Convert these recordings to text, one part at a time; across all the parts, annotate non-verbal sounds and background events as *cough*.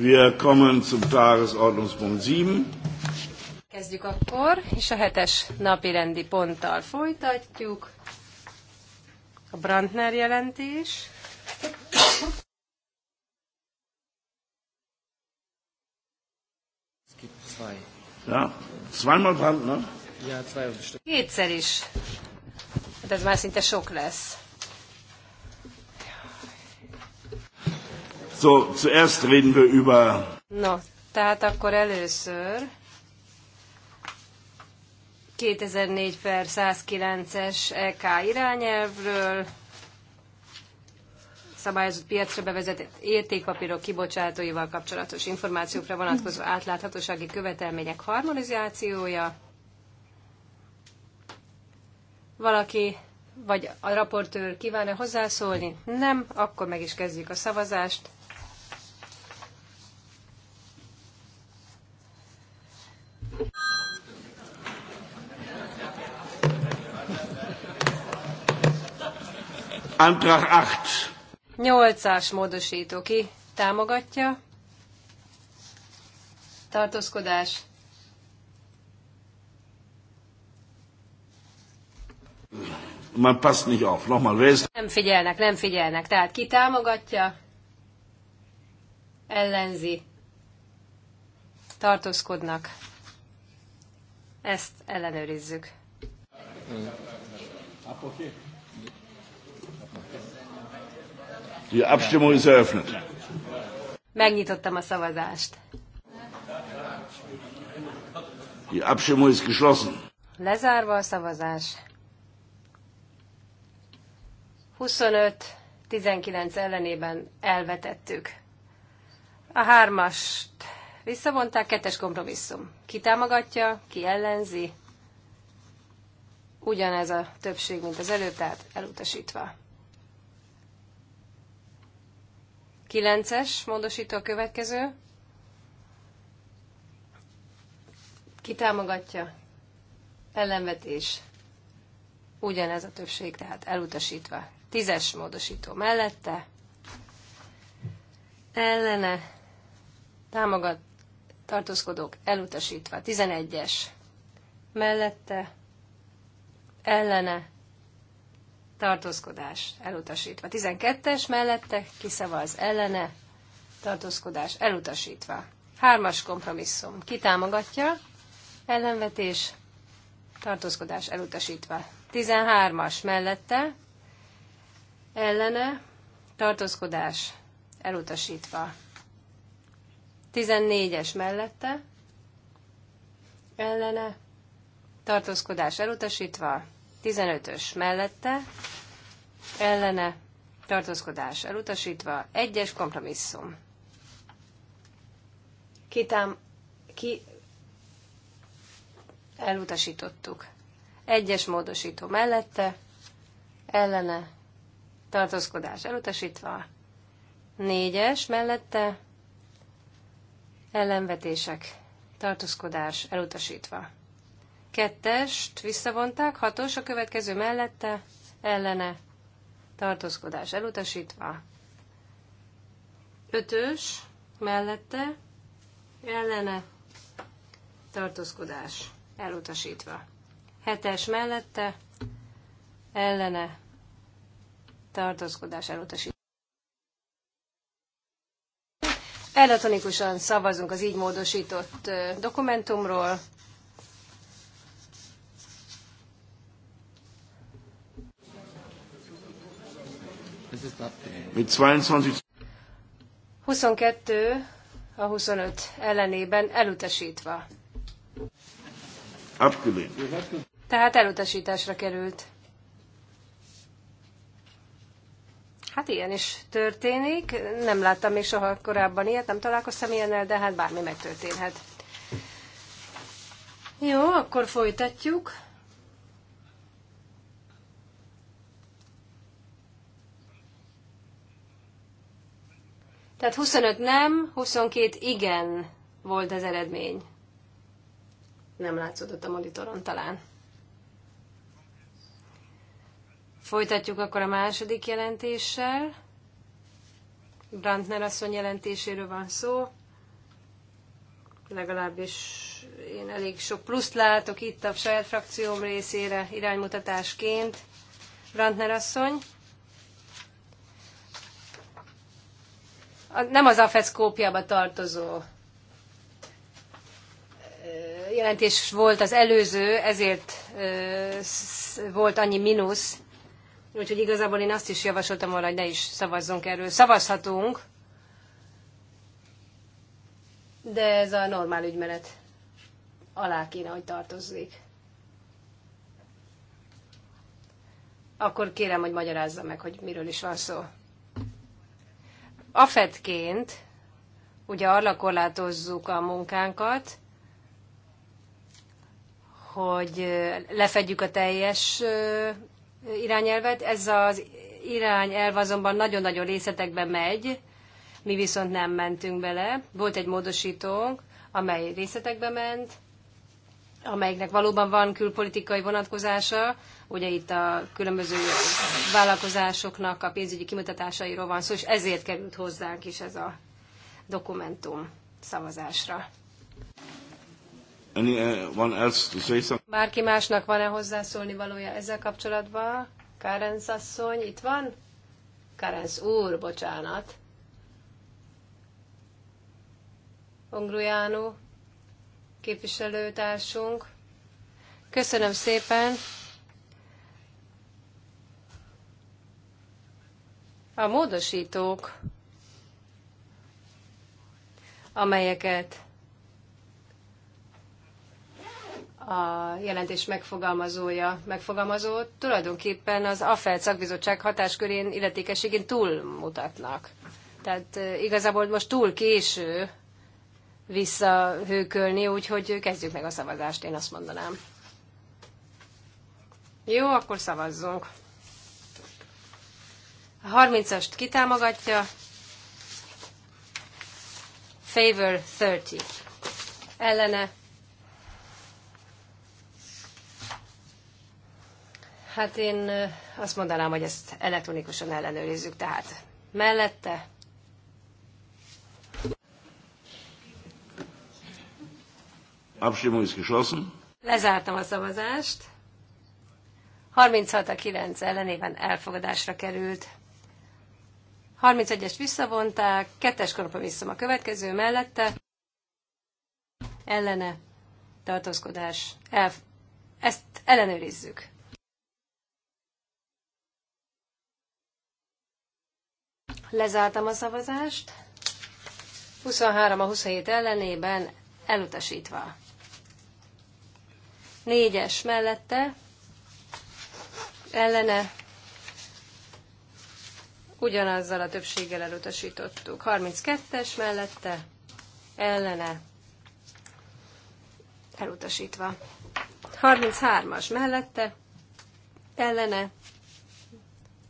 Wir kommen zum Tagesordnungspunkt 7. Kezdjük akkor, és a hetes napi rendi ponttal folytatjuk. A Brandner jelentés. Ja, zweimal Brandner. Kétszer is. Hát ez már szinte sok lesz. So, zuerst reden wir über... No, tehát akkor először 2004 per 109-es EK irányelvről, szabályozott piacra bevezetett értékpapírok kibocsátóival kapcsolatos információkra vonatkozó átláthatósági követelmények harmonizációja. Valaki vagy a raportőr kívánna hozzászólni? Nem, akkor meg is kezdjük a szavazást. Antrag 8. 8 módosító ki támogatja. Tartózkodás. Man passt nicht auf. Nochmal, wer Nem figyelnek, nem figyelnek. Tehát ki támogatja, ellenzi, tartózkodnak. Ezt ellenőrizzük. Mm. Die Abstimmung ist eröffnet. Megnyitottam a szavazást. Die Abstimmung ist geschlossen. Lezárva a szavazás. 25-19 ellenében elvetettük. A hármast visszavonták, kettes kompromisszum. Ki támogatja, ki ellenzi. Ugyanez a többség, mint az előtt, tehát elutasítva. Kilences módosító a következő. Ki támogatja? Ellenvetés. Ugyanez a többség, tehát elutasítva. Tízes módosító mellette. Ellene. Támogat tartózkodók elutasítva. Tizenegyes mellette. Ellene tartózkodás elutasítva. 12-es mellette kiszavaz ellene, tartózkodás elutasítva. Hármas kompromisszum. Ki támogatja? Ellenvetés, tartózkodás elutasítva. 13-as mellette, ellene, tartózkodás elutasítva. 14-es mellette, ellene, tartózkodás elutasítva. 15-ös mellette, ellene, tartózkodás elutasítva, egyes kompromisszum. Kitám, ki elutasítottuk. Egyes módosító mellette, ellene, tartózkodás elutasítva, négyes mellette, ellenvetések, tartózkodás elutasítva. Kettest visszavonták, hatos a következő mellette, ellene, tartózkodás elutasítva. Ötös mellette, ellene, tartózkodás elutasítva. Hetes mellette, ellene, tartózkodás elutasítva. Elektronikusan szavazunk az így módosított dokumentumról. 22. 22 a 25 ellenében elutasítva. Abgelehnt. Tehát elutasításra került. Hát ilyen is történik. Nem láttam még soha korábban ilyet, nem találkoztam ilyennel, de hát bármi megtörténhet. Jó, akkor folytatjuk. Tehát 25 nem, 22 igen volt az eredmény. Nem látszódott a monitoron talán. Folytatjuk akkor a második jelentéssel. Brandner asszony jelentéséről van szó. Legalábbis én elég sok pluszt látok itt a saját frakcióm részére iránymutatásként. Brandner asszony. nem az AFEC kópiába tartozó jelentés volt az előző, ezért volt annyi mínusz, úgyhogy igazából én azt is javasoltam volna, hogy ne is szavazzunk erről. Szavazhatunk, de ez a normál ügymenet alá kéne, hogy tartozzék. Akkor kérem, hogy magyarázza meg, hogy miről is van szó. Afetként ugye arra korlátozzuk a munkánkat, hogy lefedjük a teljes irányelvet. Ez az irányelv azonban nagyon-nagyon részletekbe megy, mi viszont nem mentünk bele. Volt egy módosítónk, amely részletekbe ment, amelyiknek valóban van külpolitikai vonatkozása, ugye itt a különböző vállalkozásoknak a pénzügyi kimutatásairól van szó, és ezért került hozzánk is ez a dokumentum szavazásra. Uh, Bárki másnak van-e hozzászólni valója ezzel kapcsolatban? Kárenc asszony itt van? Kárenc úr, bocsánat. Ongrujánu képviselőtársunk. Köszönöm szépen. A módosítók, amelyeket a jelentés megfogalmazója megfogalmazó, tulajdonképpen az AFEL szakbizottság hatáskörén, illetékességén túlmutatnak. Tehát eh, igazából most túl késő visszahőkölni, úgyhogy kezdjük meg a szavazást, én azt mondanám. Jó, akkor szavazzunk. A 30-ast kitámogatja. Favor 30. Ellene. Hát én azt mondanám, hogy ezt elektronikusan ellenőrizzük, tehát mellette Abstimmung ist geschlossen. Lezártam a szavazást. 36 a 9 ellenében elfogadásra került. 31-est visszavonták, kettes kompromisszum a következő mellette. Ellene tartózkodás. Elf- ezt ellenőrizzük. Lezártam a szavazást. 23 a 27 ellenében elutasítva. Négyes mellette ellene ugyanazzal a többséggel elutasítottuk. 32-es mellette ellene elutasítva. 33-as mellette ellene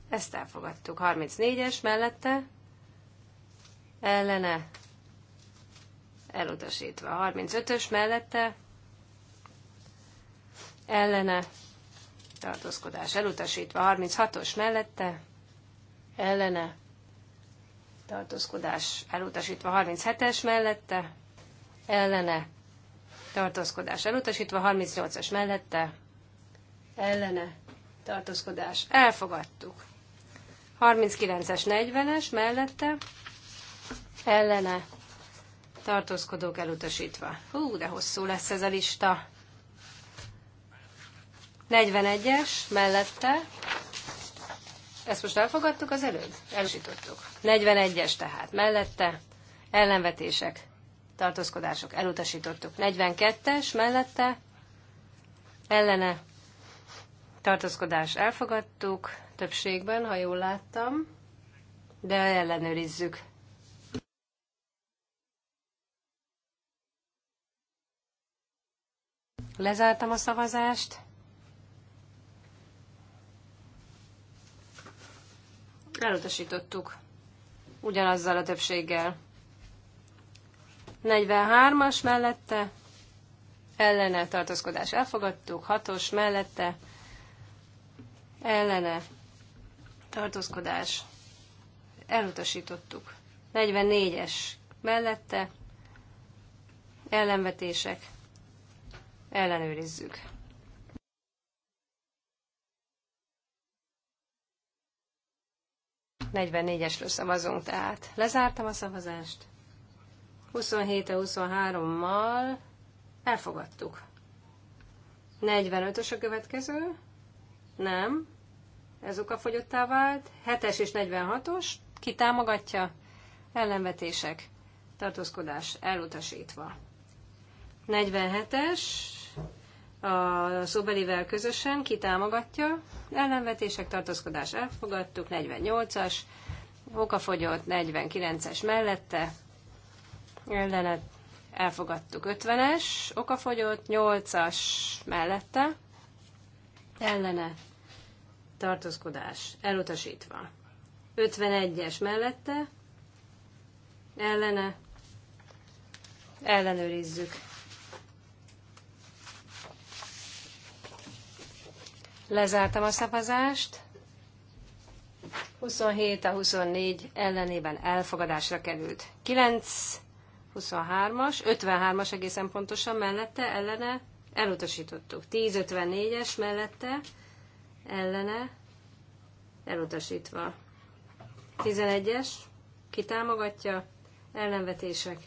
ezt elfogadtuk. 34-es mellette ellene elutasítva. 35-ös mellette ellene, tartózkodás elutasítva, 36-os mellette, ellene, tartózkodás elutasítva, 37-es mellette, ellene, tartózkodás elutasítva, 38-as mellette, ellene, tartózkodás elfogadtuk. 39-es, 40-es mellette, ellene, tartózkodók elutasítva. Hú, de hosszú lesz ez a lista. 41-es mellette, ezt most elfogadtuk az előbb? Elsítottuk. 41-es tehát mellette, ellenvetések, tartózkodások, elutasítottuk. 42-es mellette, ellene, tartózkodás elfogadtuk, többségben, ha jól láttam, de ellenőrizzük. Lezártam a szavazást. Elutasítottuk. Ugyanazzal a többséggel. 43-as mellette ellene tartózkodás elfogadtuk, 6-os mellette ellene tartózkodás elutasítottuk. 44-es mellette ellenvetések ellenőrizzük. 44-esről szavazunk, tehát lezártam a szavazást. 27-23-mal elfogadtuk. 45-ös a következő? Nem. Ez fogyottá vált. 7-es és 46-os. Ki támogatja? Ellenvetések. Tartózkodás elutasítva. 47-es a Szobelivel közösen, ki támogatja, ellenvetések, tartózkodás elfogadtuk, 48-as, okafogyott 49-es mellette, ellenet elfogadtuk 50-es, okafogyott 8-as mellette, ellene tartózkodás elutasítva. 51-es mellette, ellene ellenőrizzük Lezártam a szavazást. 27 a 24 ellenében elfogadásra került. 9, 23-as, 53-as egészen pontosan mellette, ellene elutasítottuk. 10-54-es mellette, ellene elutasítva. 11-es, kitámogatja, ellenvetések,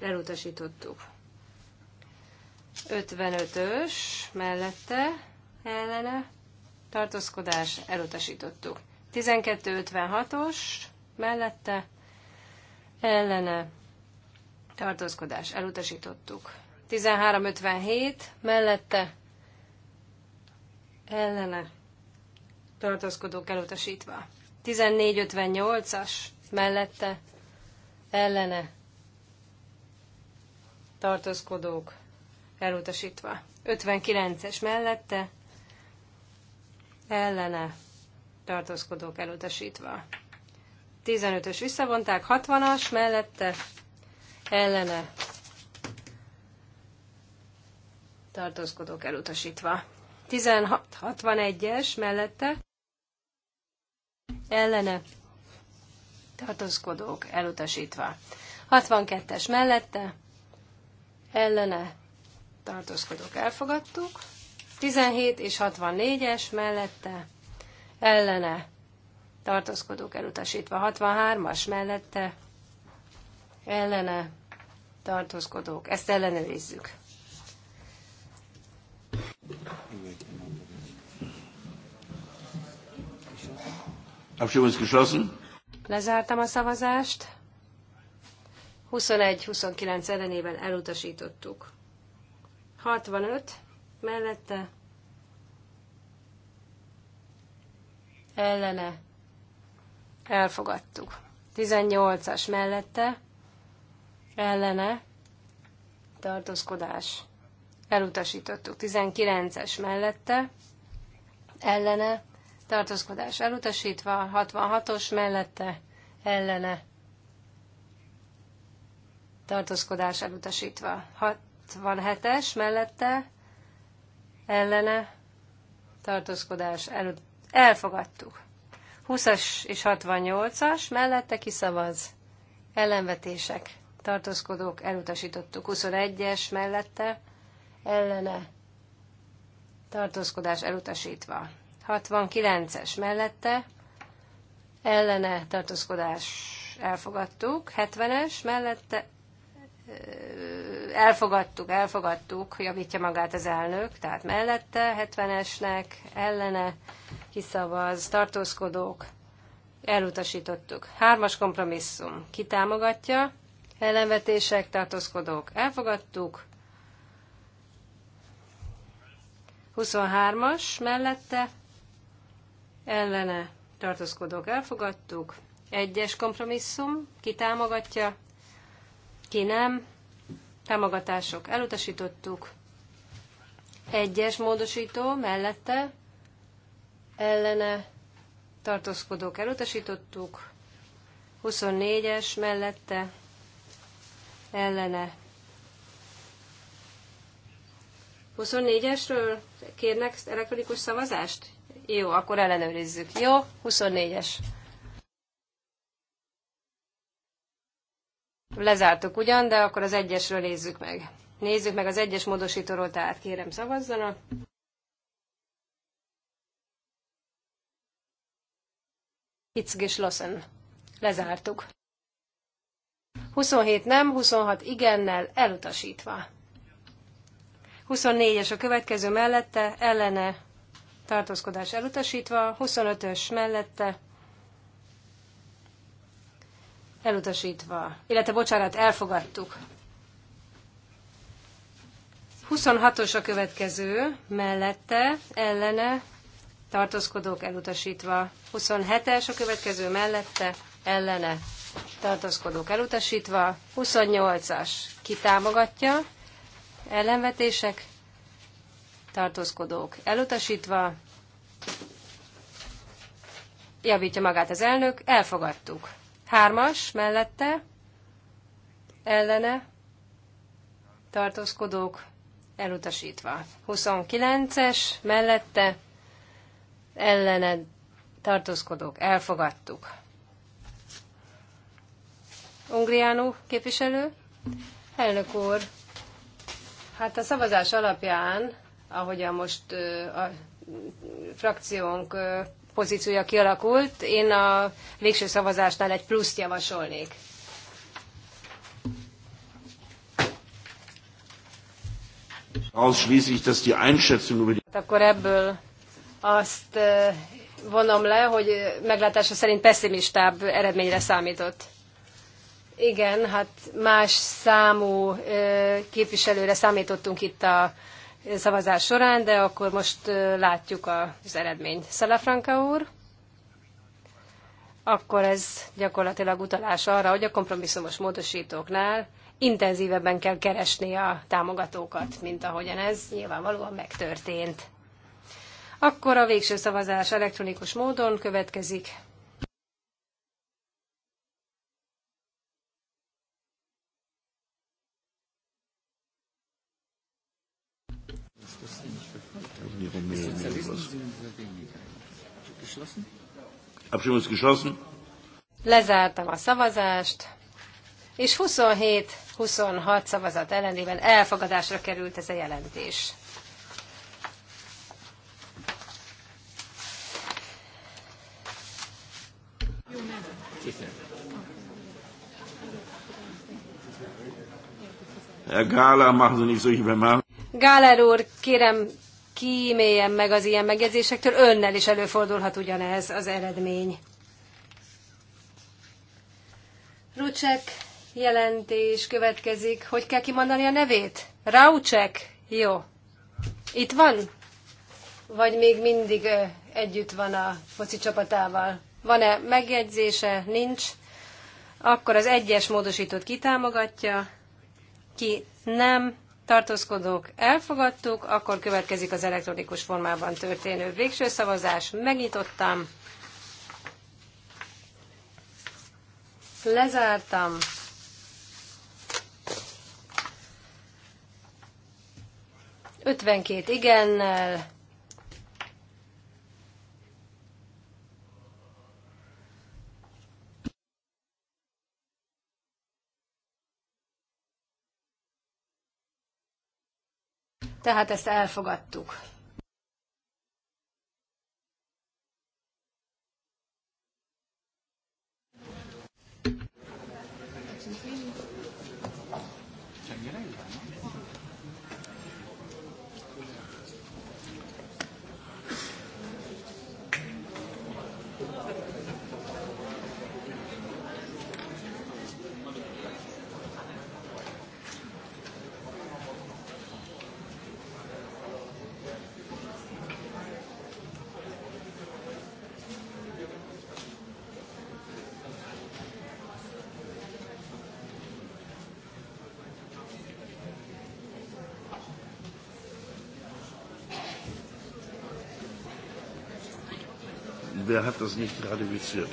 elutasítottuk. 55-ös mellette, ellene tartózkodás elutasítottuk. 1256-os mellette ellene tartózkodás elutasítottuk. 1357 mellette ellene tartózkodók elutasítva. 1458-as mellette ellene tartózkodók elutasítva. 59-es mellette ellene tartózkodók elutasítva. 15-ös visszavonták, 60-as mellette ellene tartózkodók elutasítva. 1661-es mellette ellene tartózkodók elutasítva. 62-es mellette ellene tartózkodók elfogadtuk. 17 és 64-es mellette ellene tartózkodók elutasítva 63-as mellette ellene tartózkodók. Ezt ellenőrizzük. Lezártam a szavazást. 21-29 ellenében elutasítottuk. 65 mellette, ellene, elfogadtuk. 18-as mellette, ellene, tartózkodás, elutasítottuk. 19-es mellette, ellene, tartózkodás elutasítva, 66-os mellette, ellene, tartózkodás elutasítva. 67-es mellette ellene tartózkodás előtt elfogadtuk. 20-as és 68-as mellette kiszavaz ellenvetések, tartózkodók elutasítottuk. 21-es mellette ellene tartózkodás elutasítva. 69-es mellette ellene tartózkodás elfogadtuk. 70-es mellette elfogadtuk, elfogadtuk, javítja magát az elnök, tehát mellette 70-esnek, ellene kiszavaz, tartózkodók, elutasítottuk. Hármas kompromisszum, ki támogatja, ellenvetések, tartózkodók, elfogadtuk. 23-as mellette, ellene, tartózkodók, elfogadtuk. Egyes kompromisszum, ki támogatja, ki nem, támogatások elutasítottuk. Egyes módosító mellette ellene tartózkodók elutasítottuk. 24-es mellette ellene. 24-esről kérnek elektronikus szavazást? Jó, akkor ellenőrizzük. Jó, 24-es. Lezártuk ugyan, de akkor az egyesről nézzük meg. Nézzük meg az egyes módosítóról, tehát kérem szavazzanak. Hitzg és Lezártuk. 27 nem, 26 igennel elutasítva. 24-es a következő mellette, ellene tartózkodás elutasítva, 25-ös mellette, elutasítva, illetve bocsánat, elfogadtuk. 26-os a következő, mellette, ellene, tartózkodók elutasítva. 27-es a következő, mellette, ellene, tartózkodók elutasítva. 28-as, kitámogatja, ellenvetések, tartózkodók elutasítva. Javítja magát az elnök, elfogadtuk. Hármas mellette ellene tartózkodók elutasítva. 29-es mellette ellene tartózkodók elfogadtuk. Ungriánó képviselő, elnök úr, hát a szavazás alapján, ahogyan most a frakciónk pozíciója kialakult. Én a végső szavazásnál egy pluszt javasolnék. Hát akkor ebből azt vonom le, hogy meglátása szerint pessimistább eredményre számított. Igen, hát más számú képviselőre számítottunk itt a szavazás során, de akkor most látjuk az eredményt. Szalafranka úr, akkor ez gyakorlatilag utalás arra, hogy a kompromisszumos módosítóknál intenzívebben kell keresni a támogatókat, mint ahogyan ez nyilvánvalóan megtörtént. Akkor a végső szavazás elektronikus módon következik. nee, nee, Abstimmung ist geschlossen. Lezártam a szavazást, és 27-26 szavazat ellenében elfogadásra került ez a jelentés. Gáler úr, kérem, kíméljen meg az ilyen megjegyzésektől, önnel is előfordulhat ugyanez az eredmény. Rucsek jelentés következik. Hogy kell kimondani a nevét? Raucsek? Jó. Itt van? Vagy még mindig együtt van a foci csapatával? Van-e megjegyzése? Nincs. Akkor az egyes módosítót kitámogatja, ki nem, tartózkodók elfogadtuk, akkor következik az elektronikus formában történő végső szavazás. Megnyitottam, lezártam, Ötvenkét igennel, Tehát ezt elfogadtuk. hat das nicht ratifiziert.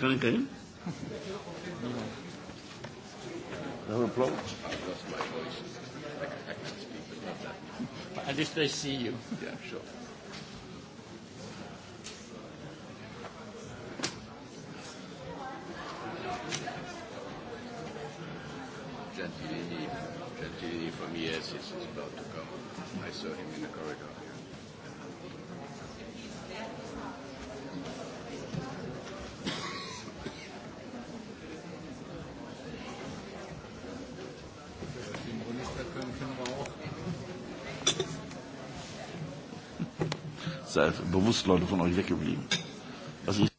can't get in. No at least they see you. Yeah, sure. Gentilini, Gentilini from ES is about to come. I saw him in the corridor. sei bewusst Leute von euch weggeblieben. Das ist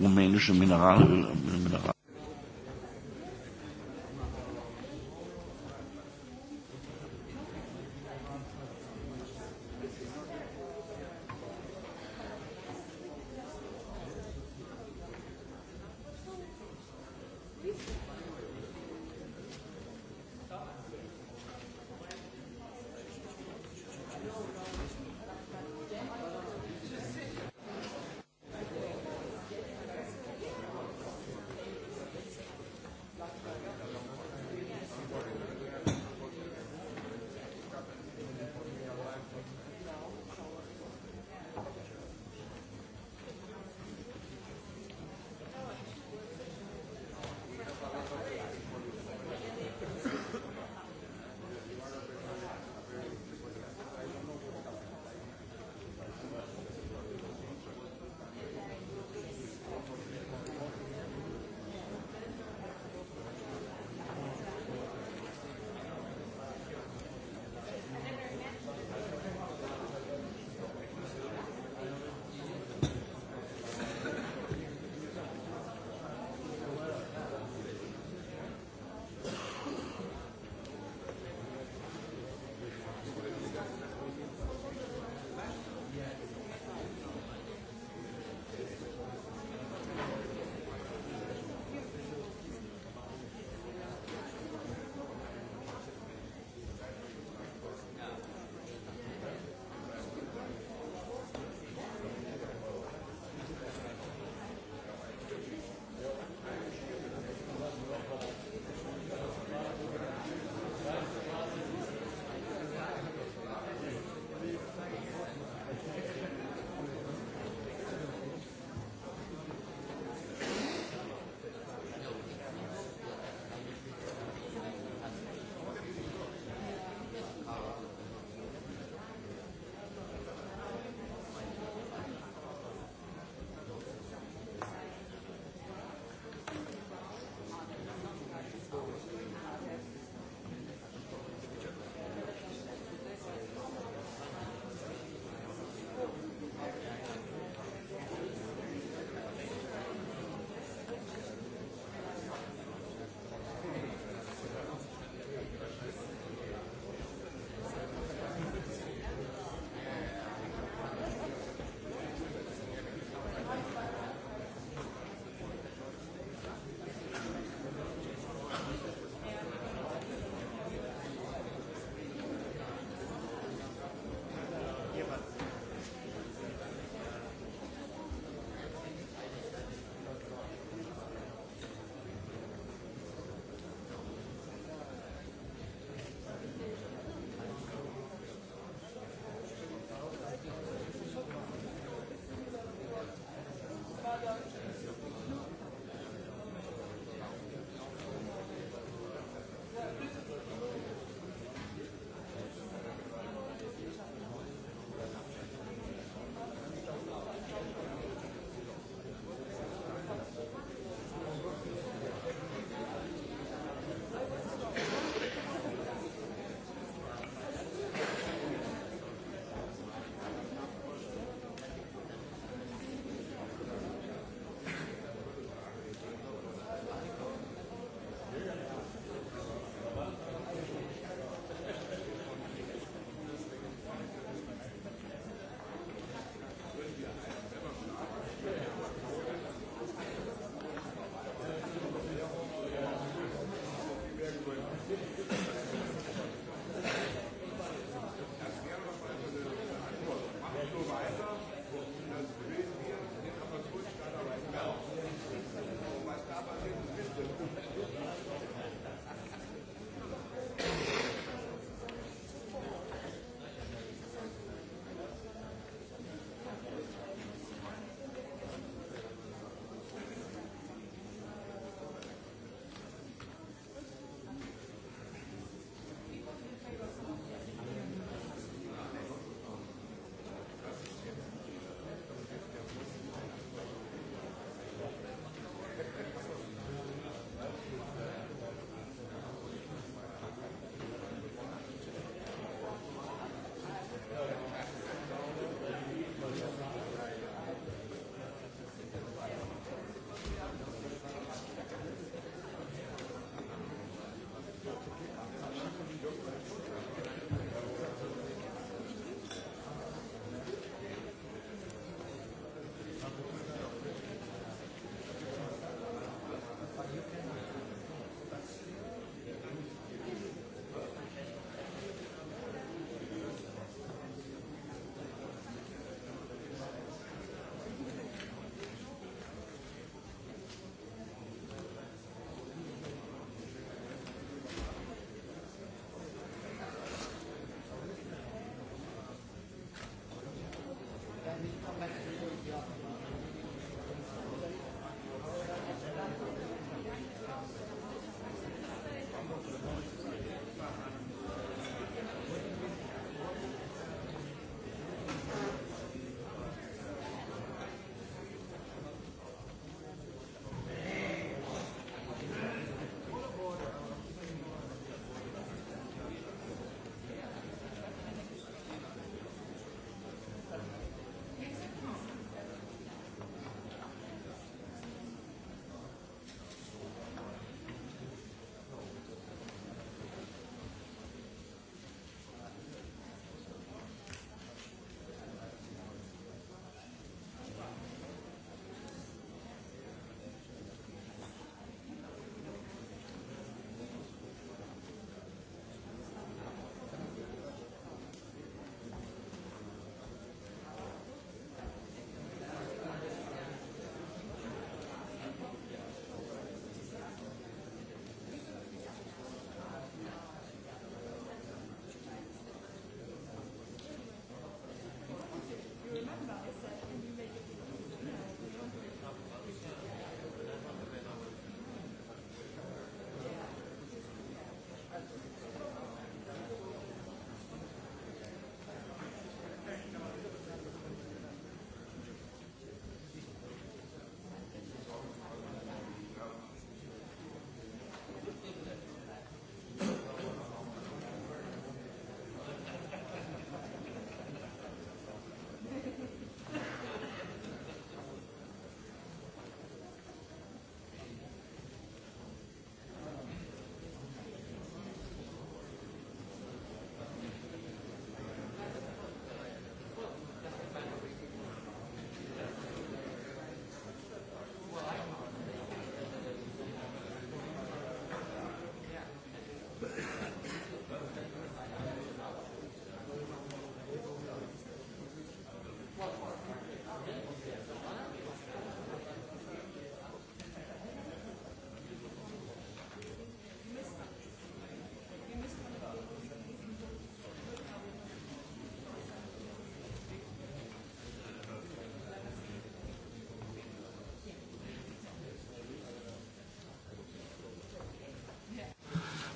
rumänische Mineralöl, Mineral.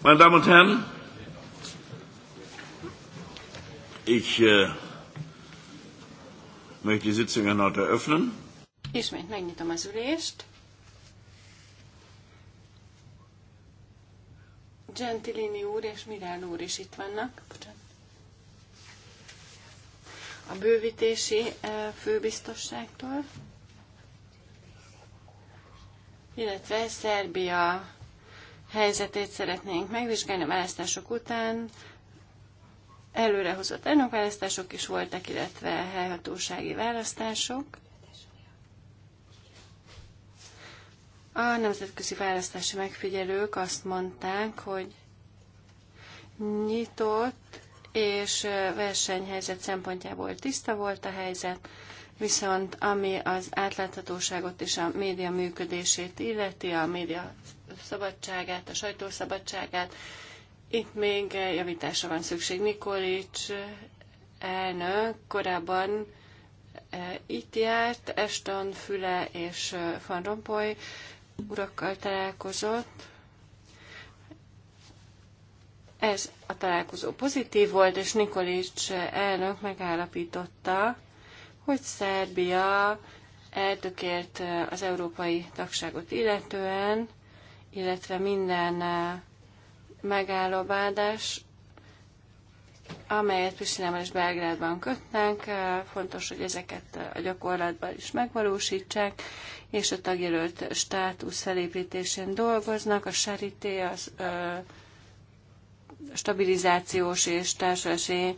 Meine Damen und Herren, ich äh, möchte die Sitzung erneut eröffnen. Ismét megnyitom az ülést. Gentilini úr és Mirán úr is itt vannak. A bővítési főbiztosságtól, illetve Szerbia helyzetét szeretnénk megvizsgálni a választások után. Előrehozott elnökválasztások is voltak, illetve helyhatósági választások. A nemzetközi választási megfigyelők azt mondták, hogy nyitott és versenyhelyzet szempontjából tiszta volt a helyzet, viszont ami az átláthatóságot és a média működését illeti, a média szabadságát, a sajtószabadságát. Itt még javításra van szükség. Nikolics eh, elnök korábban eh, itt járt, Eston, Füle és eh, Van Rompuy urakkal találkozott. Ez a találkozó pozitív volt, és Nikolics elnök megállapította, hogy Szerbia eltökélt az európai tagságot illetően, illetve minden eh, megállóbb amelyet Pristinában és Belgrádban kötnek. Eh, fontos, hogy ezeket eh, a gyakorlatban is megvalósítsák, és a tagjelölt státusz felépítésén dolgoznak. A Sarité, az stabilizációs és társadalmi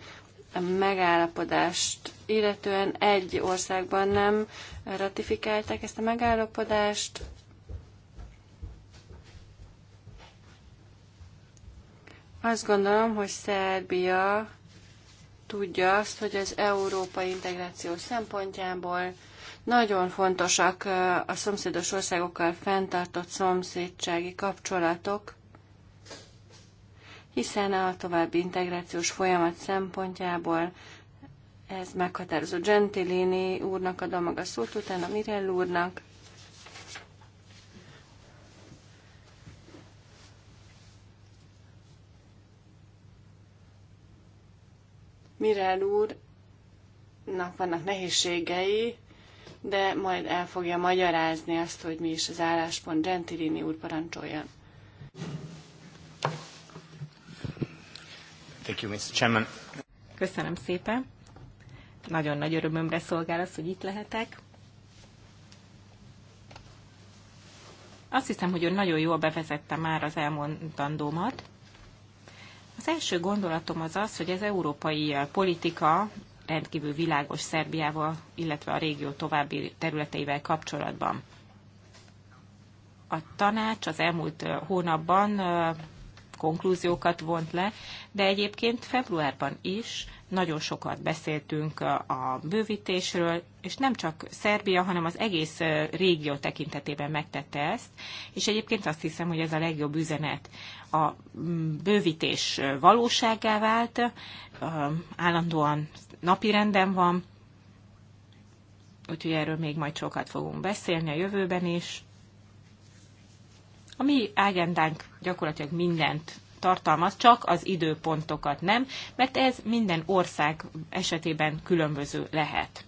megállapodást illetően egy országban nem ratifikálták ezt a megállapodást, Azt gondolom, hogy Szerbia tudja azt, hogy az európai integráció szempontjából nagyon fontosak a szomszédos országokkal fenntartott szomszédsági kapcsolatok, hiszen a további integrációs folyamat szempontjából ez meghatározó Gentilini úrnak adom maga a szót, utána Mirell úrnak, Mirel úrnak vannak nehézségei, de majd el fogja magyarázni azt, hogy mi is az álláspont. Gentilini úr parancsolja. Thank you, Mr. Chairman. Köszönöm szépen. Nagyon nagy örömömre szolgál az, hogy itt lehetek. Azt hiszem, hogy ő nagyon jól bevezette már az elmondandómat. Az első gondolatom az az, hogy az európai eh, politika rendkívül világos Szerbiával, illetve a régió további területeivel kapcsolatban. A tanács az elmúlt eh, hónapban eh, konklúziókat vont le, de egyébként februárban is nagyon sokat beszéltünk a bővítésről, és nem csak Szerbia, hanem az egész régió tekintetében megtette ezt, és egyébként azt hiszem, hogy ez a legjobb üzenet a bővítés valóságá vált, állandóan renden van, úgyhogy erről még majd sokat fogunk beszélni a jövőben is. A mi agendánk gyakorlatilag mindent tartalmaz, csak az időpontokat nem, mert ez minden ország esetében különböző lehet.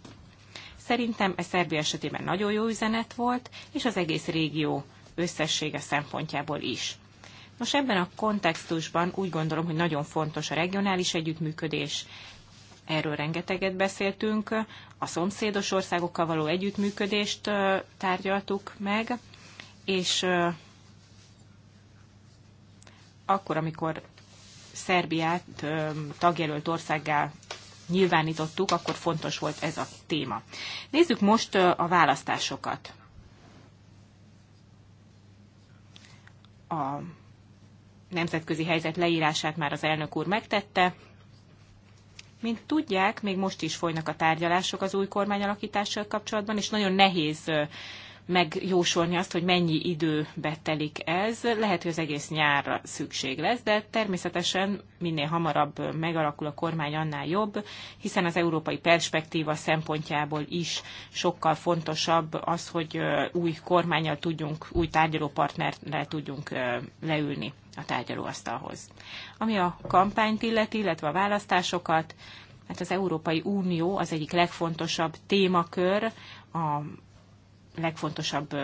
Szerintem ez Szerbia esetében nagyon jó üzenet volt, és az egész régió összessége szempontjából is. Nos, ebben a kontextusban úgy gondolom, hogy nagyon fontos a regionális együttműködés, erről rengeteget beszéltünk, a szomszédos országokkal való együttműködést tárgyaltuk meg, és akkor, amikor Szerbiát tagjelölt országgá nyilvánítottuk, akkor fontos volt ez a téma. Nézzük most a választásokat. A nemzetközi helyzet leírását már az elnök úr megtette. Mint tudják, még most is folynak a tárgyalások az új kormányalakítással kapcsolatban, és nagyon nehéz megjósolni azt, hogy mennyi időbe telik ez. Lehet, hogy az egész nyárra szükség lesz, de természetesen minél hamarabb megalakul a kormány, annál jobb, hiszen az európai perspektíva szempontjából is sokkal fontosabb az, hogy új kormányjal tudjunk, új tárgyalópartnerrel tudjunk leülni a tárgyalóasztalhoz. Ami a kampányt illeti, illetve a választásokat, hát az Európai Unió az egyik legfontosabb témakör a legfontosabb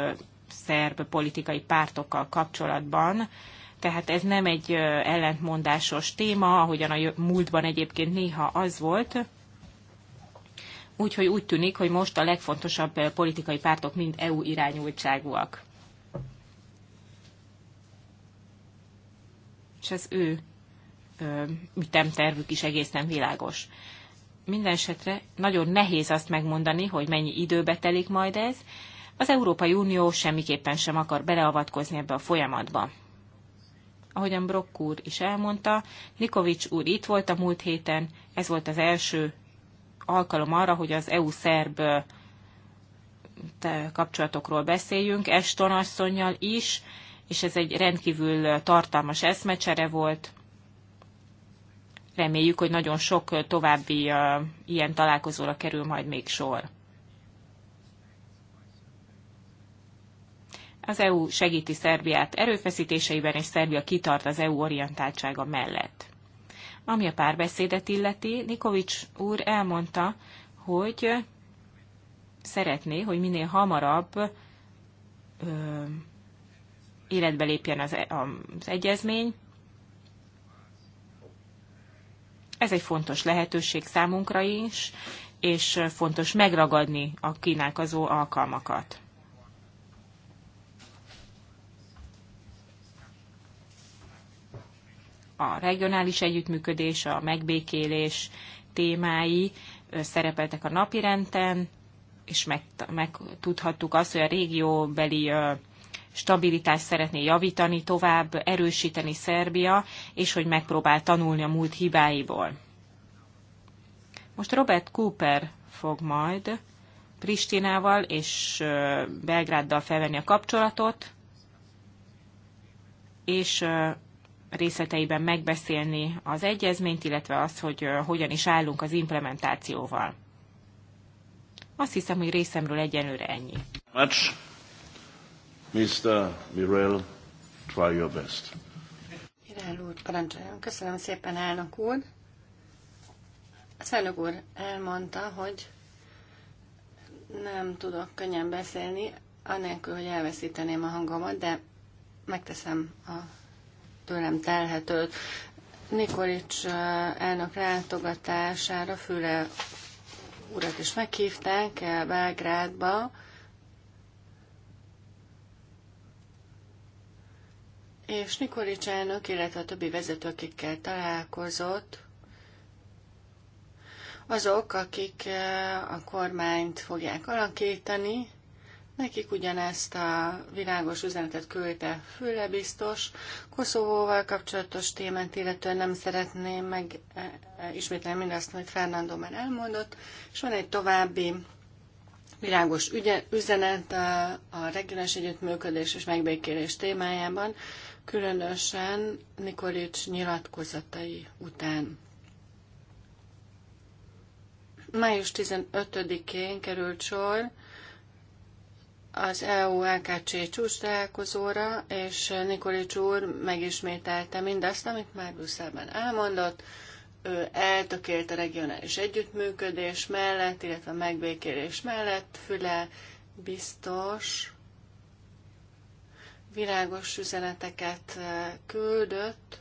szerb politikai pártokkal kapcsolatban. Tehát ez nem egy ellentmondásos téma, ahogyan a múltban egyébként néha az volt. Úgyhogy úgy tűnik, hogy most a legfontosabb politikai pártok mind EU irányultságúak. És az ő ütemtervük is egészen világos. Mindenesetre nagyon nehéz azt megmondani, hogy mennyi időbe telik majd ez, az Európai Unió semmiképpen sem akar beleavatkozni ebbe a folyamatba. Ahogyan Brock úr is elmondta, Nikovics úr itt volt a múlt héten, ez volt az első alkalom arra, hogy az EU-szerb kapcsolatokról beszéljünk, Eston asszonynal is, és ez egy rendkívül tartalmas eszmecsere volt. Reméljük, hogy nagyon sok további ilyen találkozóra kerül majd még sor. Az EU segíti Szerbiát erőfeszítéseiben, és Szerbia kitart az EU orientáltsága mellett. Ami a párbeszédet illeti, Nikovics úr elmondta, hogy szeretné, hogy minél hamarabb ö, életbe lépjen az, e- az egyezmény. Ez egy fontos lehetőség számunkra is, és fontos megragadni a kínálkozó alkalmakat. a regionális együttműködés, a megbékélés témái szerepeltek a napirenden, és megtudhattuk meg azt, hogy a régióbeli stabilitást szeretné javítani, tovább erősíteni Szerbia, és hogy megpróbál tanulni a múlt hibáiból. Most Robert Cooper fog majd Pristinával és Belgráddal felvenni a kapcsolatot, és részleteiben megbeszélni az egyezményt, illetve azt, hogy hogyan is állunk az implementációval. Azt hiszem, hogy részemről egyenlőre ennyi. Much. Mr. Mirel, try your best. Mirel úr, parancsoljon. Köszönöm szépen, elnök úr. Az elnök úr elmondta, hogy nem tudok könnyen beszélni, anélkül, hogy elveszíteném a hangomat, de megteszem a tőlem telhetőt. Nikolics elnök látogatására Füle urat is meghívták eh, Belgrádba, és Nikolics elnök, illetve a többi vezető, akikkel találkozott, azok, akik eh, a kormányt fogják alakítani, Nekik ugyanezt a világos üzenetet küldte Füle biztos. Koszovóval kapcsolatos témát illetően nem szeretném meg e, e, ismételni mindazt, amit Fernando már elmondott. És van egy további világos ügye, üzenet a, a regionális együttműködés és megbékélés témájában, különösen Nikolics nyilatkozatai után. Május 15-én került sor az EU-LKC csúcs találkozóra, és Nikolics úr megismételte mindazt, amit már Brüsszelben elmondott. Ő eltökélt a regionális együttműködés mellett, illetve a megbékélés mellett, füle biztos, világos üzeneteket eh, küldött,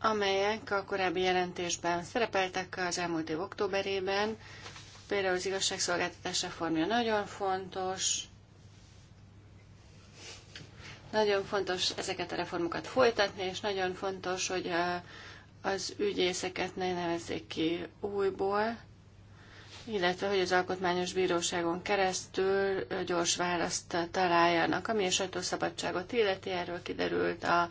amelyek a korábbi jelentésben szerepeltek az elmúlt év októberében, Például az igazságszolgáltatás reformja nagyon fontos, nagyon fontos ezeket a reformokat folytatni, és nagyon fontos, hogy az ügyészeket ne nevezzék ki újból, illetve hogy az alkotmányos bíróságon keresztül gyors választ találjanak. Ami a sajtószabadságot illeti, erről kiderült a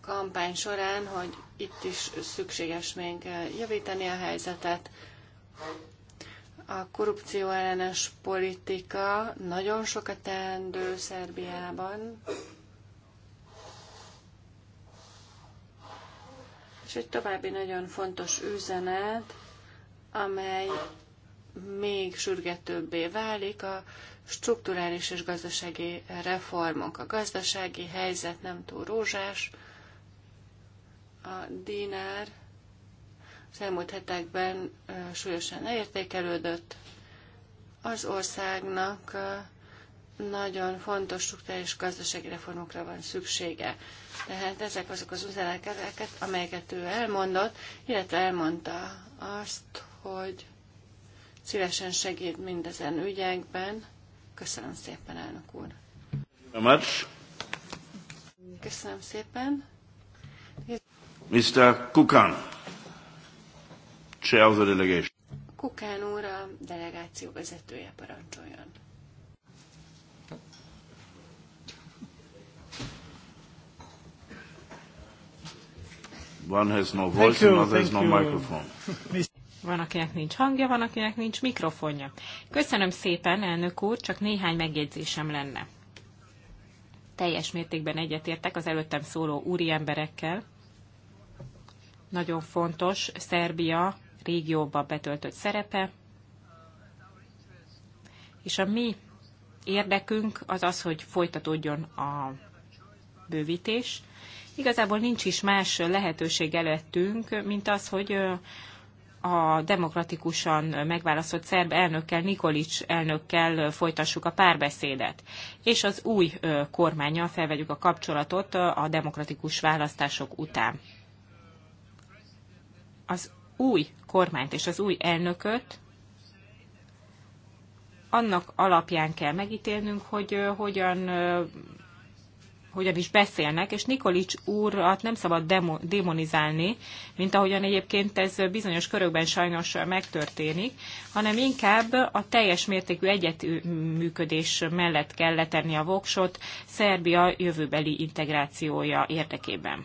kampány során, hogy itt is szükséges még javítani a helyzetet, a korrupció ellenes politika nagyon sokat teendő Szerbiában. És egy további nagyon fontos üzenet, amely még sürgetőbbé válik a strukturális és gazdasági reformok. A gazdasági helyzet nem túl rózsás, a dinár az elmúlt hetekben súlyosan leértékelődött. Az országnak nagyon fontos struktúrális gazdasági reformokra van szüksége. Tehát ezek azok az üzeneteket, amelyeket ő elmondott, illetve elmondta azt, hogy szívesen segít mindezen ügyekben. Köszönöm szépen, elnök úr! Köszönöm szépen! Mr. Kukan. Chair of the Delegation. Kukán úr a delegáció vezetője parancsoljon. One has no voice, you, another has no you. microphone. *laughs* Van, akinek nincs hangja, van, akinek nincs mikrofonja. Köszönöm szépen, elnök úr, csak néhány megjegyzésem lenne. Teljes mértékben egyetértek az előttem szóló úriemberekkel. Nagyon fontos Szerbia régióba betöltött szerepe, és a mi érdekünk az az, hogy folytatódjon a bővítés. Igazából nincs is más lehetőség előttünk, mint az, hogy a demokratikusan megválasztott szerb elnökkel, Nikolics elnökkel folytassuk a párbeszédet, és az új kormányjal felvegyük a kapcsolatot a demokratikus választások után. Az új kormányt és az új elnököt, annak alapján kell megítélnünk, hogy hogyan, hogyan is beszélnek, és Nikolics úrat nem szabad demo, demonizálni, mint ahogyan egyébként ez bizonyos körökben sajnos megtörténik, hanem inkább a teljes mértékű egyetműködés mellett kell letenni a voksot Szerbia jövőbeli integrációja érdekében.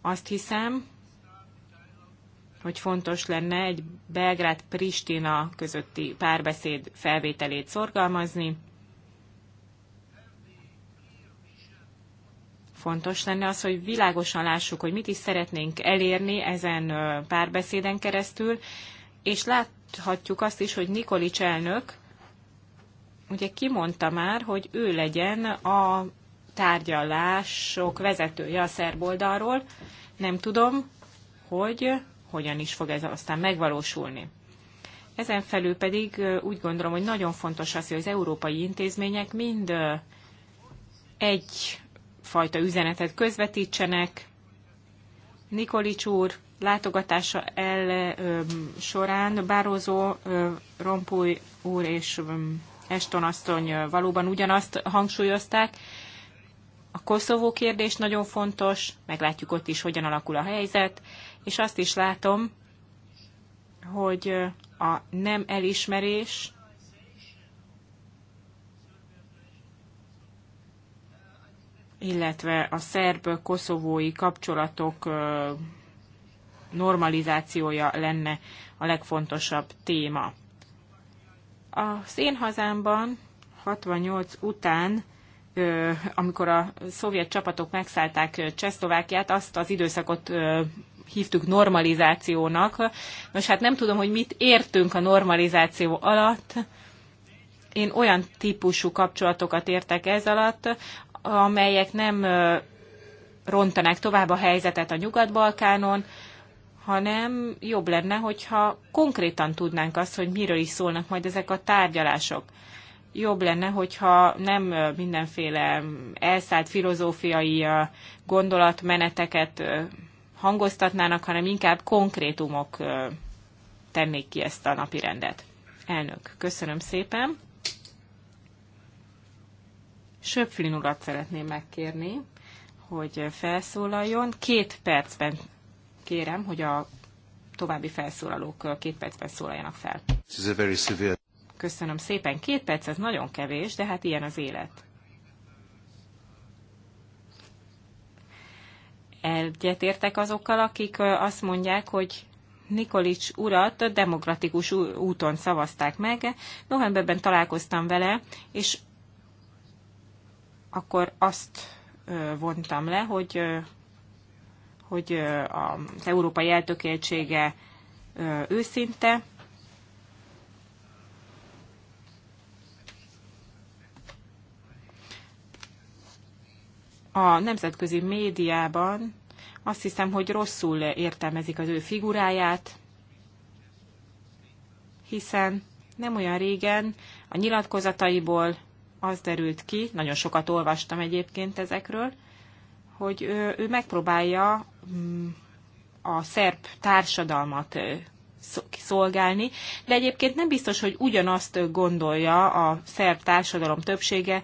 Azt hiszem, hogy fontos lenne egy Belgrád-Pristina közötti párbeszéd felvételét szorgalmazni. Fontos lenne az, hogy világosan lássuk, hogy mit is szeretnénk elérni ezen párbeszéden keresztül, és láthatjuk azt is, hogy Nikolics elnök ugye kimondta már, hogy ő legyen a tárgyalások vezetője a szerb oldalról. Nem tudom, hogy hogyan is fog ez aztán megvalósulni. Ezen felül pedig úgy gondolom, hogy nagyon fontos az, hogy az európai intézmények mind egyfajta üzenetet közvetítsenek. Nikolics úr látogatása el során Bározó, Rompuy úr és Eston asszony valóban ugyanazt hangsúlyozták, a Koszovó kérdés nagyon fontos, meglátjuk ott is, hogyan alakul a helyzet, és azt is látom, hogy a nem elismerés illetve a szerb-koszovói kapcsolatok normalizációja lenne a legfontosabb téma. A szénhazámban 68 után amikor a szovjet csapatok megszállták Csehszlovákiát, azt az időszakot hívtuk normalizációnak. Most hát nem tudom, hogy mit értünk a normalizáció alatt. Én olyan típusú kapcsolatokat értek ez alatt, amelyek nem rontanák tovább a helyzetet a Nyugat-Balkánon, hanem jobb lenne, hogyha konkrétan tudnánk azt, hogy miről is szólnak majd ezek a tárgyalások jobb lenne, hogyha nem mindenféle elszállt filozófiai gondolatmeneteket hangoztatnának, hanem inkább konkrétumok tennék ki ezt a napi rendet. Elnök, köszönöm szépen. Söpflin urat szeretném megkérni, hogy felszólaljon. Két percben kérem, hogy a további felszólalók két percben szólaljanak fel. Köszönöm szépen. Két perc, ez nagyon kevés, de hát ilyen az élet. Egyetértek azokkal, akik azt mondják, hogy Nikolics urat demokratikus úton szavazták meg. Novemberben találkoztam vele, és akkor azt vontam le, hogy, hogy az európai eltökéltsége őszinte, a nemzetközi médiában azt hiszem, hogy rosszul értelmezik az ő figuráját, hiszen nem olyan régen a nyilatkozataiból az derült ki, nagyon sokat olvastam egyébként ezekről, hogy ő, ő megpróbálja mm, a szerb társadalmat szolgálni, de egyébként nem biztos, hogy ugyanazt gondolja a szerb társadalom többsége,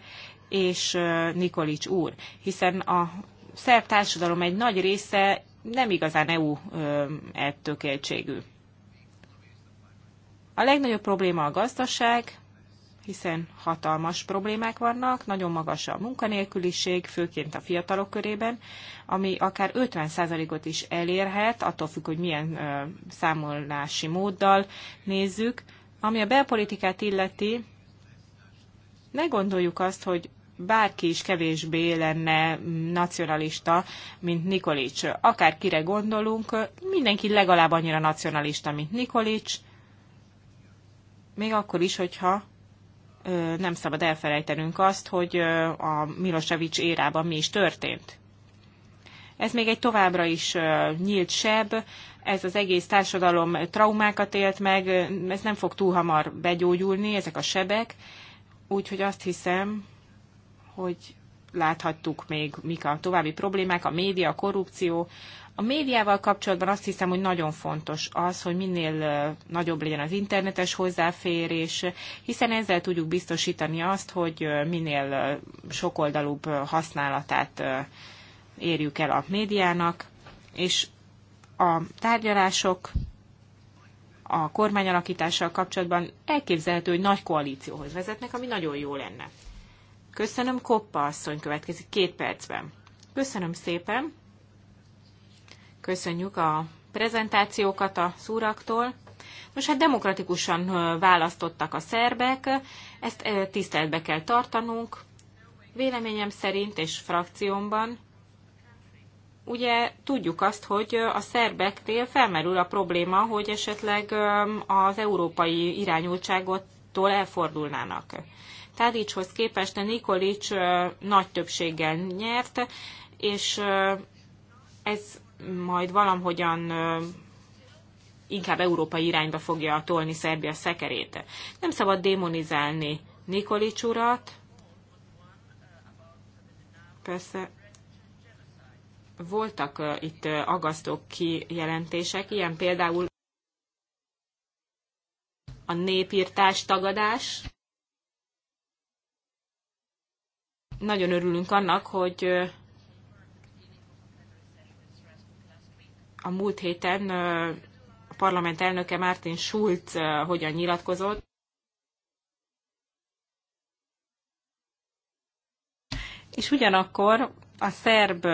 és Nikolics úr, hiszen a szerb társadalom egy nagy része nem igazán EU eltökéltségű. A legnagyobb probléma a gazdaság, hiszen hatalmas problémák vannak, nagyon magas a munkanélküliség, főként a fiatalok körében, ami akár 50%-ot is elérhet, attól függ, hogy milyen ö, számolási móddal nézzük. Ami a belpolitikát illeti, ne gondoljuk azt, hogy bárki is kevésbé lenne nacionalista, mint Nikolics. Akár kire gondolunk, mindenki legalább annyira nacionalista, mint Nikolics, még akkor is, hogyha nem szabad elfelejtenünk azt, hogy a Milosevic érában mi is történt. Ez még egy továbbra is nyílt seb, ez az egész társadalom traumákat élt meg, ez nem fog túl hamar begyógyulni, ezek a sebek, úgyhogy azt hiszem, hogy láthattuk még, mik a további problémák, a média, a korrupció. A médiával kapcsolatban azt hiszem, hogy nagyon fontos az, hogy minél nagyobb legyen az internetes hozzáférés, hiszen ezzel tudjuk biztosítani azt, hogy minél sokoldalúbb használatát érjük el a médiának, és a tárgyalások a kormányalakítással kapcsolatban elképzelhető, hogy nagy koalícióhoz vezetnek, ami nagyon jó lenne. Köszönöm, Koppa asszony következik két percben. Köszönöm szépen. Köszönjük a prezentációkat a szúraktól. Most hát demokratikusan választottak a szerbek, ezt tiszteletbe kell tartanunk. Véleményem szerint és frakciómban ugye tudjuk azt, hogy a szerbeknél felmerül a probléma, hogy esetleg az európai irányultságottól elfordulnának. Tadicshoz képest a Nikolics nagy többséggel nyert, és ez majd valahogyan inkább európai irányba fogja tolni Szerbia szekerét. Nem szabad démonizálni Nikolic urat. Persze voltak itt agasztó kijelentések, ilyen például a népírtás tagadás. nagyon örülünk annak, hogy a múlt héten a parlament elnöke Martin Schulz hogyan nyilatkozott. És ugyanakkor a szerb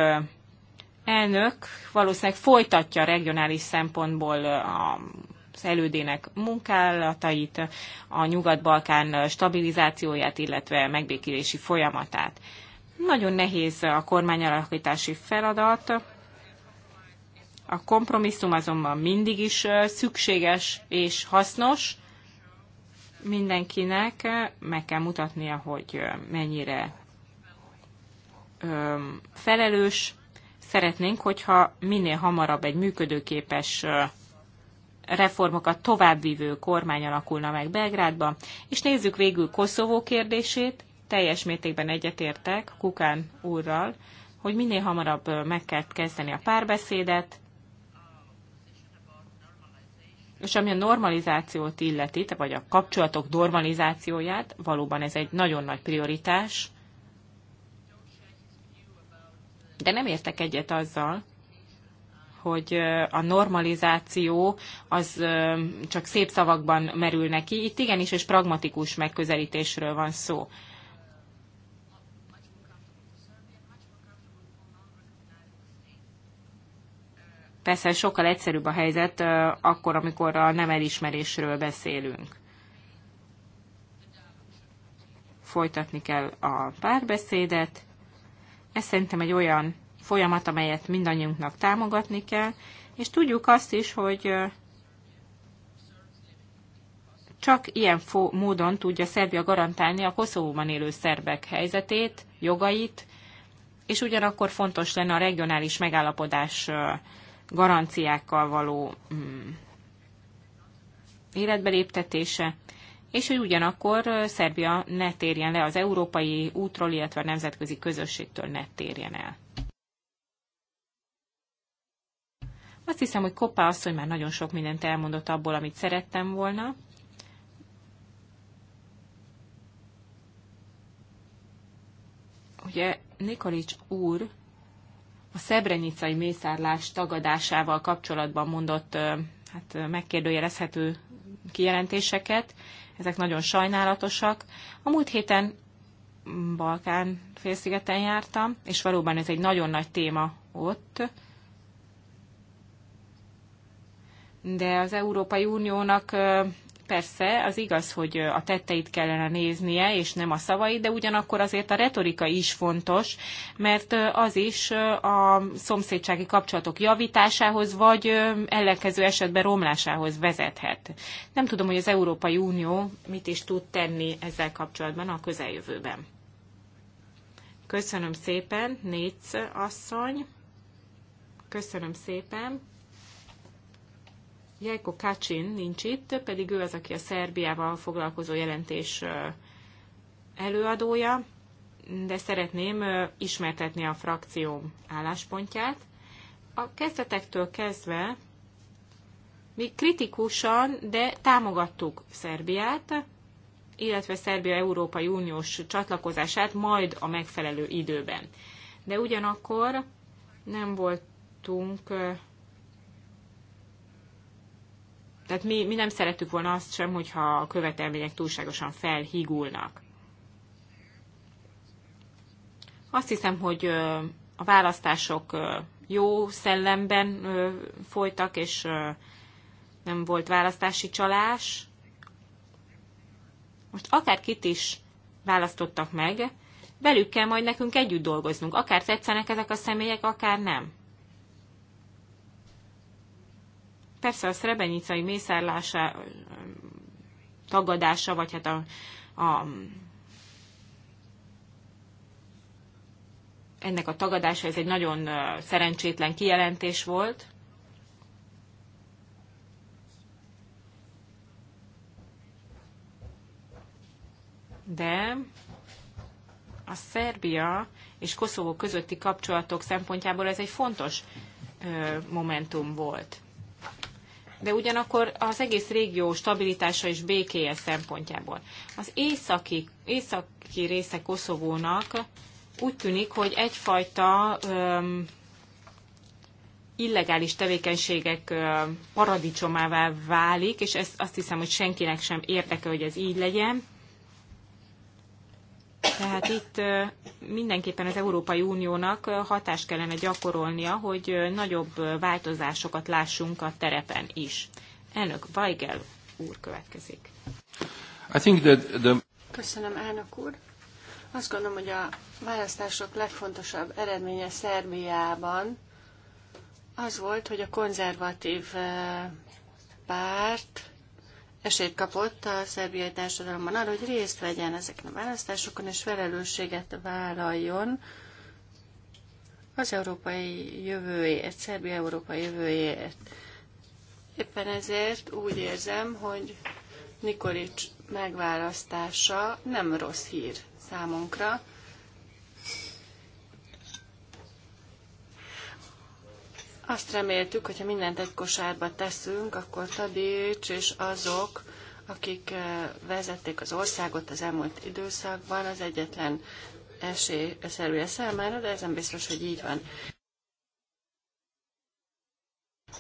elnök valószínűleg folytatja regionális szempontból a elődének munkálatait, a Nyugat-Balkán stabilizációját, illetve megbékélési folyamatát. Nagyon nehéz a kormányalakítási feladat, a kompromisszum azonban mindig is szükséges és hasznos. Mindenkinek meg kell mutatnia, hogy mennyire felelős. Szeretnénk, hogyha minél hamarabb egy működőképes reformokat továbbvívő kormány alakulna meg Belgrádban. És nézzük végül Koszovó kérdését. Teljes mértékben egyetértek Kukán úrral, hogy minél hamarabb meg kell kezdeni a párbeszédet, és ami a normalizációt illeti, vagy a kapcsolatok normalizációját, valóban ez egy nagyon nagy prioritás, de nem értek egyet azzal, hogy a normalizáció az csak szép szavakban merül neki. Itt igenis, és pragmatikus megközelítésről van szó. Persze sokkal egyszerűbb a helyzet akkor, amikor a nem elismerésről beszélünk. Folytatni kell a párbeszédet. Ez szerintem egy olyan folyamat, amelyet mindannyiunknak támogatni kell, és tudjuk azt is, hogy csak ilyen módon tudja Szerbia garantálni a Koszovóban élő szerbek helyzetét, jogait, és ugyanakkor fontos lenne a regionális megállapodás garanciákkal való mm, életbe léptetése, és hogy ugyanakkor Szerbia ne térjen le az európai útról, illetve a nemzetközi közösségtől ne térjen el. Azt hiszem, hogy Koppa asszony már nagyon sok mindent elmondott abból, amit szerettem volna. Ugye Nikolics úr a szebrenicai mészárlás tagadásával kapcsolatban mondott hát megkérdőjelezhető kijelentéseket, ezek nagyon sajnálatosak. A múlt héten Balkán félszigeten jártam, és valóban ez egy nagyon nagy téma ott. de az Európai Uniónak persze az igaz, hogy a tetteit kellene néznie, és nem a szavait, de ugyanakkor azért a retorika is fontos, mert az is a szomszédsági kapcsolatok javításához, vagy ellenkező esetben romlásához vezethet. Nem tudom, hogy az Európai Unió mit is tud tenni ezzel kapcsolatban a közeljövőben. Köszönöm szépen, Négy asszony. Köszönöm szépen. Jajko Kacsin nincs itt, pedig ő az, aki a Szerbiával foglalkozó jelentés előadója, de szeretném ismertetni a frakcióm álláspontját. A kezdetektől kezdve mi kritikusan, de támogattuk Szerbiát, illetve Szerbia Európai Uniós csatlakozását majd a megfelelő időben. De ugyanakkor nem voltunk tehát mi, mi nem szerettük volna azt sem, hogyha a követelmények túlságosan felhigulnak. Azt hiszem, hogy a választások jó szellemben folytak, és nem volt választási csalás. Most akárkit is választottak meg, velük kell majd nekünk együtt dolgoznunk. Akár tetszenek ezek a személyek, akár nem. Persze a szrebenicai mészárlása, tagadása, vagy hát a, a ennek a tagadása, ez egy nagyon szerencsétlen kijelentés volt. De a Szerbia és Koszovó közötti kapcsolatok szempontjából ez egy fontos momentum volt de ugyanakkor az egész régió stabilitása és békéje szempontjából. Az északi, északi része Koszovónak úgy tűnik, hogy egyfajta öm, illegális tevékenységek öm, paradicsomává válik, és ezt azt hiszem, hogy senkinek sem érdeke, hogy ez így legyen. Tehát itt mindenképpen az Európai Uniónak hatást kellene gyakorolnia, hogy nagyobb változásokat lássunk a terepen is. Elnök Weigel úr következik. I think that the... Köszönöm, elnök úr. Azt gondolom, hogy a választások legfontosabb eredménye Szerbiában az volt, hogy a konzervatív párt esélyt kapott a szerbiai társadalomban arra, hogy részt vegyen ezeken a választásokon, és felelősséget vállaljon az európai jövőért, Szerbia európai jövőért. Éppen ezért úgy érzem, hogy Nikolics megválasztása nem rossz hír számunkra, Azt reméltük, hogyha mindent egy kosárba teszünk, akkor Tadics és azok, akik eh, vezették az országot az elmúlt időszakban, az egyetlen esélyszerűje számára, de ezen biztos, hogy így van.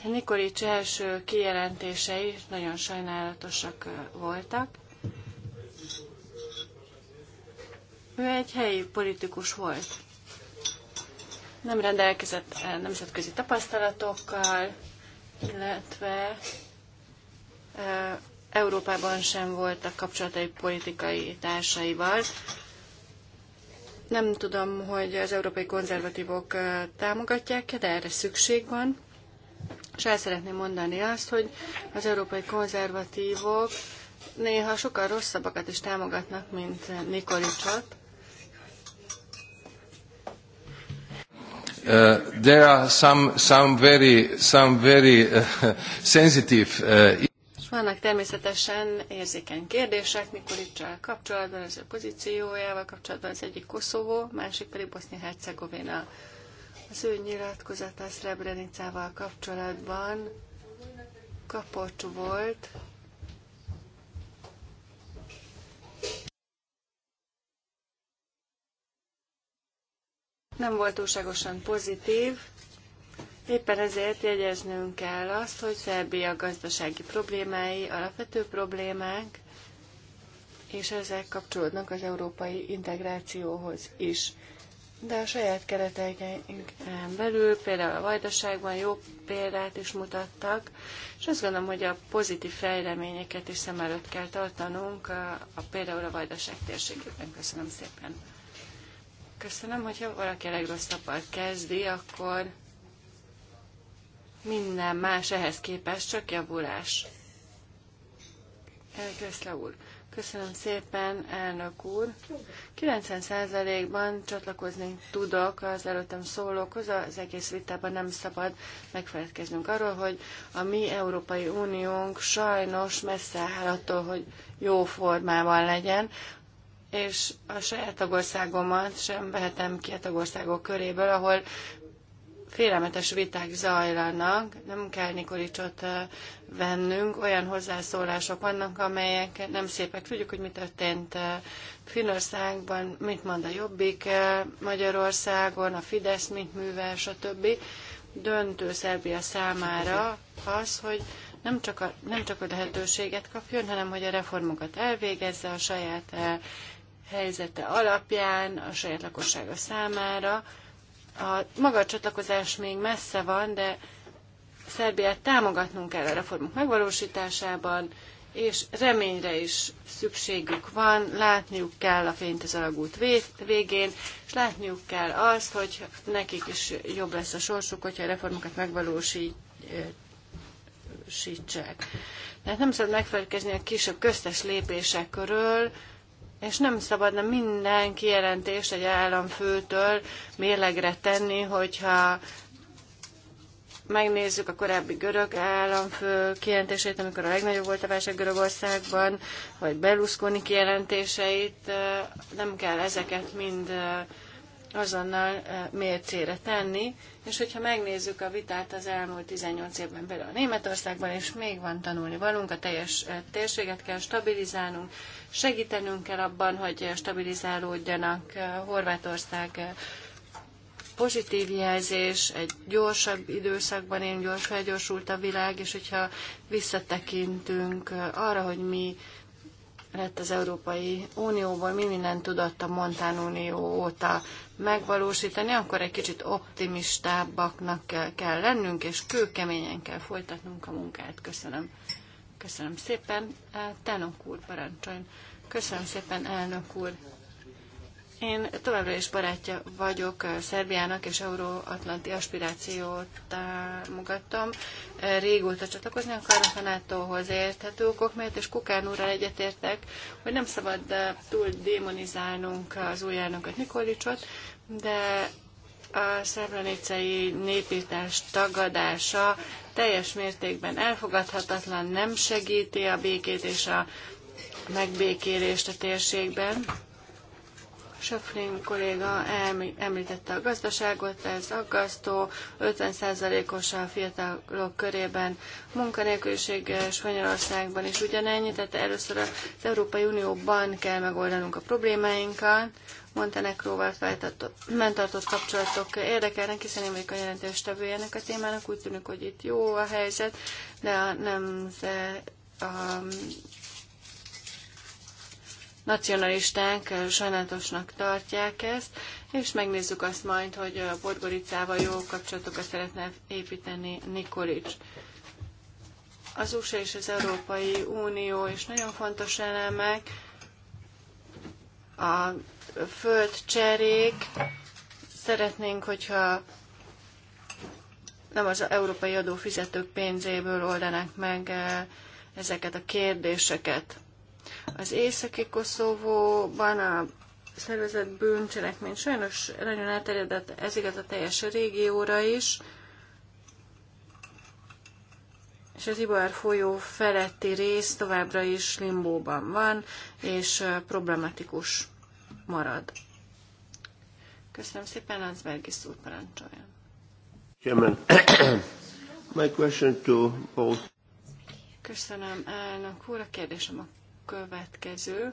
Nikolics első kijelentései nagyon sajnálatosak eh, voltak. Ő egy helyi politikus volt nem rendelkezett eh, nemzetközi tapasztalatokkal, illetve eh, Európában sem voltak kapcsolatai politikai társaival. Nem tudom, hogy az európai konzervatívok eh, támogatják -e, de erre szükség van. És el szeretném mondani azt, hogy az európai konzervatívok néha sokkal rosszabbakat is támogatnak, mint Nikolicsot. Uh, there are some, some very, some very uh, *laughs* sensitive uh, vannak természetesen érzékeny kérdések, mikor itt csak kapcsolatban az ő pozíciójával kapcsolatban az egyik Koszovó, másik pedig Bosznia-Hercegovina. Az ő nyilatkozata Srebrenicával kapcsolatban kapocs volt, nem volt túlságosan pozitív, éppen ezért jegyeznünk kell azt, hogy Szerbia gazdasági problémái alapvető problémák, és ezek kapcsolódnak az európai integrációhoz is. De a saját kereteink belül, például a Vajdaságban jó példát is mutattak, és azt gondolom, hogy a pozitív fejleményeket is szem előtt kell tartanunk, a, a például a Vajdaság térségében. Köszönöm szépen! Köszönöm, hogyha valaki a legrosszabbal kezdi, akkor minden más ehhez képest csak javulás. Elkreszle úr. Köszönöm szépen, elnök úr. 90%-ban csatlakozni tudok az előttem szólókhoz, az egész vitában nem szabad megfeledkeznünk arról, hogy a mi Európai Uniónk sajnos messze áll attól, hogy jó formában legyen és a saját tagországomat sem vehetem ki a tagországok köréből, ahol félelmetes viták zajlanak, nem kell Nikolicsot vennünk, olyan hozzászólások vannak, amelyek nem szépek. Tudjuk, hogy mi történt Finországban, mit mond a Jobbik Magyarországon, a Fidesz mint művel, stb. Döntő Szerbia számára az, hogy nem csak, a, nem csak a lehetőséget kapjon, hanem hogy a reformokat elvégezze a saját helyzete alapján a saját lakossága számára. A maga a csatlakozás még messze van, de Szerbiát támogatnunk kell a reformok megvalósításában, és reményre is szükségük van, látniuk kell a fényt az alagút végén, és látniuk kell azt, hogy nekik is jobb lesz a sorsuk, hogyha a reformokat megvalósítsák. Tehát nem szabad megfelelkezni a kisebb köztes lépések és nem szabadna minden kijelentést egy államfőtől mérlegre tenni, hogyha megnézzük a korábbi görög államfő kijelentését, amikor a legnagyobb volt a válság Görögországban, vagy Berlusconi kijelentéseit, nem kell ezeket mind azonnal mércére tenni, és hogyha megnézzük a vitát az elmúlt 18 évben például Németországban, és még van tanulni valunk, a teljes térséget kell stabilizálnunk, Segítenünk kell abban, hogy stabilizálódjanak eh, Horvátország eh, pozitív jelzés, egy gyorsabb időszakban én gyors, felgyorsult a világ, és hogyha visszatekintünk eh, arra, hogy mi lett az Európai Unióból, mi mindent tudott a Montán Unió óta megvalósítani, akkor egy kicsit optimistábbaknak kell lennünk, és kőkeményen kell folytatnunk a munkát. Köszönöm. Köszönöm szépen. Tánok úr, parancsoljon. Köszönöm szépen, elnök úr. Én továbbra is barátja vagyok Szerbiának, és euróatlanti aspirációt támogatom. Régóta csatlakozni akarok a NATO-hoz érthető okok miatt, és Kukán úrral egyetértek, hogy nem szabad túl démonizálnunk az új elnököt Nikolicsot, de a szerbranicei népítás tagadása teljes mértékben elfogadhatatlan, nem segíti a békét és a megbékélést a térségben. Söflin kolléga említette a gazdaságot, ez aggasztó, 50%-os a fiatalok körében munkanélküliség Spanyolországban is ugyanennyi, tehát először az Európai Unióban kell megoldanunk a problémáinkat, Montenegróval mentartott kapcsolatok érdekelnek, hiszen én vagyok a jelentős ennek a témának. Úgy tűnik, hogy itt jó a helyzet, de a de a nacionalisták sajnálatosnak tartják ezt, és megnézzük azt majd, hogy a Borgoricával jó kapcsolatokat szeretne építeni Nikolics. Az USA és az Európai Unió is nagyon fontos elemek, a földcserék. Szeretnénk, hogyha nem az európai adófizetők pénzéből oldanák meg eh, ezeket a kérdéseket. Az északi Koszovóban a szervezett bűncselekmény sajnos nagyon elterjedett, ez igaz a teljes régióra is, és az Ibar folyó feletti rész továbbra is limbóban van, és eh, problematikus marad. Köszönöm szépen, Lanzbergis úr parancsoljon. Chairman, *coughs* my question to both. Köszönöm, elnök úr. A kérdésem a következő.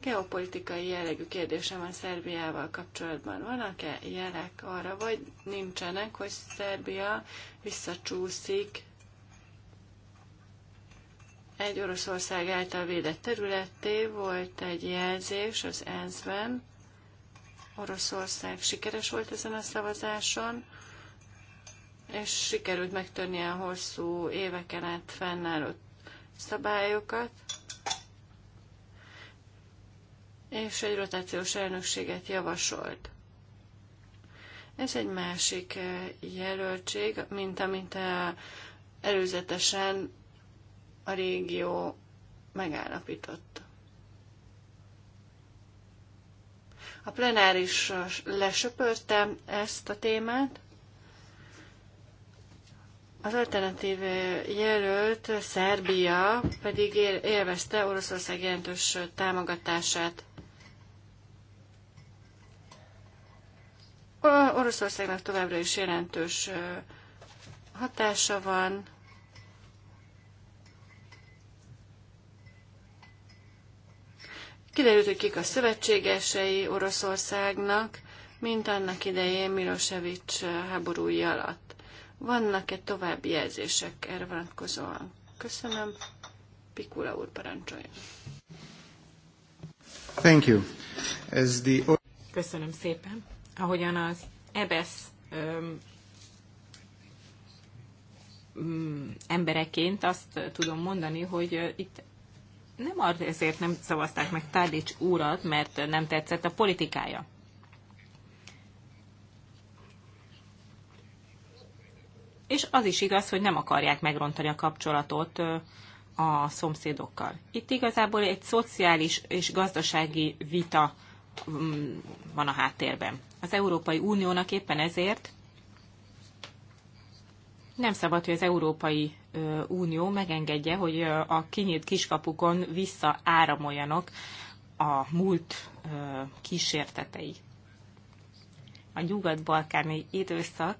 Geopolitikai jellegű kérdésem van Szerbiával kapcsolatban. Vannak-e jelek arra, vagy nincsenek, hogy Szerbia visszacsúszik egy Oroszország által védett területté volt egy jelzés az ENSZ-ben. Oroszország sikeres volt ezen a szavazáson, és sikerült megtörni a hosszú éveken át fennálló szabályokat, és egy rotációs elnökséget javasolt. Ez egy másik eh, jelöltség, mint amit eh, előzetesen a régió megállapította. A plenáris lesöpörte ezt a témát. Az alternatív jelölt Szerbia pedig élvezte Oroszország jelentős támogatását. Oroszországnak továbbra is jelentős hatása van, Kiderült, hogy kik a szövetségesei Oroszországnak, mint annak idején Milosevic háborúja alatt. Vannak-e további jelzések erre vonatkozóan? Köszönöm. Pikula úr parancsoljon. Thank you. As the... Köszönöm szépen. Ahogyan az EBESZ um, embereként azt tudom mondani, hogy itt nem azért nem szavazták meg Tadics úrat, mert nem tetszett a politikája. És az is igaz, hogy nem akarják megrontani a kapcsolatot a szomszédokkal. Itt igazából egy szociális és gazdasági vita mm, van a háttérben. Az Európai Uniónak éppen ezért nem szabad, hogy az Európai Unió megengedje, hogy a kinyílt kiskapukon visszaáramoljanak a múlt kísértetei. A nyugat-balkáni időszak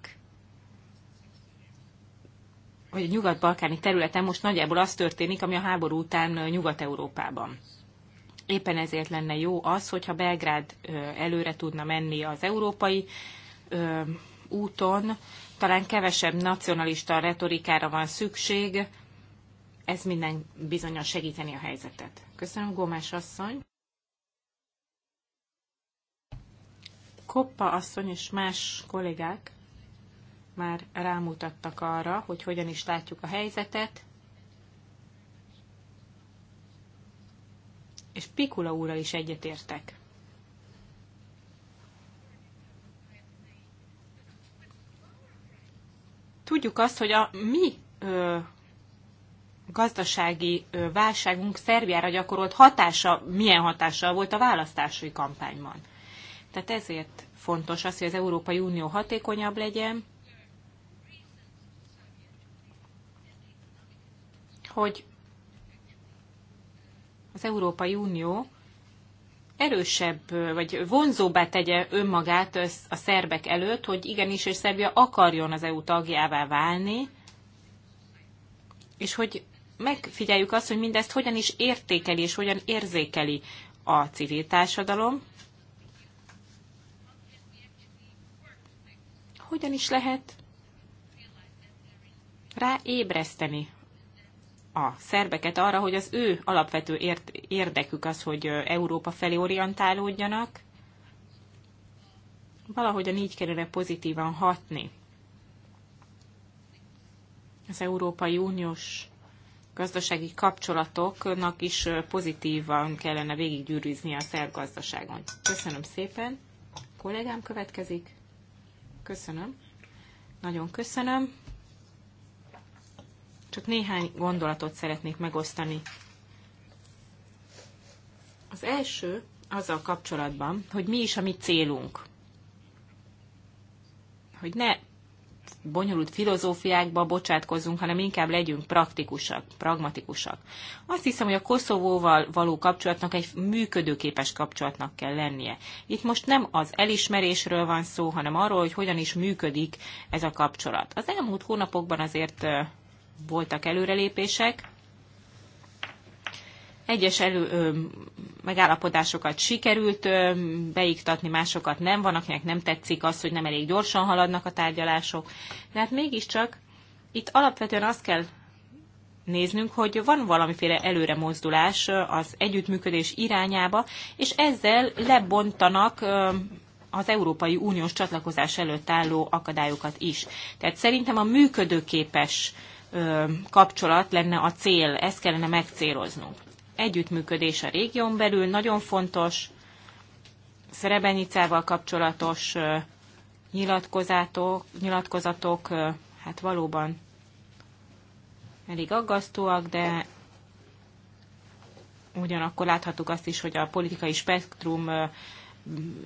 vagy a nyugat-balkáni területen most nagyjából az történik, ami a háború után Nyugat-Európában. Éppen ezért lenne jó az, hogyha Belgrád előre tudna menni az európai úton, talán kevesebb nacionalista retorikára van szükség, ez minden bizonyos segíteni a helyzetet. Köszönöm, Gómás asszony. Koppa asszony és más kollégák már rámutattak arra, hogy hogyan is látjuk a helyzetet, és Pikula úrral is egyetértek. tudjuk azt, hogy a mi ö, gazdasági ö, válságunk Szerbiára gyakorolt hatása milyen hatással volt a választási kampányban. Tehát ezért fontos az, hogy az Európai Unió hatékonyabb legyen, hogy az Európai Unió erősebb, vagy vonzóbbá tegye önmagát a szerbek előtt, hogy igenis, és Szerbia akarjon az EU tagjává válni, és hogy megfigyeljük azt, hogy mindezt hogyan is értékeli és hogyan érzékeli a civil társadalom, hogyan is lehet ráébreszteni a szerbeket arra, hogy az ő alapvető érdekük az, hogy Európa felé orientálódjanak, valahogy a négy kerülre pozitívan hatni. Az Európai Uniós gazdasági kapcsolatoknak is pozitívan kellene végiggyűrűzni a szerb gazdaságon. Köszönöm szépen. A kollégám következik. Köszönöm. Nagyon köszönöm. Csak néhány gondolatot szeretnék megosztani. Az első azzal kapcsolatban, hogy mi is a mi célunk. Hogy ne bonyolult filozófiákba bocsátkozunk, hanem inkább legyünk praktikusak, pragmatikusak. Azt hiszem, hogy a Koszovóval való kapcsolatnak egy működőképes kapcsolatnak kell lennie. Itt most nem az elismerésről van szó, hanem arról, hogy hogyan is működik ez a kapcsolat. Az elmúlt hónapokban azért voltak előrelépések. Egyes elő, ö, megállapodásokat sikerült ö, beiktatni, másokat nem. Van, akinek nem tetszik az, hogy nem elég gyorsan haladnak a tárgyalások. De hát mégiscsak itt alapvetően azt kell néznünk, hogy van valamiféle előre mozdulás az együttműködés irányába, és ezzel lebontanak az Európai Uniós csatlakozás előtt álló akadályokat is. Tehát szerintem a működőképes kapcsolat lenne a cél, ezt kellene megcéloznunk. Együttműködés a régión belül nagyon fontos, Szerebenicával kapcsolatos nyilatkozatok, nyilatkozatok hát valóban elég aggasztóak, de ugyanakkor láthatjuk azt is, hogy a politikai spektrum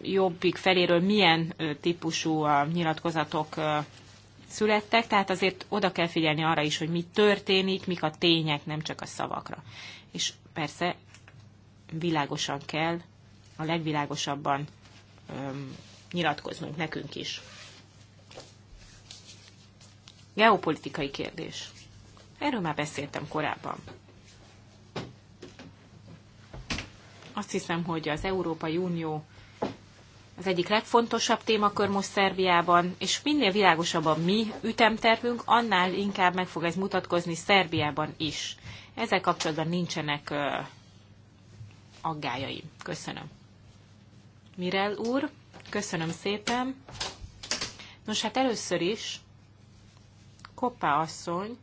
jobbik feléről milyen típusú nyilatkozatok születtek, tehát azért oda kell figyelni arra is, hogy mi történik, mik a tények, nem csak a szavakra. És persze világosan kell, a legvilágosabban öm, nyilatkoznunk nekünk is. Geopolitikai kérdés. Erről már beszéltem korábban. Azt hiszem, hogy az Európai Unió az egyik legfontosabb témakör most Szerbiában, és minél világosabb a mi ütemtervünk, annál inkább meg fog ez mutatkozni Szerbiában is. Ezzel kapcsolatban nincsenek aggájaim. Köszönöm. Mirel úr, köszönöm szépen. Nos, hát először is Koppá asszony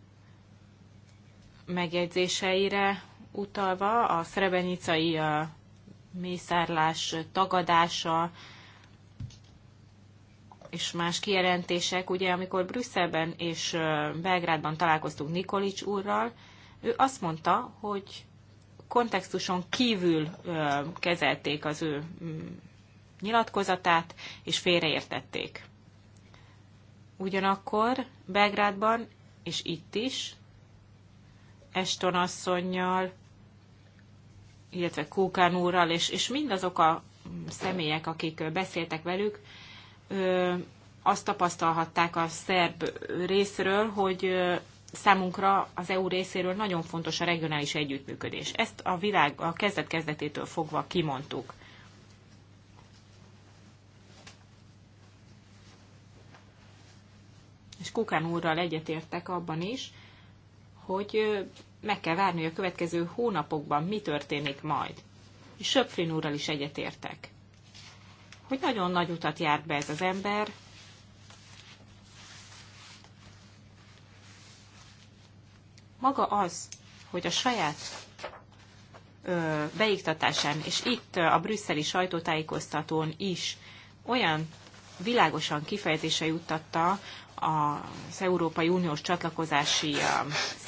megjegyzéseire utalva a szrebenicai mészárlás tagadása, és más kijelentések, ugye amikor Brüsszelben és Belgrádban találkoztunk Nikolics úrral, ő azt mondta, hogy kontextuson kívül kezelték az ő mm, nyilatkozatát, és félreértették. Ugyanakkor Belgrádban és itt is Eston asszonynal, illetve Kókán úrral, és, és mindazok a mm, személyek, akik beszéltek velük, azt tapasztalhatták a szerb részről, hogy számunkra az EU részéről nagyon fontos a regionális együttműködés. Ezt a világ a kezdet-kezdetétől fogva kimondtuk. És Kukán úrral egyetértek abban is, hogy meg kell várni, hogy a következő hónapokban mi történik majd. És Söpfrin úrral is egyetértek hogy nagyon nagy utat járt be ez az ember, maga az, hogy a saját ö, beiktatásán, és itt a brüsszeli sajtótájékoztatón is olyan világosan kifejezése juttatta az Európai Uniós csatlakozási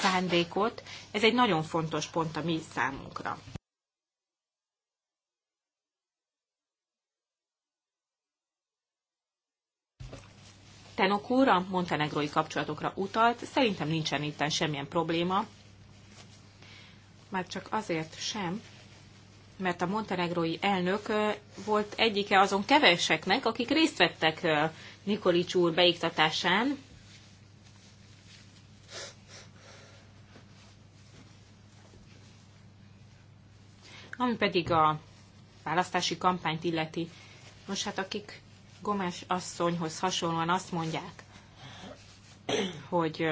szándékot, ez egy nagyon fontos pont a mi számunkra. Tenok úr a montenegrói kapcsolatokra utalt, szerintem nincsen itt semmilyen probléma, már csak azért sem, mert a montenegrói elnök volt egyike azon keveseknek, akik részt vettek Nikolics úr beiktatásán. Ami pedig a választási kampányt illeti. Most hát akik Gomes asszonyhoz hasonlóan azt mondják, hogy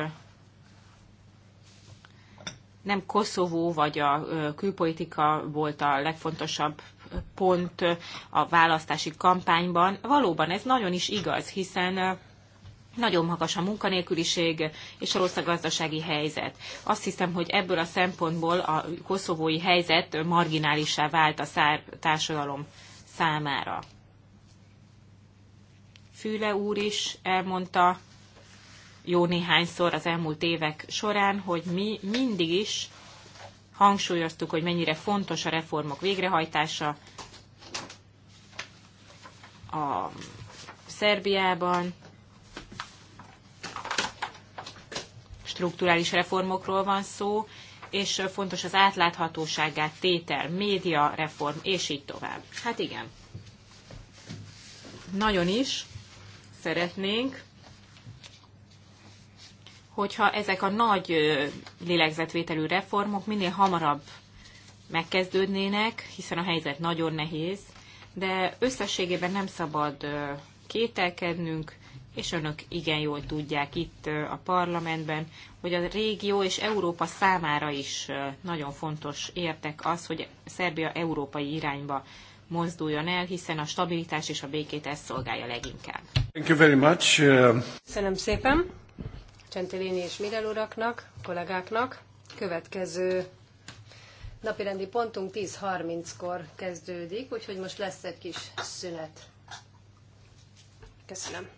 nem Koszovó vagy a külpolitika volt a legfontosabb pont a választási kampányban. Valóban ez nagyon is igaz, hiszen nagyon magas a munkanélküliség és a rossz a gazdasági helyzet. Azt hiszem, hogy ebből a szempontból a koszovói helyzet marginálissá vált a szár társadalom számára. Füle úr is elmondta jó néhányszor az elmúlt évek során, hogy mi mindig is hangsúlyoztuk, hogy mennyire fontos a reformok végrehajtása a Szerbiában, strukturális reformokról van szó, és fontos az átláthatóságát, tétel, média reform, és így tovább. Hát igen. Nagyon is szeretnénk, hogyha ezek a nagy lélegzetvételű reformok minél hamarabb megkezdődnének, hiszen a helyzet nagyon nehéz, de összességében nem szabad kételkednünk, és önök igen jól tudják itt a parlamentben, hogy a régió és Európa számára is nagyon fontos értek az, hogy Szerbia európai irányba mozduljon el, hiszen a stabilitás és a békét ez szolgálja leginkább. Thank you very much. Uh, Köszönöm szépen Csenteléni és Mirel uraknak, kollégáknak. Következő napirendi pontunk 10.30-kor kezdődik, úgyhogy most lesz egy kis szünet. Köszönöm.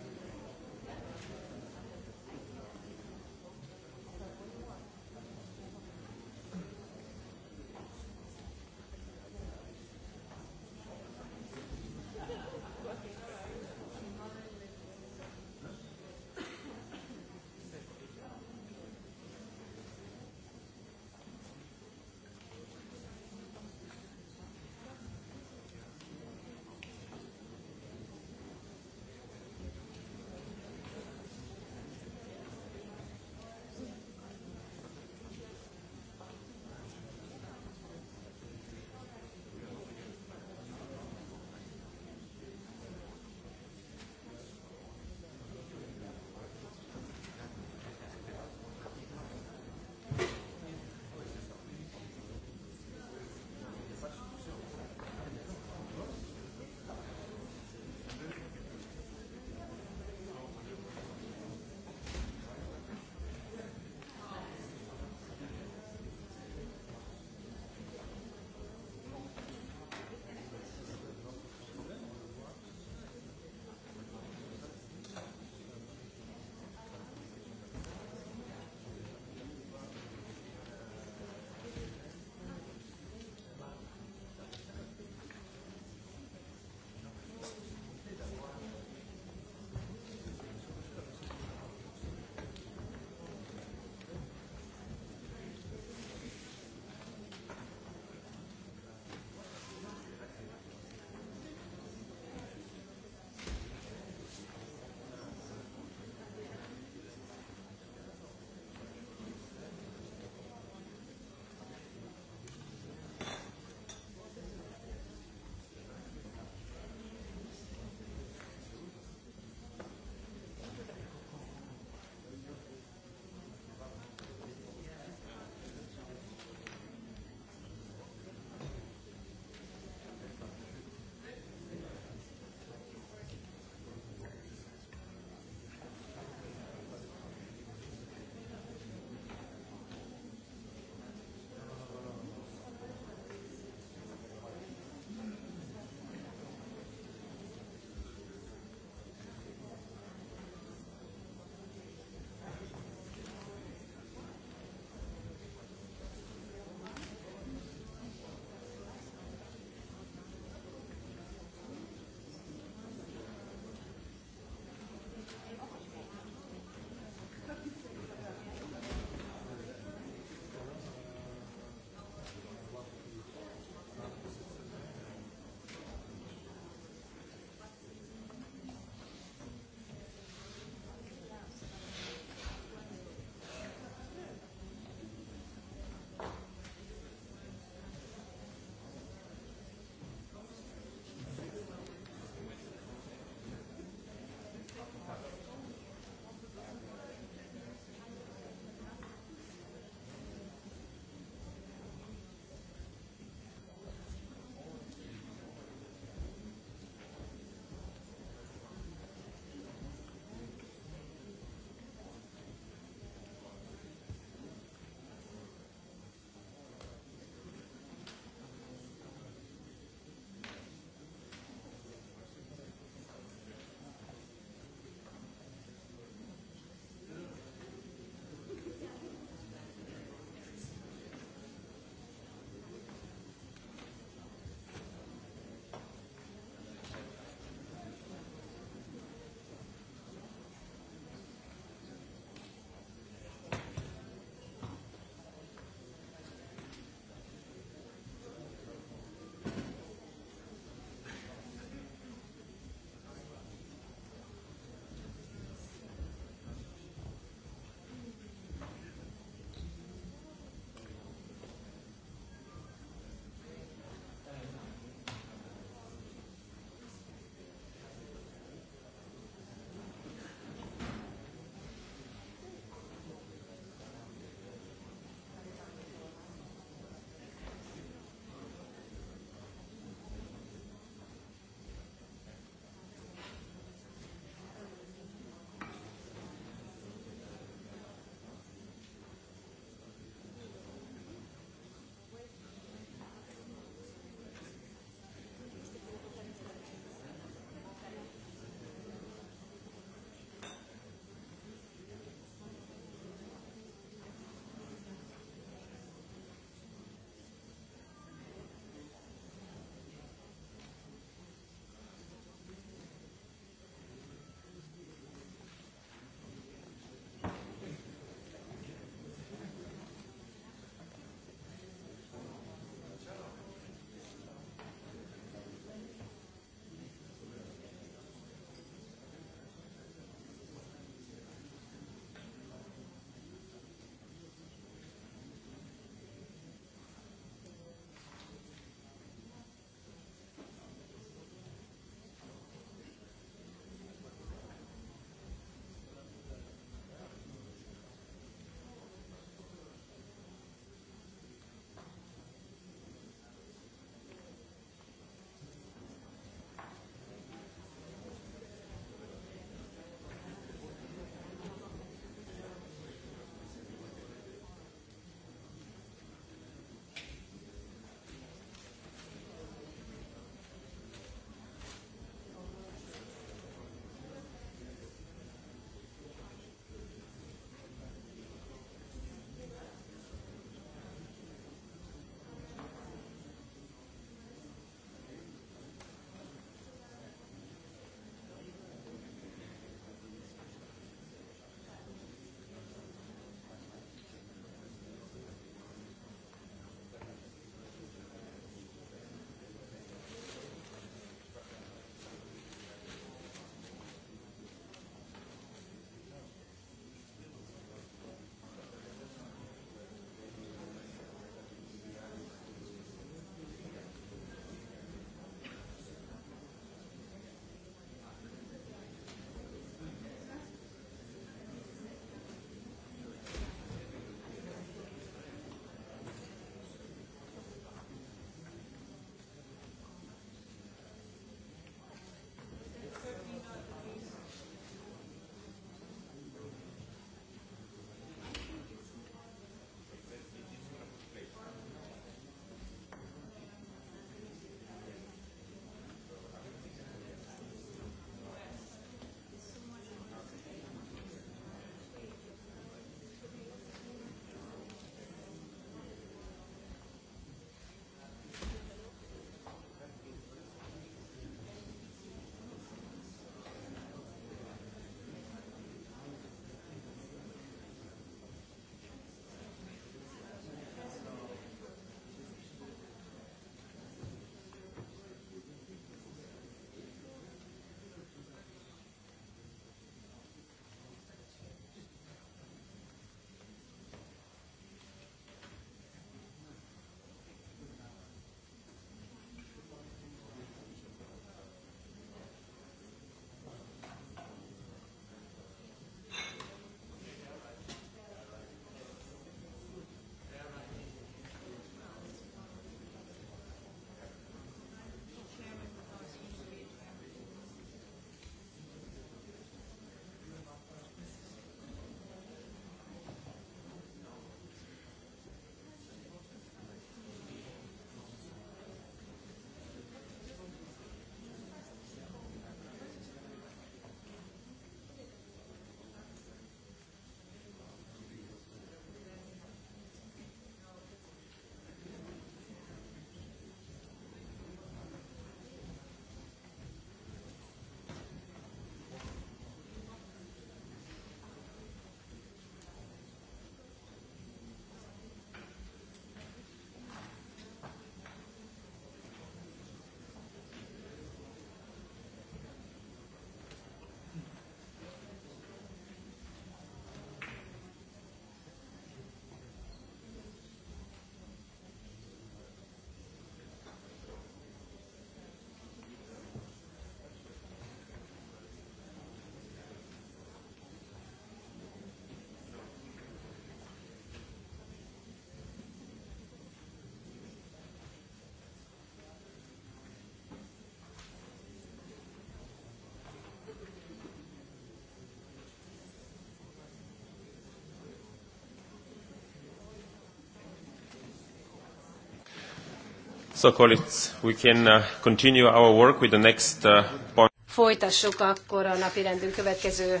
So, colleagues, we can uh, continue our work with the next uh, point. Folytassuk akkor a napirendünk következő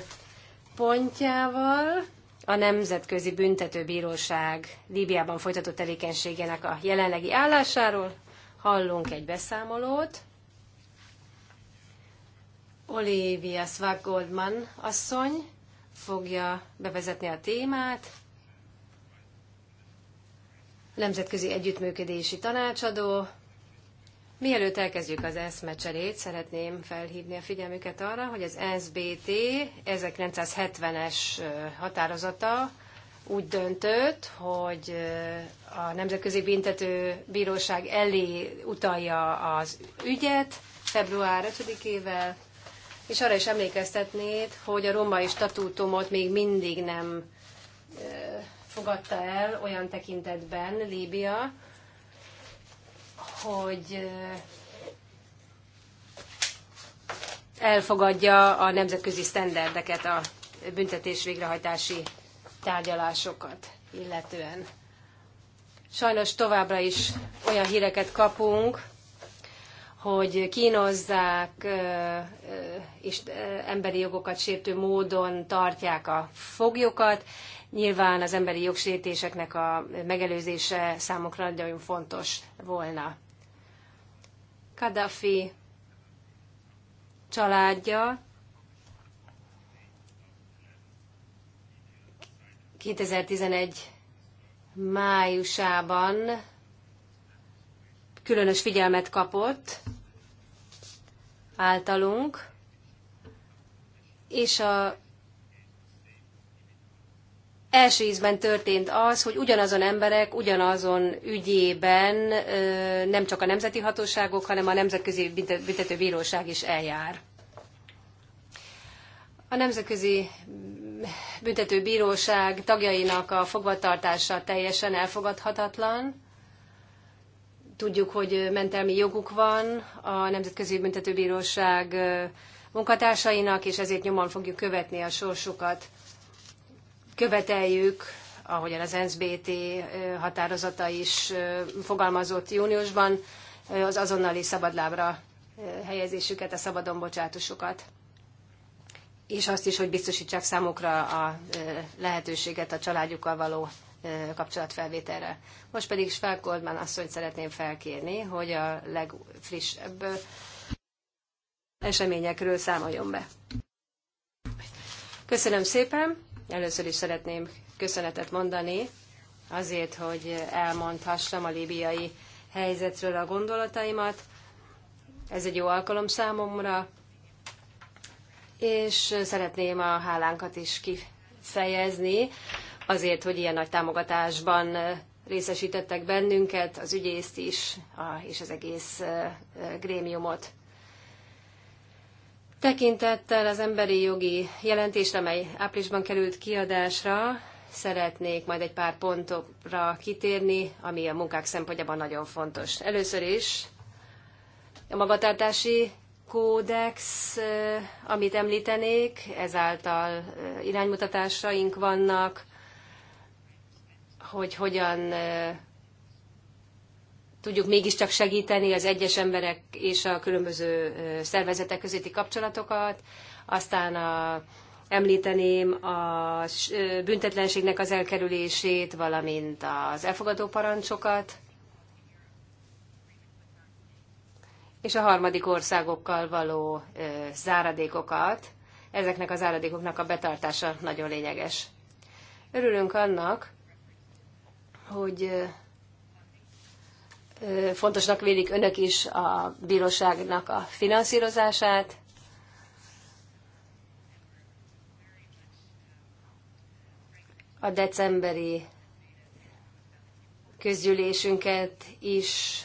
pontjával. A Nemzetközi Büntetőbíróság Líbiában folytatott tevékenységének a jelenlegi állásáról hallunk egy beszámolót. Olivia Swag Goldman asszony fogja bevezetni a témát, nemzetközi együttműködési tanácsadó. Mielőtt elkezdjük az eszmecserét, szeretném felhívni a figyelmüket arra, hogy az SBT 1970-es határozata úgy döntött, hogy a Nemzetközi Büntető Bíróság elé utalja az ügyet február 5-ével, és arra is emlékeztetnéd, hogy a római statútumot még mindig nem fogadta el olyan tekintetben Líbia, hogy elfogadja a nemzetközi sztenderdeket, a büntetés végrehajtási tárgyalásokat illetően. Sajnos továbbra is olyan híreket kapunk, hogy kínozzák és emberi jogokat sértő módon tartják a foglyokat, Nyilván az emberi jogsértéseknek a megelőzése számukra nagyon fontos volna. Kadhafi családja 2011 májusában különös figyelmet kapott általunk, és a első ízben történt az, hogy ugyanazon emberek ugyanazon ügyében nem csak a nemzeti hatóságok, hanem a Nemzetközi Büntetőbíróság is eljár. A Nemzetközi Büntetőbíróság tagjainak a fogvatartása teljesen elfogadhatatlan. Tudjuk, hogy mentelmi joguk van a Nemzetközi Büntetőbíróság munkatársainak, és ezért nyomon fogjuk követni a sorsukat követeljük, ahogyan az NSBT határozata is fogalmazott júniusban, az azonnali szabadlábra helyezésüket, a szabadon bocsátusokat. És azt is, hogy biztosítsák számukra a lehetőséget a családjukkal való kapcsolatfelvételre. Most pedig Sváb Goldman asszonyt szeretném felkérni, hogy a legfrissebb eseményekről számoljon be. Köszönöm szépen! Először is szeretném köszönetet mondani azért, hogy elmondhassam a líbiai helyzetről a gondolataimat. Ez egy jó alkalom számomra, és szeretném a hálánkat is kifejezni azért, hogy ilyen nagy támogatásban részesítettek bennünket, az ügyészt is, és az egész grémiumot. Tekintettel az emberi jogi jelentésre, mely áprilisban került kiadásra, szeretnék majd egy pár pontokra kitérni, ami a munkák szempontjában nagyon fontos. Először is a magatartási kódex, eh, amit említenék, ezáltal eh, iránymutatásaink vannak, hogy hogyan eh, tudjuk mégiscsak segíteni az egyes emberek és a különböző szervezetek közötti kapcsolatokat. Aztán a, említeném a büntetlenségnek az elkerülését, valamint az elfogadó parancsokat. és a harmadik országokkal való ö, záradékokat. Ezeknek a záradékoknak a betartása nagyon lényeges. Örülünk annak, hogy fontosnak vélik önök is a bíróságnak a finanszírozását. A decemberi közgyűlésünket is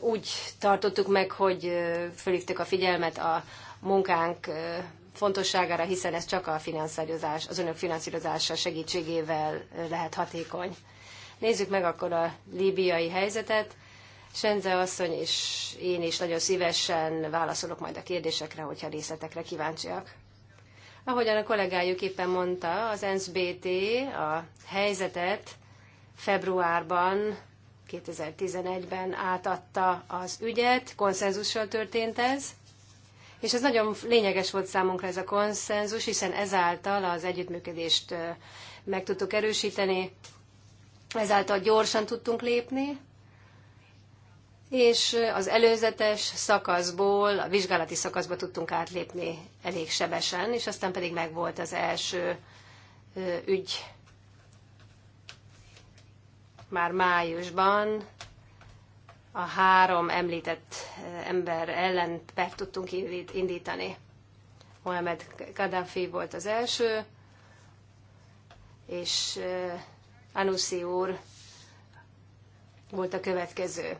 úgy tartottuk meg, hogy fölhívtuk a figyelmet a munkánk fontosságára, hiszen ez csak a finanszírozás, az önök finanszírozása segítségével lehet hatékony. Nézzük meg akkor a líbiai helyzetet. Senze asszony és én is nagyon szívesen válaszolok majd a kérdésekre, hogyha részletekre kíváncsiak. Ahogyan a kollégájuk éppen mondta, az NSBT a helyzetet februárban 2011-ben átadta az ügyet, konszenzussal történt ez, és ez nagyon lényeges volt számunkra ez a konszenzus, hiszen ezáltal az együttműködést meg tudtuk erősíteni, ezáltal gyorsan tudtunk lépni, és az előzetes szakaszból, a vizsgálati szakaszba tudtunk átlépni elég sebesen, és aztán pedig megvolt az első ügy már májusban, a három említett ember ellen per tudtunk indítani. Mohamed Gaddafi volt az első, és Anuszi úr volt a következő.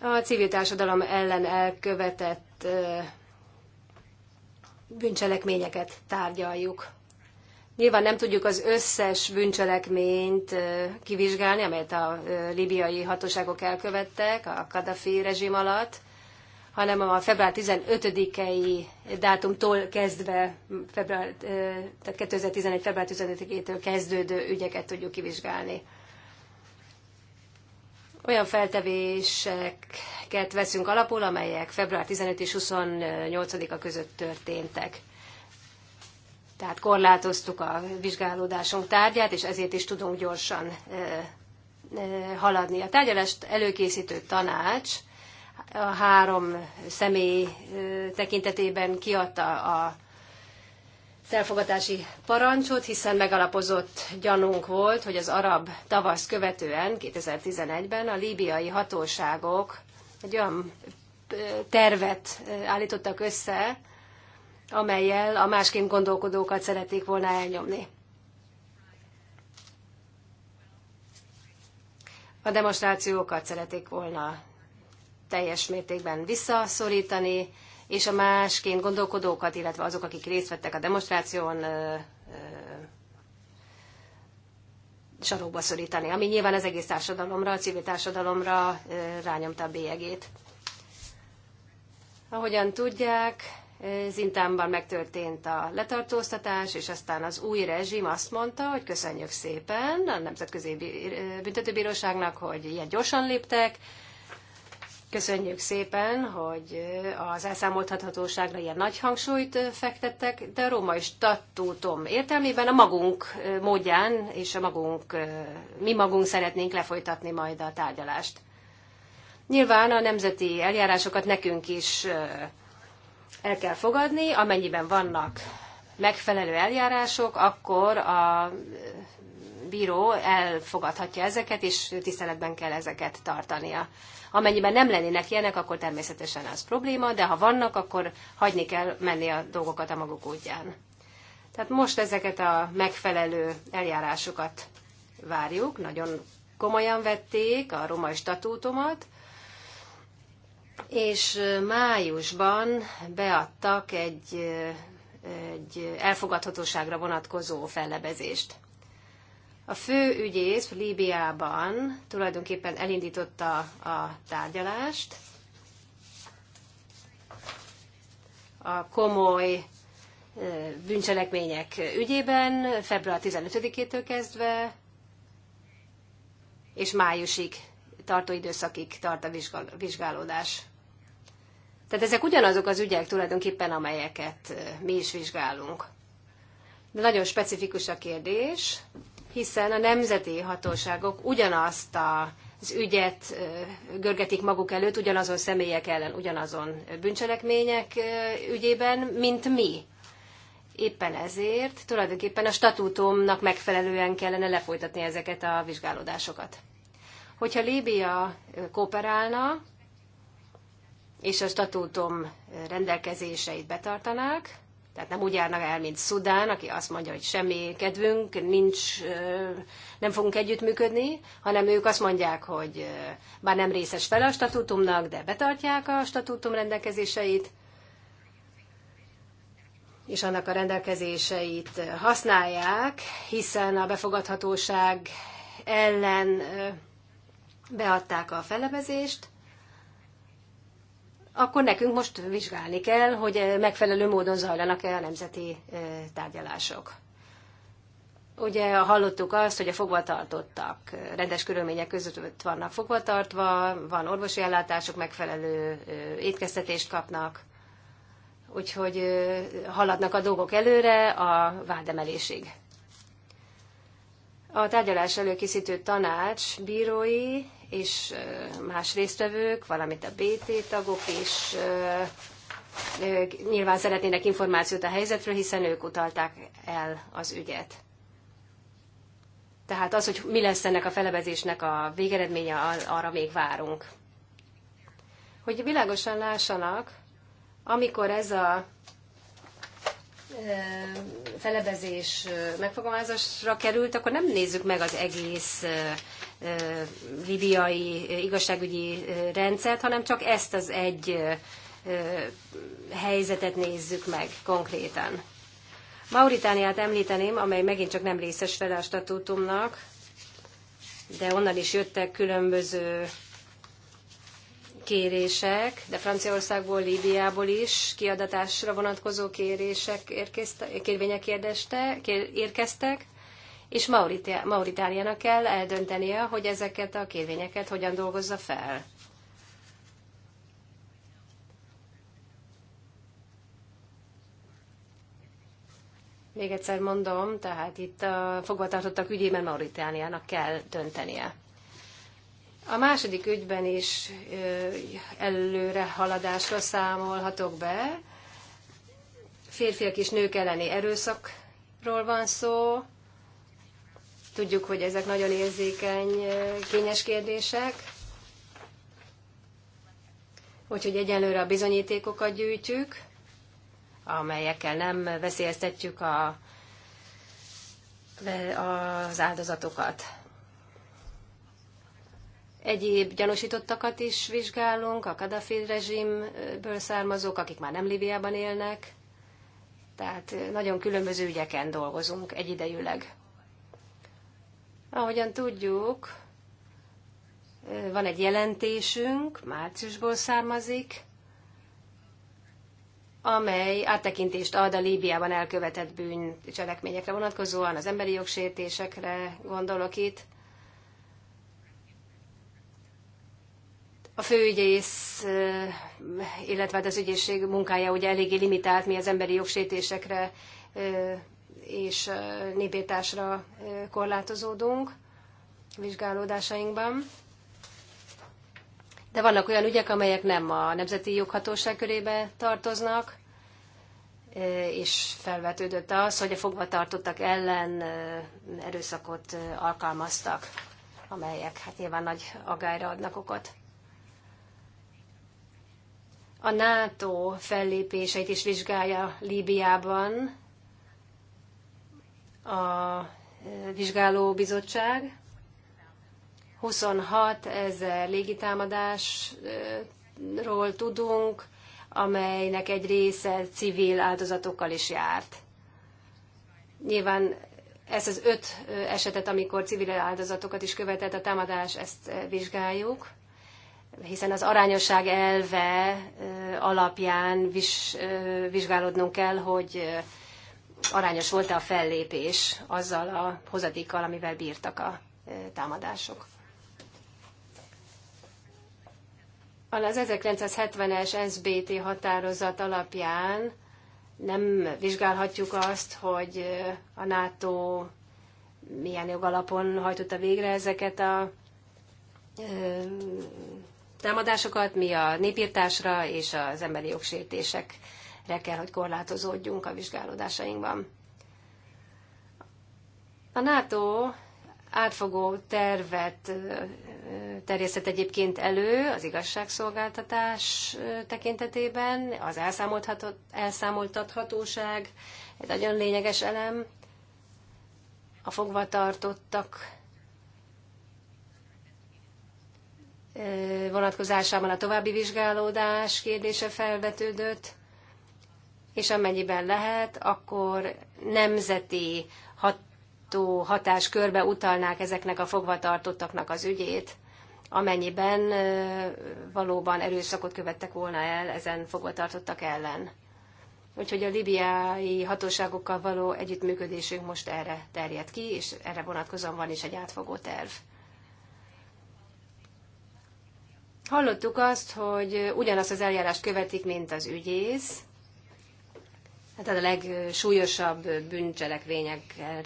A civil társadalom ellen elkövetett bűncselekményeket tárgyaljuk. Nyilván nem tudjuk az összes bűncselekményt kivizsgálni, amelyet a libiai hatóságok elkövettek a Kadhafi rezsim alatt, hanem a február 15-i dátumtól kezdve, február, tehát 2011. február 15-től kezdődő ügyeket tudjuk kivizsgálni. Olyan feltevéseket veszünk alapul, amelyek február 15 és 28-a között történtek. Tehát korlátoztuk a vizsgálódásunk tárgyát, és ezért is tudunk gyorsan haladni. A tárgyalást előkészítő tanács a három személy tekintetében kiadta a felfogatási parancsot, hiszen megalapozott gyanunk volt, hogy az arab tavasz követően 2011-ben a líbiai hatóságok egy olyan tervet állítottak össze, amelyel a másként gondolkodókat szerették volna elnyomni. A demonstrációkat szerették volna teljes mértékben visszaszorítani, és a másként gondolkodókat, illetve azok, akik részt vettek a demonstráción, sarokba szorítani, ami nyilván az egész társadalomra, a civil társadalomra rányomta a bélyegét. Ahogyan tudják, Zintánban megtörtént a letartóztatás, és aztán az új rezsim azt mondta, hogy köszönjük szépen a Nemzetközi Büntetőbíróságnak, hogy ilyen gyorsan léptek, Köszönjük szépen, hogy az elszámoltathatóságra ilyen nagy hangsúlyt fektettek, de a római statútum értelmében a magunk módján és a magunk, mi magunk szeretnénk lefolytatni majd a tárgyalást. Nyilván a nemzeti eljárásokat nekünk is el kell fogadni, amennyiben vannak megfelelő eljárások, akkor a bíró elfogadhatja ezeket, és tiszteletben kell ezeket tartania. Amennyiben nem lennének ilyenek, akkor természetesen az probléma, de ha vannak, akkor hagyni kell menni a dolgokat a maguk útján. Tehát most ezeket a megfelelő eljárásokat várjuk, nagyon komolyan vették a romai statútomat, és májusban beadtak egy, egy elfogadhatóságra vonatkozó fellebezést. A fő ügyész Líbiában tulajdonképpen elindította a tárgyalást. A komoly bűncselekmények ügyében február 15-től kezdve és májusig tartó időszakig tart a vizsgálódás. Tehát ezek ugyanazok az ügyek tulajdonképpen, amelyeket mi is vizsgálunk. De nagyon specifikus a kérdés, hiszen a nemzeti hatóságok ugyanazt a az ügyet görgetik maguk előtt ugyanazon személyek ellen, ugyanazon bűncselekmények ügyében, mint mi. Éppen ezért tulajdonképpen a statútumnak megfelelően kellene lefolytatni ezeket a vizsgálódásokat. Hogyha Líbia kooperálna, és a statútum rendelkezéseit betartanák, tehát nem úgy járnak el, mint Szudán, aki azt mondja, hogy semmi kedvünk, nincs, nem fogunk együttműködni, hanem ők azt mondják, hogy bár nem részes fel a statútumnak, de betartják a statútum rendelkezéseit, és annak a rendelkezéseit használják, hiszen a befogadhatóság ellen beadták a felebezést, akkor nekünk most vizsgálni kell, hogy eh, megfelelő módon zajlanak-e a nemzeti eh, tárgyalások. Ugye hallottuk azt, hogy a fogvatartottak eh, rendes körülmények között vannak fogvatartva, van orvosi ellátásuk, megfelelő étkeztetést kapnak, úgyhogy haladnak a dolgok előre a vádemelésig. A tárgyalás előkészítő tanács bírói és más résztvevők, valamint a BT tagok is nyilván szeretnének információt a helyzetről, hiszen ők utalták el az ügyet. Tehát az, hogy mi lesz ennek a felebezésnek a végeredménye, arra még várunk. Hogy világosan lássanak, amikor ez a felebezés megfogalmazásra került, akkor nem nézzük meg az egész libiai igazságügyi rendszert, hanem csak ezt az egy helyzetet nézzük meg konkrétan. Mauritániát említeném, amely megint csak nem részes fel a statútumnak, de onnan is jöttek különböző kérések, de Franciaországból, Líbiából is kiadatásra vonatkozó kérések érkezte, kérvények érdeste, kér, érkeztek és Mauritániának kell eldöntenie, hogy ezeket a kérvényeket hogyan dolgozza fel. Még egyszer mondom, tehát itt a fogvatartottak ügyében Mauritániának kell döntenie. A második ügyben is előre haladásra számolhatok be. Férfiak és nők elleni erőszakról van szó. Tudjuk, hogy ezek nagyon érzékeny, eh, kényes kérdések. Úgyhogy egyelőre a bizonyítékokat gyűjtjük, amelyekkel nem veszélyeztetjük a, az áldozatokat. Egyéb gyanúsítottakat is vizsgálunk, a Kadhafi rezsimből származók, akik már nem Líbiában élnek. Tehát eh, nagyon különböző ügyeken dolgozunk egyidejűleg. Ahogyan tudjuk, van egy jelentésünk, márciusból származik, amely áttekintést ad a Líbiában elkövetett bűncselekményekre vonatkozóan, az emberi jogsértésekre gondolok itt. A főügyész, illetve hát az ügyészség munkája ugye eléggé limitált, mi az emberi jogsértésekre és népétásra korlátozódunk vizsgálódásainkban. De vannak olyan ügyek, amelyek nem a Nemzeti Joghatóság körébe tartoznak, és felvetődött az, hogy a fogvatartottak ellen erőszakot alkalmaztak, amelyek hát nyilván nagy agályra adnak okot. A NATO fellépéseit is vizsgálja Líbiában, a e, vizsgáló bizottság 26 ezer légitámadásról tudunk, amelynek egy része civil áldozatokkal is járt. Nyilván ez az öt e, esetet, amikor civil áldozatokat is követett a támadás, ezt e, vizsgáljuk, hiszen az arányosság elve alapján vizsgálódnunk kell, hogy arányos volt-e a fellépés azzal a hozadékkal, amivel bírtak a e, támadások. Az 1970-es SBT határozat alapján nem vizsgálhatjuk azt, hogy e, a NATO milyen jogalapon hajtotta végre ezeket a e, támadásokat, mi a népírtásra és az emberi jogsértések le kell, hogy korlátozódjunk a vizsgálódásainkban. A NATO átfogó tervet terjesztett egyébként elő az igazságszolgáltatás tekintetében, az elszámoltathatóság egy nagyon lényeges elem, a fogvatartottak vonatkozásában a további vizsgálódás kérdése felvetődött, és amennyiben lehet, akkor nemzeti ható hatáskörbe utalnák ezeknek a fogvatartottaknak az ügyét, amennyiben valóban erőszakot követtek volna el ezen fogvatartottak ellen. Úgyhogy a libiai hatóságokkal való együttműködésünk most erre terjed ki, és erre vonatkozóan van is egy átfogó terv. Hallottuk azt, hogy ugyanazt az eljárást követik, mint az ügyész, Hát tehát a legsúlyosabb bűncselekvényekre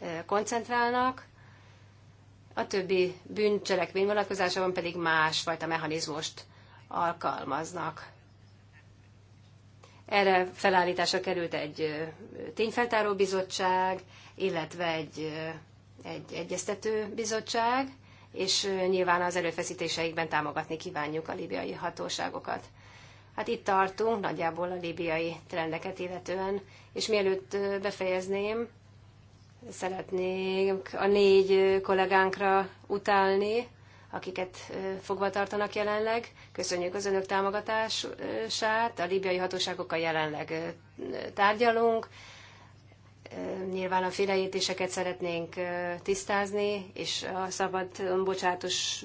eh, koncentrálnak, a többi bűncselekmény vonatkozásában pedig másfajta mechanizmust alkalmaznak. Erre felállításra került egy eh, tényfeltáró bizottság, illetve egy, eh, egy egyeztető bizottság, és nyilván az erőfeszítéseikben támogatni kívánjuk a libiai hatóságokat. Hát itt tartunk nagyjából a libiai trendeket illetően, és mielőtt befejezném, szeretnénk a négy kollégánkra utálni, akiket fogva tartanak jelenleg. Köszönjük az önök támogatását, a libiai hatóságokkal jelenleg tárgyalunk. Nyilván a félreértéseket szeretnénk tisztázni, és a szabad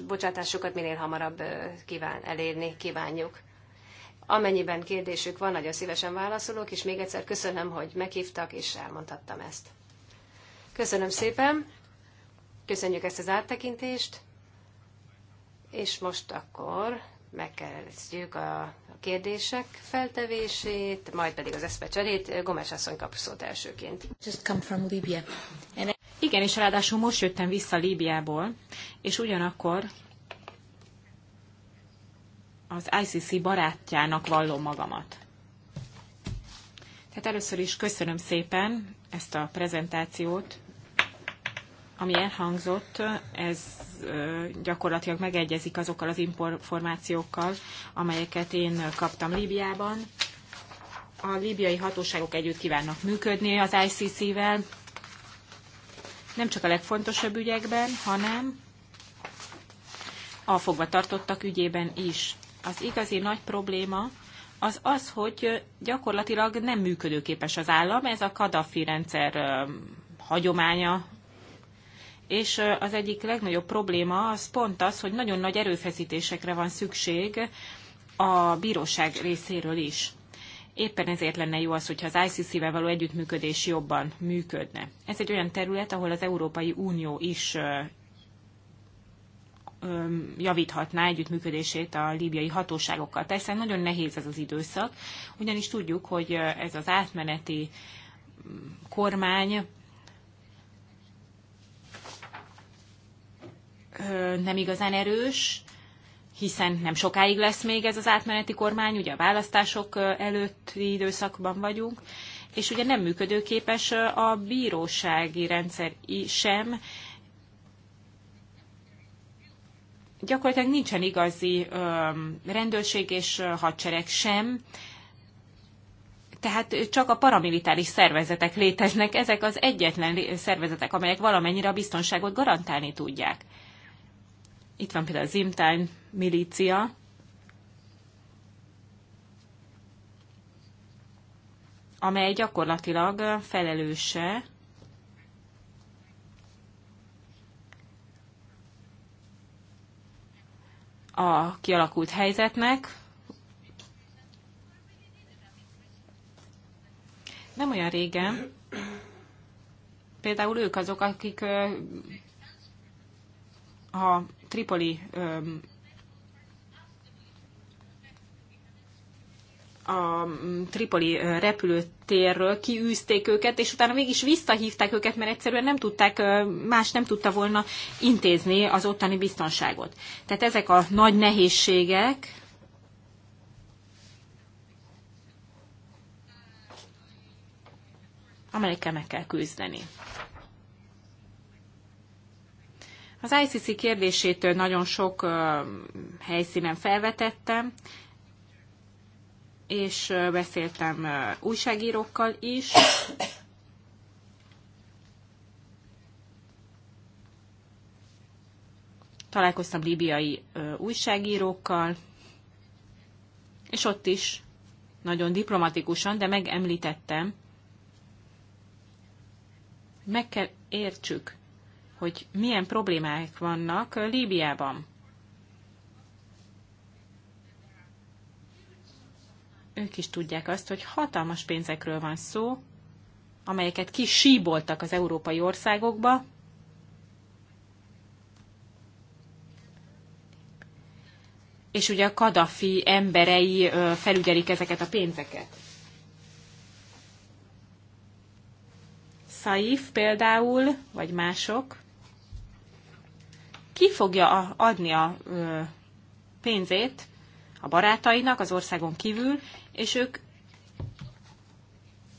bocsátásokat minél hamarabb kíván, elérni kívánjuk. Amennyiben kérdésük van, nagyon szívesen válaszolok, és még egyszer köszönöm, hogy meghívtak, és elmondhattam ezt. Köszönöm szépen, köszönjük ezt az áttekintést, és most akkor megkezdjük a kérdések feltevését, majd pedig az eszmecserét. Gomes asszony kap szót elsőként. Just come from Libya. Igen, és ráadásul most jöttem vissza Líbiából, és ugyanakkor az ICC barátjának vallom magamat. Tehát először is köszönöm szépen ezt a prezentációt, ami elhangzott, ez gyakorlatilag megegyezik azokkal az információkkal, amelyeket én kaptam Líbiában. A líbiai hatóságok együtt kívánnak működni az ICC-vel, nem csak a legfontosabb ügyekben, hanem a fogvatartottak ügyében is az igazi nagy probléma az az, hogy gyakorlatilag nem működőképes az állam, ez a Kadafi rendszer hagyománya, és az egyik legnagyobb probléma az pont az, hogy nagyon nagy erőfeszítésekre van szükség a bíróság részéről is. Éppen ezért lenne jó az, hogyha az ICC-vel való együttműködés jobban működne. Ez egy olyan terület, ahol az Európai Unió is javíthatná együttműködését a líbiai hatóságokkal. Persze nagyon nehéz ez az időszak, ugyanis tudjuk, hogy ez az átmeneti mm, kormány nem igazán erős, hiszen nem sokáig lesz még ez az átmeneti kormány, ugye a választások előtti időszakban vagyunk, és ugye nem működőképes a bírósági rendszer sem, gyakorlatilag nincsen igazi rendőrség és hadsereg sem, tehát csak a paramilitáris szervezetek léteznek, ezek az egyetlen szervezetek, amelyek valamennyire a biztonságot garantálni tudják. Itt van például a Zimtán milícia, amely gyakorlatilag felelőse a kialakult helyzetnek. Nem olyan régen, például ők azok, akik a Tripoli a Tripoli repülőtérről kiűzték őket, és utána mégis visszahívták őket, mert egyszerűen nem tudták, más nem tudta volna intézni az ottani biztonságot. Tehát ezek a nagy nehézségek, amelyekkel meg kell küzdeni. Az ICC kérdését nagyon sok helyszínen felvetettem, és beszéltem újságírókkal is. Találkoztam libiai újságírókkal, és ott is nagyon diplomatikusan, de megemlítettem, meg kell értsük, hogy milyen problémák vannak Líbiában. ők is tudják azt, hogy hatalmas pénzekről van szó, amelyeket kisíboltak az európai országokba, és ugye a Kadafi emberei felügyelik ezeket a pénzeket. Saif például, vagy mások, ki fogja adni a pénzét a barátainak az országon kívül, és ők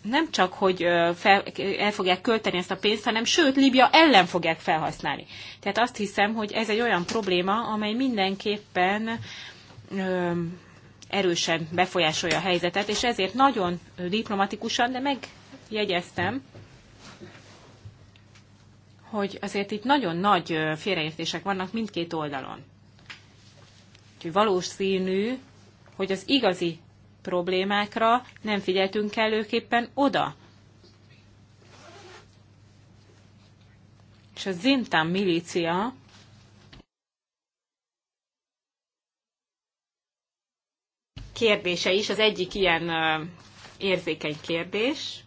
nem csak, hogy fel, el fogják költeni ezt a pénzt, hanem sőt, Libya ellen fogják felhasználni. Tehát azt hiszem, hogy ez egy olyan probléma, amely mindenképpen ö, erősen befolyásolja a helyzetet, és ezért nagyon diplomatikusan, de megjegyeztem, hogy azért itt nagyon nagy félreértések vannak mindkét oldalon. Úgyhogy valószínű, hogy az igazi problémákra nem figyeltünk előképpen oda. És a Zintán milícia kérdése is az egyik ilyen érzékeny kérdés.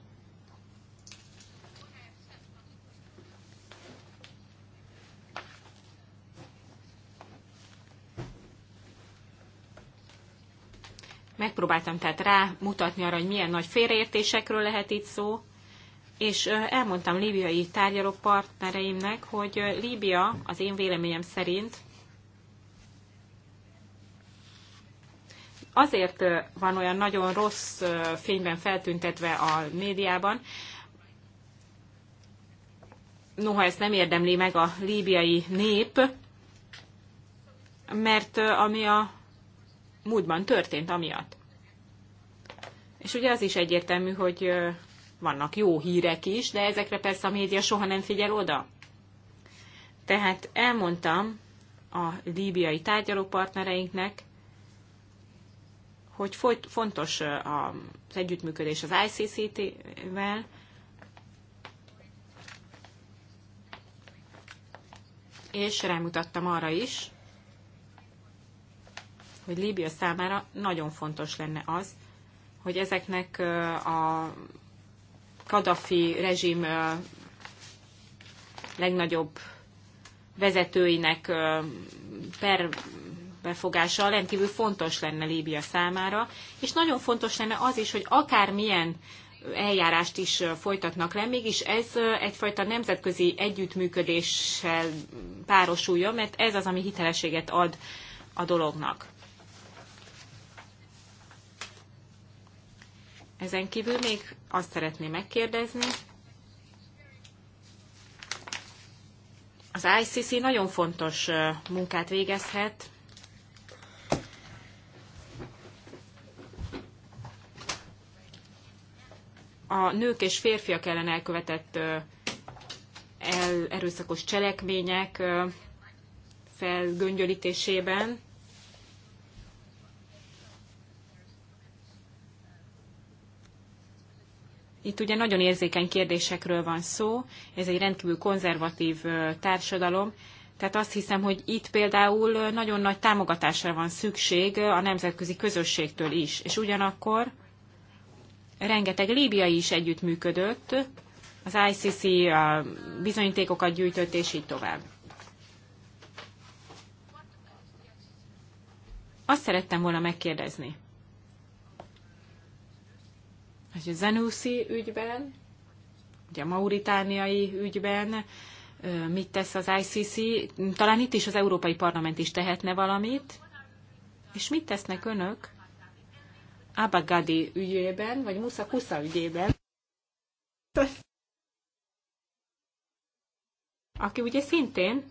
Megpróbáltam tehát rámutatni arra, hogy milyen nagy félreértésekről lehet itt szó, és elmondtam líbiai tárgyaló partnereimnek, hogy Líbia az én véleményem szerint azért van olyan nagyon rossz fényben feltüntetve a médiában, noha ezt nem érdemli meg a líbiai nép, mert ami a múltban történt amiatt. És ugye az is egyértelmű, hogy vannak jó hírek is, de ezekre persze a média soha nem figyel oda. Tehát elmondtam a líbiai tárgyalópartnereinknek, hogy fontos az együttműködés az ICCT-vel, és rámutattam arra is, hogy Líbia számára nagyon fontos lenne az, hogy ezeknek a Kadafi rezsim legnagyobb vezetőinek per befogása rendkívül fontos lenne Líbia számára, és nagyon fontos lenne az is, hogy akármilyen eljárást is folytatnak le, mégis ez egyfajta nemzetközi együttműködéssel párosulja, mert ez az, ami hitelességet ad a dolognak. Ezen kívül még azt szeretném megkérdezni, az ICC nagyon fontos munkát végezhet, a nők és férfiak ellen elkövetett el, erőszakos cselekmények felgöngyölítésében. Itt ugye nagyon érzékeny kérdésekről van szó, ez egy rendkívül konzervatív társadalom, tehát azt hiszem, hogy itt például nagyon nagy támogatásra van szükség a nemzetközi közösségtől is, és ugyanakkor rengeteg líbiai is együttműködött, az ICC bizonyítékokat gyűjtött, és így tovább. Azt szerettem volna megkérdezni hogy a Zenuszi ügyben, ugye a mauritániai ügyben mit tesz az ICC, talán itt is az Európai Parlament is tehetne valamit, és mit tesznek önök Abagadi ügyében, vagy Musa Kusa ügyében, aki ugye szintén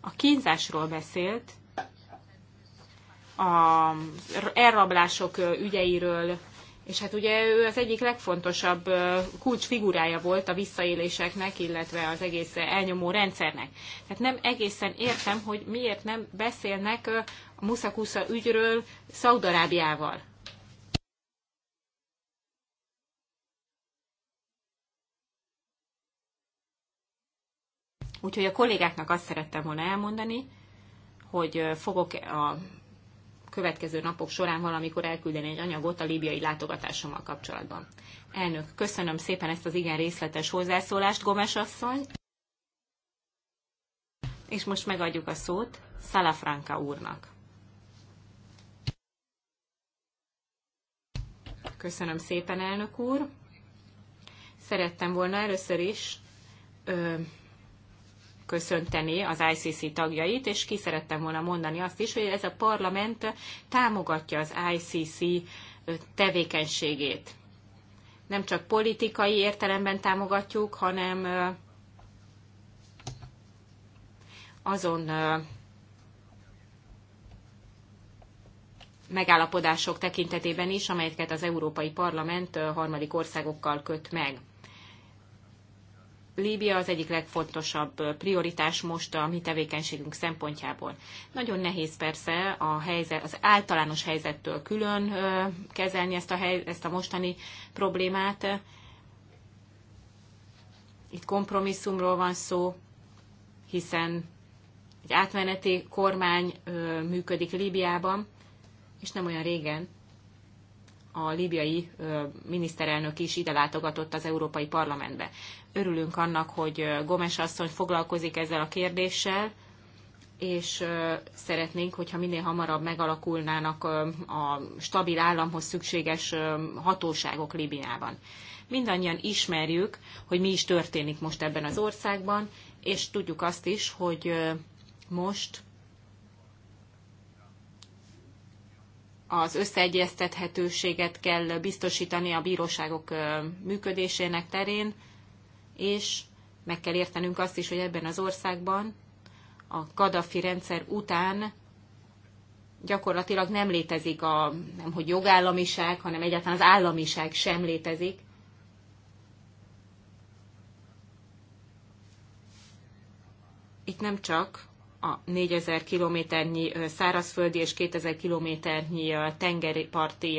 a kínzásról beszélt, az elrablások ügyeiről, és hát ugye ő az egyik legfontosabb kulcsfigurája volt a visszaéléseknek, illetve az egész elnyomó rendszernek. Tehát nem egészen értem, hogy miért nem beszélnek a Muszakusza ügyről Szaudarábiával. Úgyhogy a kollégáknak azt szerettem volna elmondani, hogy fogok a következő napok során valamikor elküldeni egy anyagot a líbiai látogatásommal kapcsolatban. Elnök, köszönöm szépen ezt az igen részletes hozzászólást, Gomes asszony. És most megadjuk a szót Salafranca úrnak. Köszönöm szépen, elnök úr. Szerettem volna először is ö, köszönteni az ICC tagjait, és ki szerettem volna mondani azt is, hogy ez a parlament támogatja az ICC tevékenységét. Nem csak politikai értelemben támogatjuk, hanem azon megállapodások tekintetében is, amelyeket az Európai Parlament harmadik országokkal köt meg. Líbia az egyik legfontosabb prioritás most a mi tevékenységünk szempontjából. Nagyon nehéz persze a helyzet, az általános helyzettől külön kezelni ezt a, hely, ezt a mostani problémát. Itt kompromisszumról van szó, hiszen egy átmeneti kormány működik Líbiában, és nem olyan régen a líbiai miniszterelnök is ide látogatott az Európai Parlamentbe. Örülünk annak, hogy Gomes asszony foglalkozik ezzel a kérdéssel, és szeretnénk, hogyha minél hamarabb megalakulnának a stabil államhoz szükséges hatóságok Líbiában. Mindannyian ismerjük, hogy mi is történik most ebben az országban, és tudjuk azt is, hogy most az összeegyeztethetőséget kell biztosítani a bíróságok működésének terén, és meg kell értenünk azt is, hogy ebben az országban a Gaddafi rendszer után gyakorlatilag nem létezik a, nem hogy jogállamiság, hanem egyáltalán az államiság sem létezik. Itt nem csak a 4000 kilométernyi szárazföldi és 2000 kilométernyi tengerparti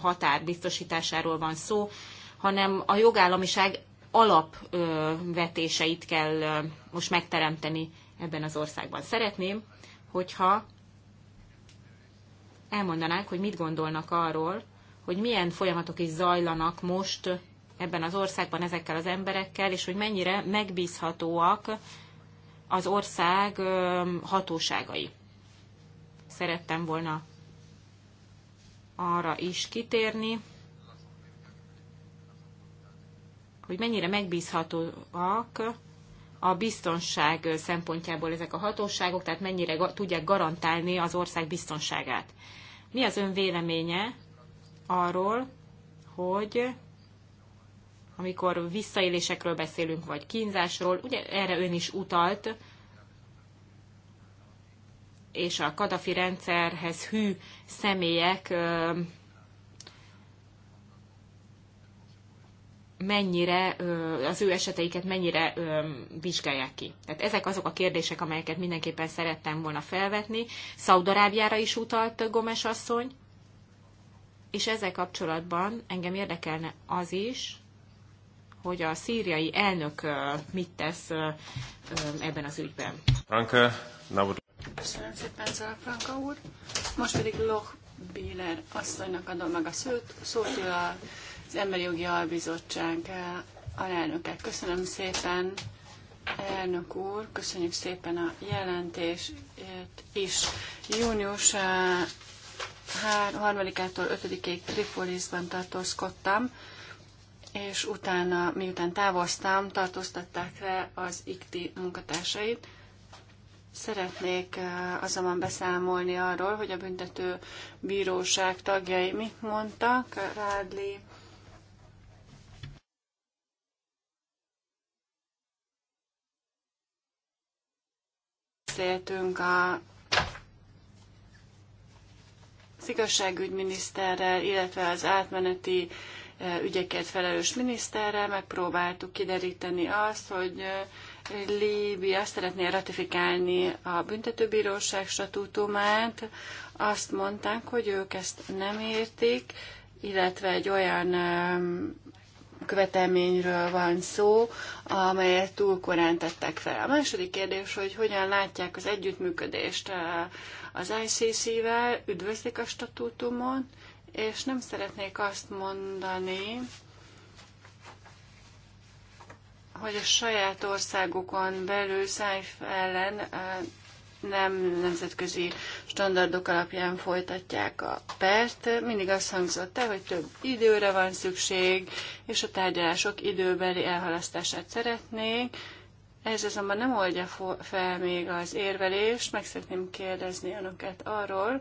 határ biztosításáról van szó, hanem a jogállamiság alapvetéseit kell most megteremteni ebben az országban. Szeretném, hogyha elmondanák, hogy mit gondolnak arról, hogy milyen folyamatok is zajlanak most ebben az országban ezekkel az emberekkel, és hogy mennyire megbízhatóak az ország hatóságai. Szerettem volna arra is kitérni, hogy mennyire megbízhatóak a biztonság szempontjából ezek a hatóságok, tehát mennyire tudják garantálni az ország biztonságát. Mi az ön véleménye arról, hogy amikor visszaélésekről beszélünk, vagy kínzásról, ugye erre ön is utalt, és a Kadafi rendszerhez hű személyek mennyire, az ő eseteiket mennyire vizsgálják ki. Tehát ezek azok a kérdések, amelyeket mindenképpen szerettem volna felvetni. Szaudarábiára is utalt Gomes asszony, és ezzel kapcsolatban engem érdekelne az is, hogy a szíriai elnök mit tesz ebben az ügyben. Franke, Köszönöm szépen, Zala Franka úr. Most pedig Loch Béler asszonynak adom meg a szót, szót az Emberi Jogi Albizottság alelnöke. Köszönöm szépen, elnök úr, köszönjük szépen a jelentést is. Június 3-ától 5-ig Tripolisban tartózkodtam és utána, miután távoztam, tartóztatták le az IKTI munkatársait. Szeretnék azonban beszámolni arról, hogy a büntető bíróság tagjai mit mondtak. Rádli beszéltünk a az igazságügyminiszterrel, illetve az átmeneti ügyekért felelős miniszterrel megpróbáltuk kideríteni azt, hogy Líbia szeretné ratifikálni a büntetőbíróság statútumát. Azt mondták, hogy ők ezt nem értik, illetve egy olyan követelményről van szó, amelyet túl korán tettek fel. A második kérdés, hogy hogyan látják az együttműködést az ICC-vel, üdvözlik a statútumon, és nem szeretnék azt mondani, hogy a saját országokon belül szájf ellen nem nemzetközi standardok alapján folytatják a pert. Mindig azt hangzott el, hogy több időre van szükség, és a tárgyalások időbeli elhalasztását szeretnék. Ez azonban nem oldja fel még az érvelést. Meg szeretném kérdezni önöket arról,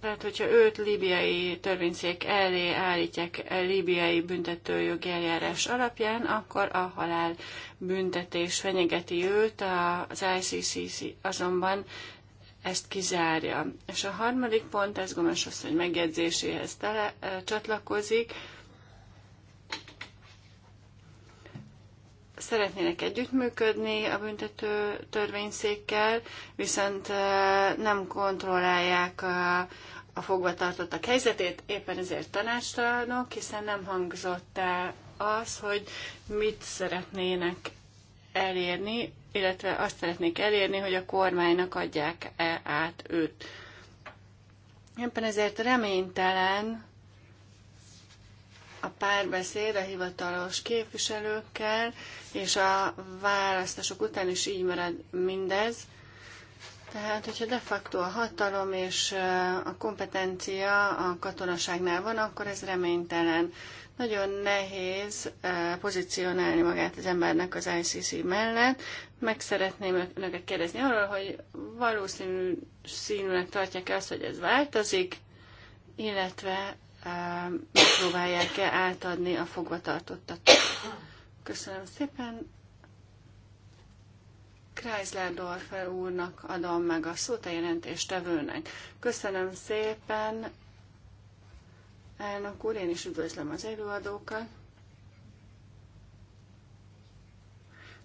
tehát, hogyha őt líbiai törvényszék elé állítják el líbiai büntetőjogi eljárás alapján, akkor a halál büntetés fenyegeti őt, az ICCC azonban ezt kizárja. És a harmadik pont, ez Gomes hogy megjegyzéséhez tele, e, csatlakozik, szeretnének együttműködni a büntető törvényszékkel, viszont e, nem kontrollálják e, a fogvatartottak helyzetét, éppen ezért tanástalanok, hiszen nem hangzott el az, hogy mit szeretnének elérni, illetve azt szeretnék elérni, hogy a kormánynak adják -e át őt. Éppen ezért reménytelen a párbeszéd a hivatalos képviselőkkel, és a választások után is így marad mindez. Tehát, hogyha de facto a hatalom és a kompetencia a katonaságnál van, akkor ez reménytelen. Nagyon nehéz pozícionálni magát az embernek az ICC mellett. Meg szeretném önöket kérdezni arról, hogy valószínű színűnek tartják-e azt, hogy ez változik, illetve megpróbálják-e átadni a fogvatartottat. Köszönöm szépen. Kreisler Dorfer úrnak adom meg a szót a jelentéstevőnek. Köszönöm szépen, elnök úr, én is üdvözlöm az előadókat.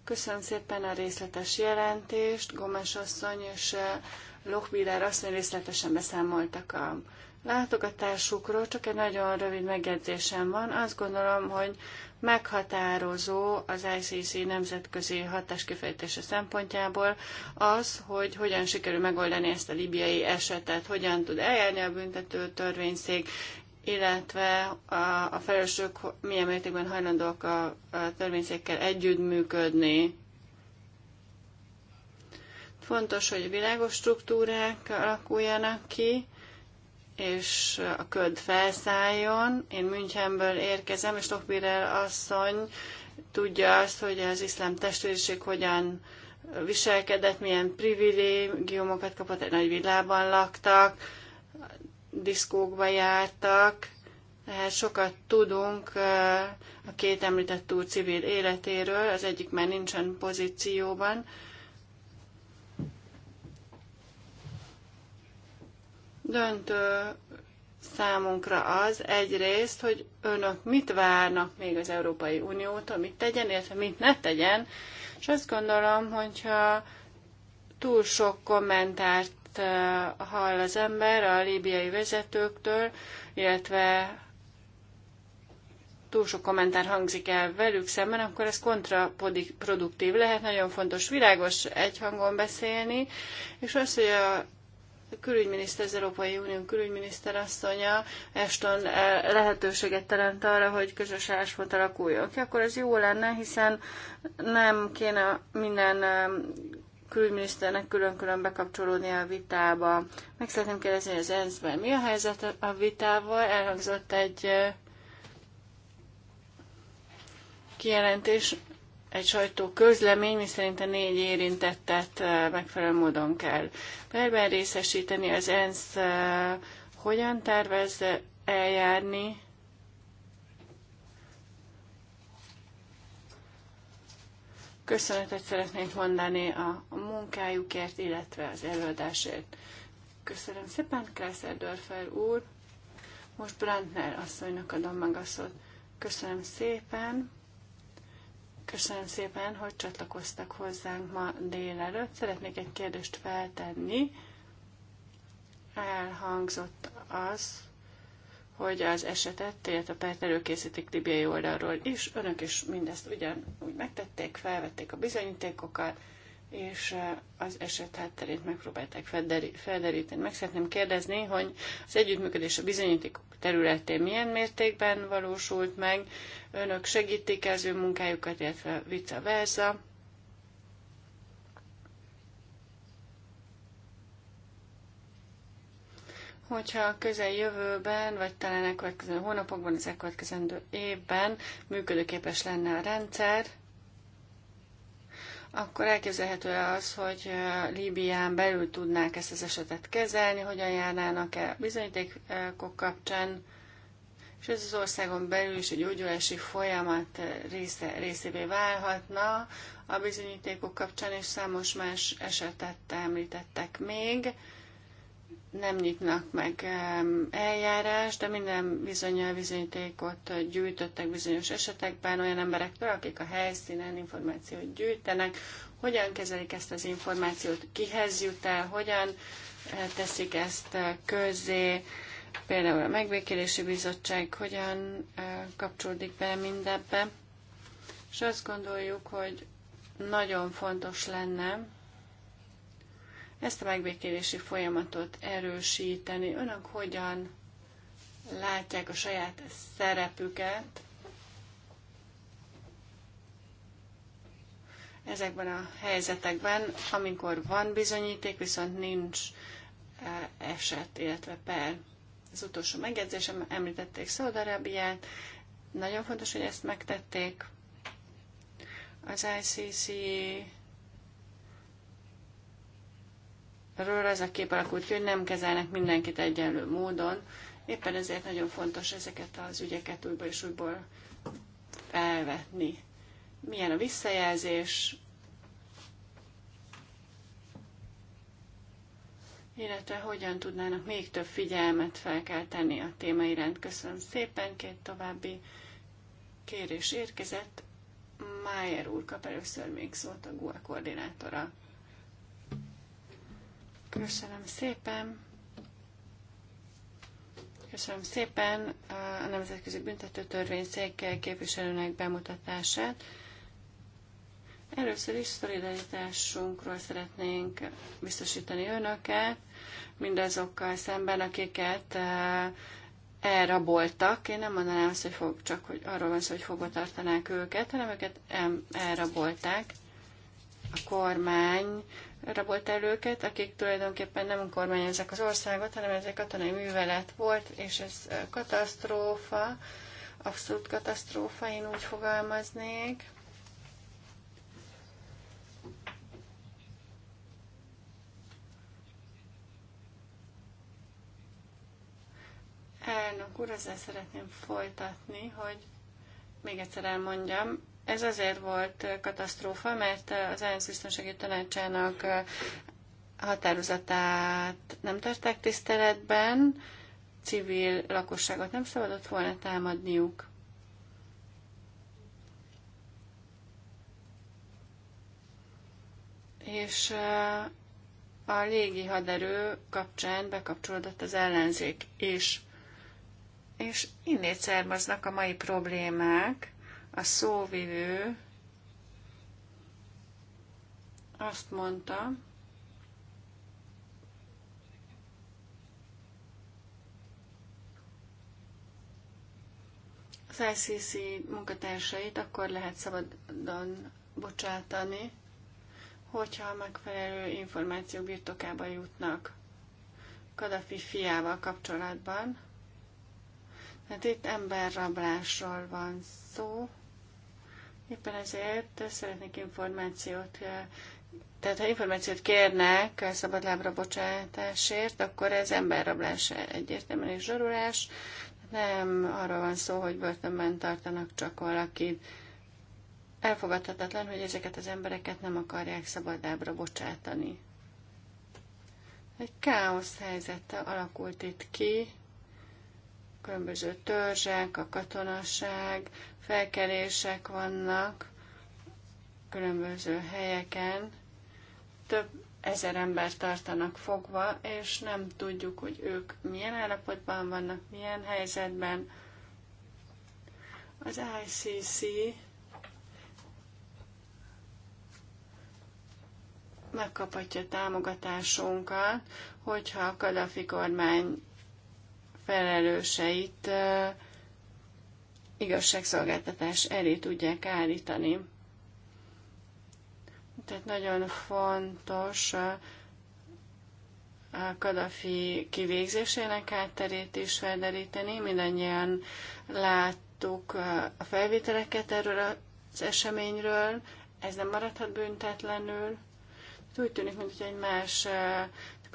Köszönöm szépen a részletes jelentést. Gomes asszony és eh, Lochbiller asszony részletesen beszámoltak a látogatásukról. Csak egy nagyon rövid megjegyzésem van. Azt gondolom, hogy meghatározó az ICC nemzetközi hatáskifejtése szempontjából az, hogy hogyan sikerül megoldani ezt a libiai esetet, hogyan tud eljárni a büntető törvényszék, illetve a, a felelősök milyen mértékben hajlandóak a, a törvényszékkel együttműködni. Fontos, hogy világos struktúrák alakuljanak ki, és a köd felszálljon. Én Münchenből érkezem, és Tokbirel asszony tudja azt, hogy az iszlám testvériség hogyan viselkedett, milyen privilégiumokat kapott, egy nagy villában laktak, diszkókba jártak, tehát sokat tudunk a két említett túl civil életéről, az egyik már nincsen pozícióban, Döntő számunkra az egyrészt, hogy önök mit várnak még az Európai Uniótól, mit tegyen, illetve mit ne tegyen, és azt gondolom, hogyha túl sok kommentárt hall az ember a líbiai vezetőktől, illetve túl sok kommentár hangzik el velük szemben, akkor ez kontraproduktív lehet. Nagyon fontos világos egyhangon beszélni, és az, hogy a a külügyminiszter, az Európai Unió külügyminiszter asszonya Eston eh, lehetőséget teremt arra, hogy közös álláspont alakuljon ki, akkor ez jó lenne, hiszen nem kéne minden eh, külügyminiszternek külön-külön bekapcsolódni a vitába. Meg szeretném kérdezni, hogy az ENSZ-ben mi a helyzet a vitával? Elhangzott egy eh, kijelentés, egy sajtó közlemény, miszerint a négy érintettet eh, megfelelő módon kell perben részesíteni. Az ENSZ eh, hogyan tervez eljárni? Köszönetet szeretnék mondani a, a munkájukért, illetve az előadásért. Köszönöm szépen, Kászer Dörfer úr. Most Brandner asszonynak adom meg a szót. Köszönöm szépen. Köszönöm szépen, hogy csatlakoztak hozzánk ma délelőtt. Szeretnék egy kérdést feltenni. Elhangzott az, hogy az esetet, tehát a pert előkészítik libiai oldalról is. Önök is mindezt ugyanúgy megtették, felvették a bizonyítékokat, és az eset hátterét megpróbálták felderíteni. Meg szeretném kérdezni, hogy az együttműködés a bizonyítékok területén milyen mértékben valósult meg, önök segítik az ő munkájukat, illetve vice versa. hogyha a közeljövőben, vagy talán a következő hónapokban, az elkövetkezendő évben működőképes lenne a rendszer, akkor elképzelhető -e az, hogy Líbián belül tudnák ezt az esetet kezelni, hogyan járnának-e bizonyítékok kapcsán, és ez az országon belül is egy gyógyulási folyamat része, részévé válhatna. A bizonyítékok kapcsán és számos más esetet említettek még nem nyitnak meg eljárás, de minden bizonyal bizonyítékot gyűjtöttek bizonyos esetekben olyan emberektől, akik a helyszínen információt gyűjtenek, hogyan kezelik ezt az információt, kihez jut el, hogyan eh, teszik ezt eh, közzé, például a megbékélési bizottság hogyan eh, kapcsolódik be mindebbe. És azt gondoljuk, hogy nagyon fontos lenne, ezt a megbékélési folyamatot erősíteni. Önök hogyan látják a saját szerepüket ezekben a helyzetekben, amikor van bizonyíték, viszont nincs e, eset, illetve per. Az utolsó megjegyzésem, említették Szaudarábiát, nagyon fontos, hogy ezt megtették. Az ICC ről ez a kép alakult ki, hogy nem kezelnek mindenkit egyenlő módon. Éppen ezért nagyon fontos ezeket az ügyeket újból és újból felvetni. Milyen a visszajelzés, illetve hogyan tudnának még több figyelmet felkelteni a téma iránt. Köszönöm szépen, két további kérés érkezett. Májer úr kap először még szót a GUA koordinátora. Köszönöm szépen. Köszönöm szépen a Nemzetközi Büntető székkel képviselőnek bemutatását. Először is szolidaritásunkról szeretnénk biztosítani önöket, mindazokkal szemben, akiket eh, elraboltak. Én nem mondanám azt, hogy fog, csak hogy arról van szó, hogy fogva tartanák őket, hanem őket elrabolták a kormányra volt el őket, akik tulajdonképpen nem kormányozzák az országot, hanem ez egy katonai művelet volt, és ez katasztrófa, abszolút katasztrófa, én úgy fogalmaznék. Elnök úr, ezzel szeretném folytatni, hogy még egyszer elmondjam, ez azért volt katasztrófa, mert az ENSZ biztonsági tanácsának határozatát nem tartták tiszteletben, civil lakosságot nem szabadott volna támadniuk. És a légi haderő kapcsán bekapcsolódott az ellenzék is. És innét származnak a mai problémák, a szóvivő azt mondta, az ICC munkatársait akkor lehet szabadon bocsátani, hogyha megfelelő információk birtokába jutnak Kadafi fiával kapcsolatban. Tehát itt emberrablásról van szó. Éppen ezért szeretnék információt eh, tehát ha információt kérnek a szabadlábra bocsátásért, akkor ez emberrablás egyértelműen és zsarulás. Nem arról van szó, hogy börtönben tartanak csak valakit. Elfogadhatatlan, hogy ezeket az embereket nem akarják szabadlábra bocsátani. Egy káosz helyzet alakult itt ki, különböző törzsek, a katonaság, felkelések vannak különböző helyeken. Több ezer ember tartanak fogva, és nem tudjuk, hogy ők milyen állapotban vannak, milyen helyzetben. Az ICC megkaphatja támogatásunkat, hogyha a Kadafi kormány felelőseit igazságszolgáltatás elé tudják állítani. Tehát nagyon fontos a Kadafi kivégzésének hátterét is felderíteni. Mindannyian láttuk a felvételeket erről az eseményről. Ez nem maradhat büntetlenül. Úgy tűnik, mintha egy más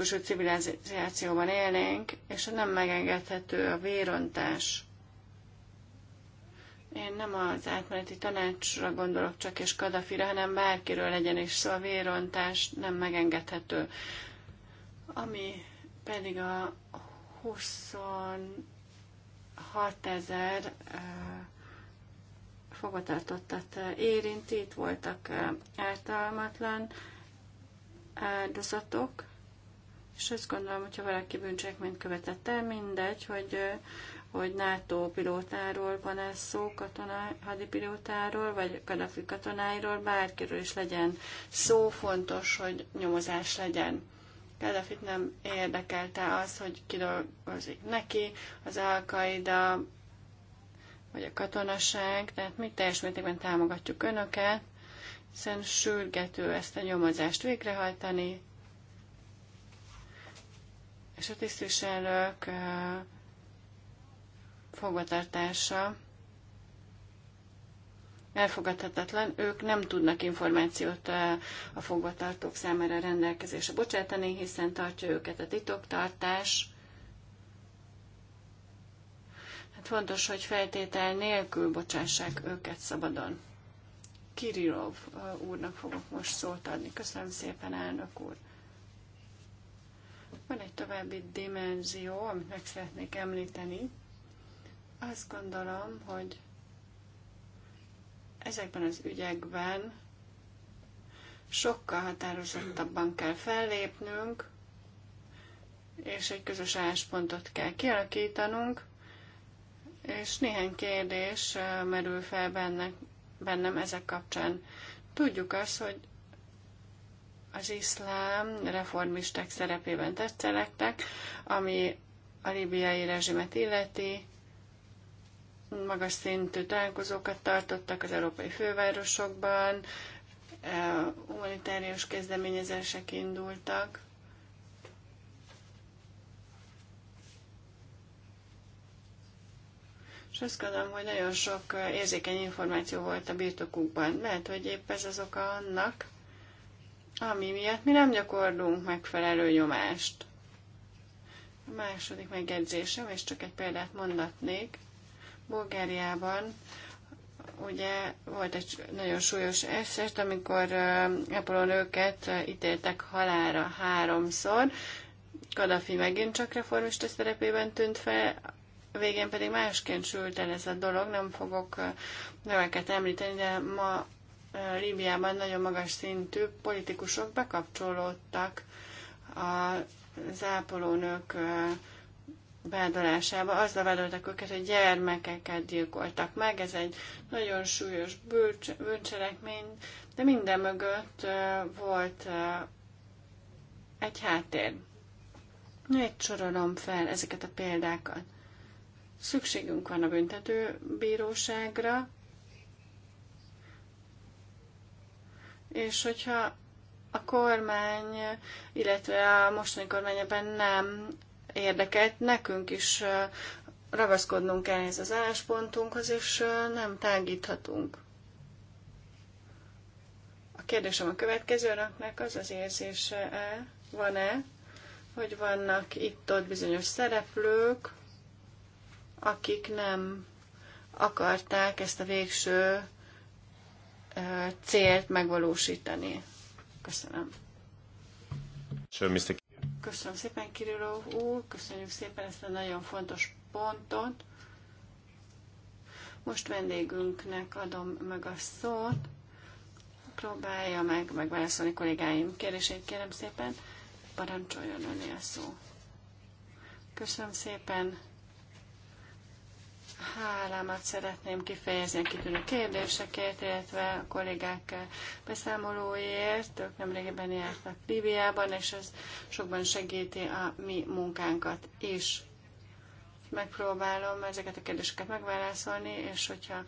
külső civilizációban élnénk, és nem megengedhető a vérontás. Én nem az átmeneti tanácsra gondolok csak és Kadafira, hanem bárkiről legyen is szó, szóval a vérontás nem megengedhető. Ami pedig a 26 ezer eh, fogvatartottat eh, érinti, itt voltak eh, ártalmatlan áldozatok, és azt gondolom, hogyha valaki bűncsekményt követett el, mindegy, hogy, hogy NATO pilótáról van ez szó, katona, hadipilótáról, vagy kadafi katonáiról, bárkiről is legyen szó, fontos, hogy nyomozás legyen. Gaddafit nem érdekelte az, hogy kidolgozik neki, az alkaida vagy a katonaság, tehát mi teljes mértékben támogatjuk Önöket, hiszen sürgető ezt a nyomozást végrehajtani, és a tisztviselők fogvatartása elfogadhatatlan, ők nem tudnak információt a fogvatartók számára rendelkezésre bocsátani, hiszen tartja őket a titoktartás. Hát fontos, hogy feltétel nélkül bocsássák őket szabadon. Kirillov úrnak fogok most szót adni. Köszönöm szépen, elnök úr. Van egy további dimenzió, amit meg szeretnék említeni. Azt gondolom, hogy ezekben az ügyekben sokkal határozottabban kell fellépnünk, és egy közös álláspontot kell kialakítanunk, és néhány kérdés merül fel benne, bennem ezek kapcsán. Tudjuk azt, hogy az iszlám reformisták szerepében tetszelektek, ami a libiai rezsimet illeti, magas szintű találkozókat tartottak az európai fővárosokban, e, humanitárius kezdeményezések indultak. És azt gondolom, hogy nagyon sok e, érzékeny információ volt a birtokukban. Lehet, hogy épp ez az oka annak, ami miatt mi nem gyakorlunk megfelelő nyomást. A második megjegyzésem, és csak egy példát mondatnék, Bulgáriában ugye volt egy nagyon súlyos eset, amikor őket ítéltek halára háromszor. Kadafi megint csak reformista szerepében tűnt fel, végén pedig másként sült el ez a dolog, nem fogok neveket említeni, de ma Líbiában nagyon magas szintű politikusok bekapcsolódtak a zápolónők beadalásába. Azzal vádoltak őket, hogy gyermekeket gyilkoltak meg. Ez egy nagyon súlyos bűncselekmény, de minden mögött volt egy háttér. Egy sorolom fel ezeket a példákat. Szükségünk van a büntető bíróságra, és hogyha a kormány, illetve a mostani kormány ebben nem érdekelt, nekünk is ragaszkodnunk kell ehhez az álláspontunkhoz, és nem tágíthatunk. A kérdésem a következő, önöknek az az érzése -e, van-e, hogy vannak itt-ott bizonyos szereplők, akik nem akarták ezt a végső célt megvalósítani. Köszönöm. Köszönöm szépen, Kirilló úr, köszönjük szépen ezt a nagyon fontos pontot. Most vendégünknek adom meg a szót. Próbálja meg megválaszolni kollégáim kérdését, kérem szépen. Parancsoljon öné a szó. Köszönöm szépen hálámat szeretném kifejezni a kitűnő kérdésekért, illetve a kollégák beszámolóért. Ők nemrégiben jártak Líbiában, és ez sokban segíti a mi munkánkat is. Megpróbálom ezeket a kérdéseket megválaszolni, és hogyha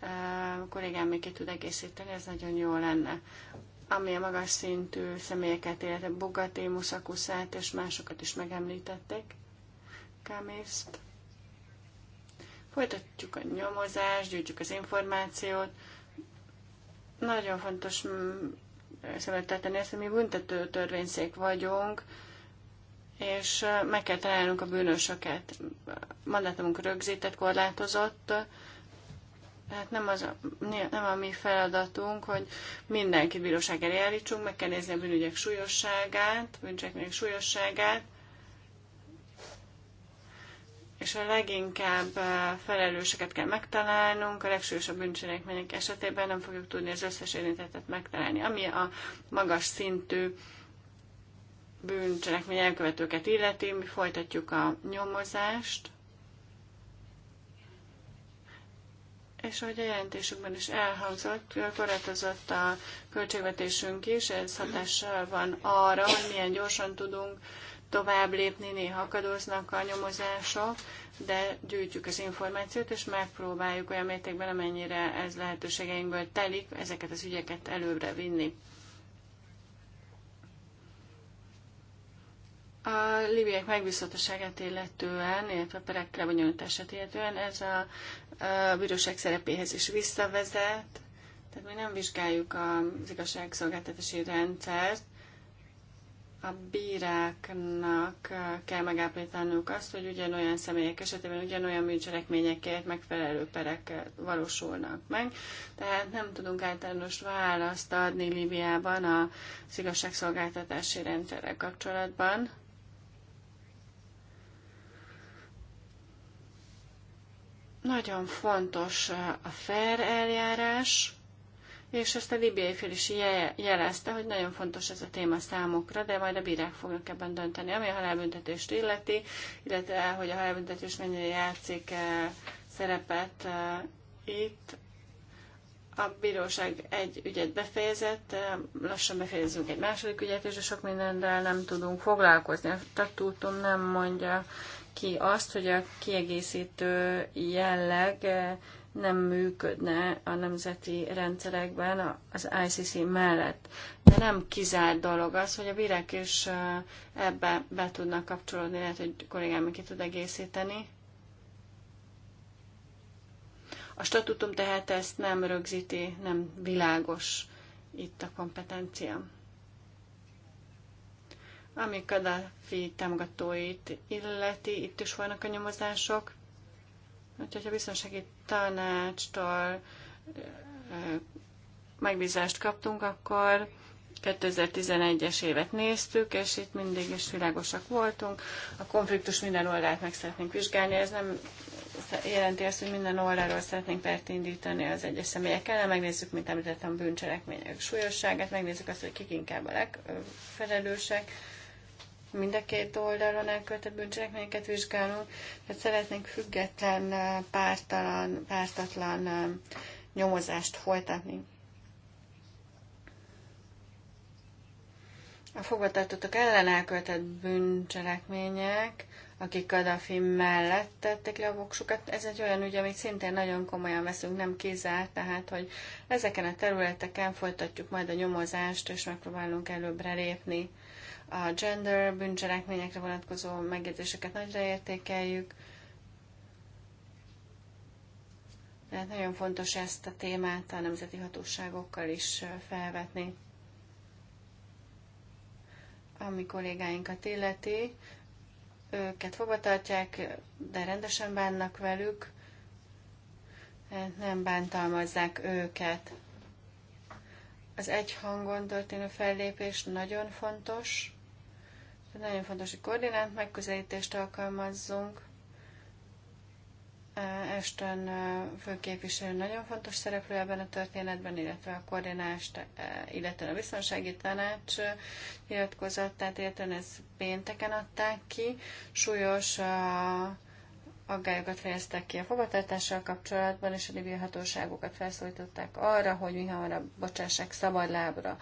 e, a kollégám még ki tud egészíteni, ez nagyon jó lenne ami a magas szintű személyeket, illetve Bugatti, Muszakuszát és másokat is megemlítették. Kámészt. Folytatjuk a nyomozást, gyűjtjük az információt. Nagyon fontos mm, szövettetni ezt, hogy mi büntető törvényszék vagyunk, és meg kell találnunk a bűnösöket. Mandátumunk rögzített, korlátozott, tehát nem, az, nem a mi feladatunk, hogy mindenkit bíróság elé állítsunk, meg kell nézni a bűnügyek súlyosságát, bűncselekmények súlyosságát, és a leginkább felelőseket kell megtalálnunk, a legsúlyosabb bűncselekmények esetében nem fogjuk tudni az összes érintettet megtalálni, ami a magas szintű bűncselekmény elkövetőket illeti, mi folytatjuk a nyomozást, és ahogy a jelentésükben is elhangzott, korlátozott a költségvetésünk is, ez hatással van arra, hogy milyen gyorsan tudunk tovább lépni, néha akadoznak a nyomozások, de gyűjtjük az információt, és megpróbáljuk olyan mértékben, amennyire ez lehetőségeinkből telik, ezeket az ügyeket előbbre vinni. A libiek megbízhatóságát illetően, illetve a perek lebonyolítását illetően ez a, a bíróság szerepéhez is visszavezet, tehát mi nem vizsgáljuk az igazságszolgáltatási rendszert, a bíráknak kell megállapítanunk azt, hogy ugyanolyan személyek esetében ugyanolyan bűncselekményekért megfelelő perek valósulnak meg. Tehát nem tudunk általános választ adni Líbiában a igazságszolgáltatási rendszerrel kapcsolatban. Nagyon fontos a fair eljárás, és ezt a libiai fél is jelezte, hogy nagyon fontos ez a téma számukra, de majd a bírák fognak ebben dönteni, ami a halálbüntetést illeti, illetve hogy a halálbüntetés mennyire játszik eh, szerepet eh, itt. A bíróság egy ügyet befejezett, eh, lassan befejezünk egy második ügyet, és sok mindennel nem tudunk foglalkozni. A statútum nem mondja ki azt, hogy a kiegészítő jelleg nem működne a nemzeti rendszerekben az ICC mellett. De nem kizárt dolog az, hogy a virek is ebbe be tudnak kapcsolódni, lehet, hogy kollégám ki tud egészíteni. A statutum tehát ezt nem rögzíti, nem világos itt a kompetencia. Ami Kadafi támogatóit illeti, itt is vannak a nyomozások. Úgyhogy a biztonsági tanácstól megbízást kaptunk, akkor 2011-es évet néztük, és itt mindig is világosak voltunk. A konfliktus minden oldalát meg szeretnénk vizsgálni, ez nem jelenti azt, hogy minden oldalról szeretnénk pert indítani az egyes személyek ellen. Megnézzük, mint említettem, bűncselekmények súlyosságát, megnézzük azt, hogy kik inkább a legfelelősek mind a két oldalon elkövetett bűncselekményeket vizsgálunk, tehát szeretnénk független, pártalan, pártatlan um, nyomozást folytatni. A fogvatartottak ellen elkövetett bűncselekmények, akik Gaddafi mellett tették le a voksukat. Ez egy olyan ügy, amit szintén nagyon komolyan veszünk, nem kizárt, tehát, hogy ezeken a területeken folytatjuk majd a nyomozást, és megpróbálunk előbbre lépni a gender bűncselekményekre vonatkozó megjegyzéseket nagyra értékeljük. Tehát nagyon fontos ezt a témát a nemzeti hatóságokkal is felvetni. Ami kollégáinkat illeti, őket fogvatartják, de rendesen bánnak velük, nem bántalmazzák őket. Az egy hangon történő fellépés nagyon fontos. Tehát nagyon fontos, hogy koordinált megközelítést alkalmazzunk. Eh, Esten eh, főképviselő nagyon fontos szereplő ebben a történetben, illetve a koordinást, eh, illetve a biztonsági tanács nyilatkozatát, illetve ezt pénteken adták ki. Súlyos aggályokat fejeztek ki a fogadtartással kapcsolatban, és a libia hatóságokat felszólították arra, hogy mi hamarabb bocsássák lábra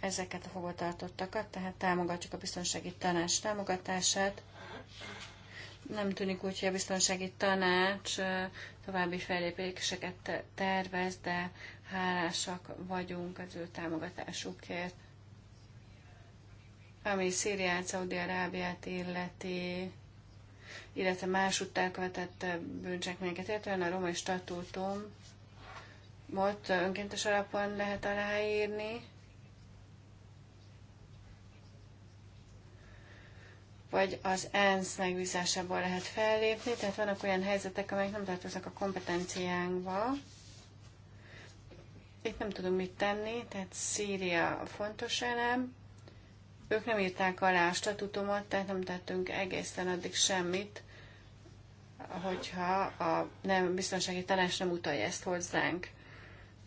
ezeket a fogvatartottakat, tehát támogatjuk a biztonsági tanács támogatását. Nem tűnik úgy, hogy a biztonsági tanács további fellépéseket tervez, de hálásak vagyunk az ő támogatásukért. Ami Szíriát, Szaudi-Arábiát illeti, illetve más utálkövetett bűncsekményeket, illetően a romai statútum ott önkéntes alapon lehet aláírni, vagy az ENSZ megbízásából lehet fellépni, tehát vannak olyan helyzetek, amelyek nem tartoznak a kompetenciánkba. Itt nem tudunk mit tenni, tehát Szíria fontos elem. Ők nem írták alá a statutumot, tehát nem tettünk egészen addig semmit, hogyha a nem, biztonsági tanács nem utalja ezt hozzánk.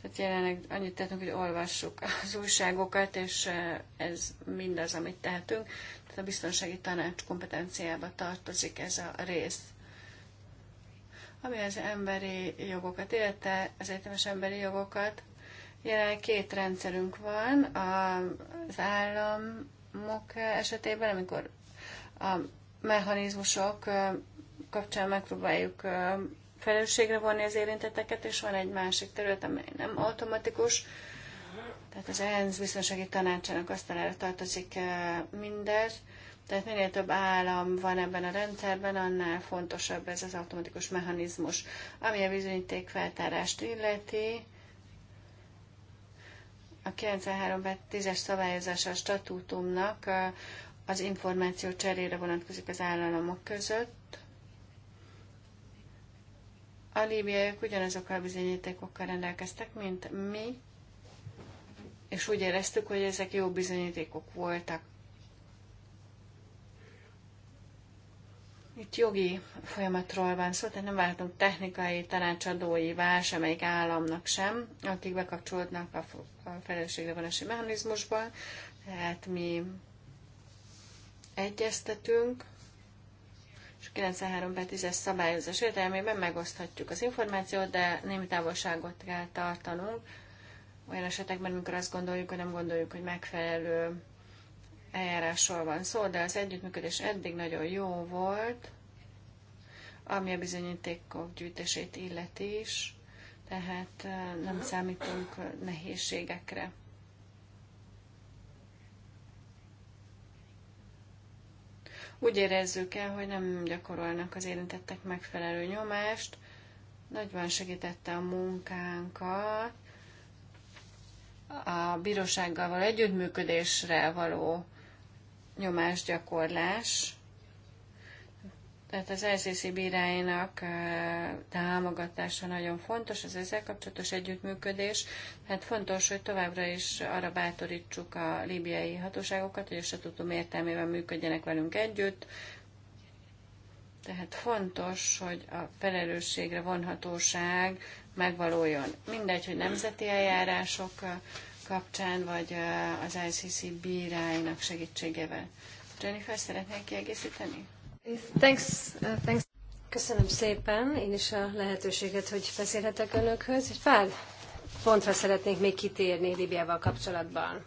Tehát jelenleg annyit tettünk, hogy olvassuk az újságokat, és eh, ez mindaz, amit tehetünk. Tehát a biztonsági tanács kompetenciába tartozik ez a rész. Ami az emberi jogokat illete, az egyetemes emberi jogokat, jelenleg két rendszerünk van. Az államok esetében, amikor a mechanizmusok kapcsán megpróbáljuk felelősségre vonni az érintetteket, és van egy másik terület, amely nem automatikus, tehát az ENSZ biztonsági tanácsának asztalára tartozik eh, mindez. Tehát minél több állam van ebben a rendszerben, annál fontosabb ez az automatikus mechanizmus. Ami a bizonyítékfeltárást illeti, a 93.10-es szabályozása a statútumnak eh, az információ cserére vonatkozik az államok között. A líbiaiak ugyanazokkal a bizonyítékokkal rendelkeztek, mint mi, és úgy éreztük, hogy ezek jó bizonyítékok voltak. Itt jogi folyamatról van szó, tehát nem váltunk technikai tanácsadóivá semmelyik államnak sem, akik bekapcsolódnak a felelősségre vonási mechanizmusba, tehát mi egyeztetünk, és 93 per 10-es szabályozás értelmében megoszthatjuk az információt, de némi távolságot kell tartanunk, olyan esetekben, amikor azt gondoljuk, hogy nem gondoljuk, hogy megfelelő eljárásról van szó, de az együttműködés eddig nagyon jó volt, ami a bizonyítékok gyűjtését illeti is, tehát nem számítunk nehézségekre. Úgy érezzük el, hogy nem gyakorolnak az érintettek megfelelő nyomást, nagyban segítette a munkánkat, a bírósággal való együttműködésre való nyomásgyakorlás, tehát az ICC bíráinak támogatása nagyon fontos, az ezzel kapcsolatos együttműködés. Tehát fontos, hogy továbbra is arra bátorítsuk a líbiai hatóságokat, hogy a statutum értelmében működjenek velünk együtt. Tehát fontos, hogy a felelősségre vonhatóság megvalójon. Mindegy, hogy nemzeti eljárások kapcsán, vagy az ICC bíráinak segítségével. Jennifer, szeretnél kiegészíteni? Thanks, uh, thanks. Köszönöm szépen én is a lehetőséget, hogy beszélhetek önökhöz. Egy pár pontra szeretnék még kitérni Libiával kapcsolatban.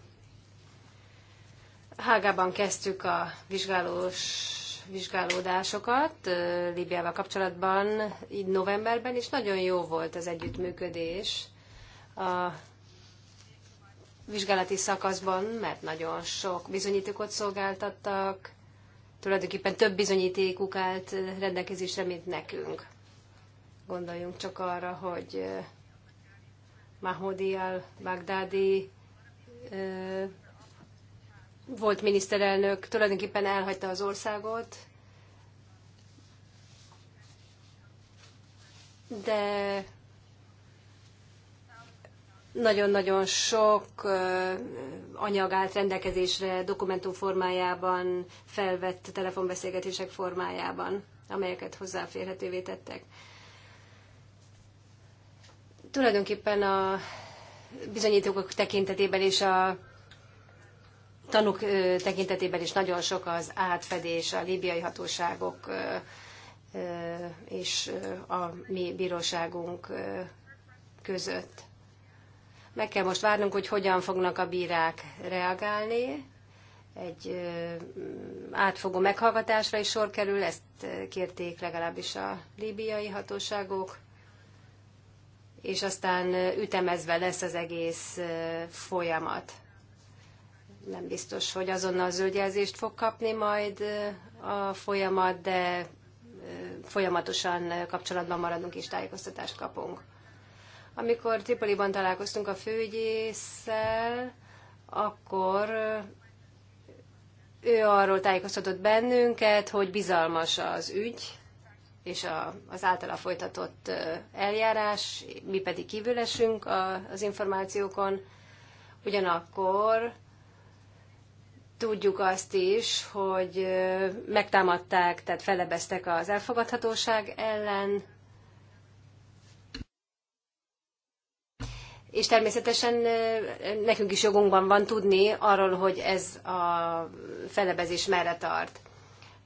Hágában kezdtük a vizsgálós vizsgálódásokat Líbiával kapcsolatban, így novemberben, és nagyon jó volt az együttműködés a vizsgálati szakaszban, mert nagyon sok bizonyítékot szolgáltattak, tulajdonképpen több bizonyítékuk állt rendelkezésre, mint nekünk. Gondoljunk csak arra, hogy Mahmoudi al-Baghdadi volt miniszterelnök tulajdonképpen elhagyta az országot, de nagyon-nagyon sok anyag állt rendelkezésre dokumentum formájában, felvett telefonbeszélgetések formájában, amelyeket hozzáférhetővé tettek. Tulajdonképpen a bizonyítókok tekintetében és a tanúk tekintetében is nagyon sok az átfedés a líbiai hatóságok és a mi bíróságunk között. Meg kell most várnunk, hogy hogyan fognak a bírák reagálni. Egy átfogó meghallgatásra is sor kerül, ezt kérték legalábbis a líbiai hatóságok, és aztán ütemezve lesz az egész folyamat nem biztos, hogy azonnal zöldjelzést fog kapni majd a folyamat, de folyamatosan kapcsolatban maradunk és tájékoztatást kapunk. Amikor Tripoliban találkoztunk a főügyésszel, akkor ő arról tájékoztatott bennünket, hogy bizalmas az ügy, és az általa folytatott eljárás, mi pedig kívülesünk az információkon. Ugyanakkor tudjuk azt is, hogy megtámadták, tehát felebeztek az elfogadhatóság ellen, És természetesen nekünk is jogunkban van tudni arról, hogy ez a felebezés merre tart.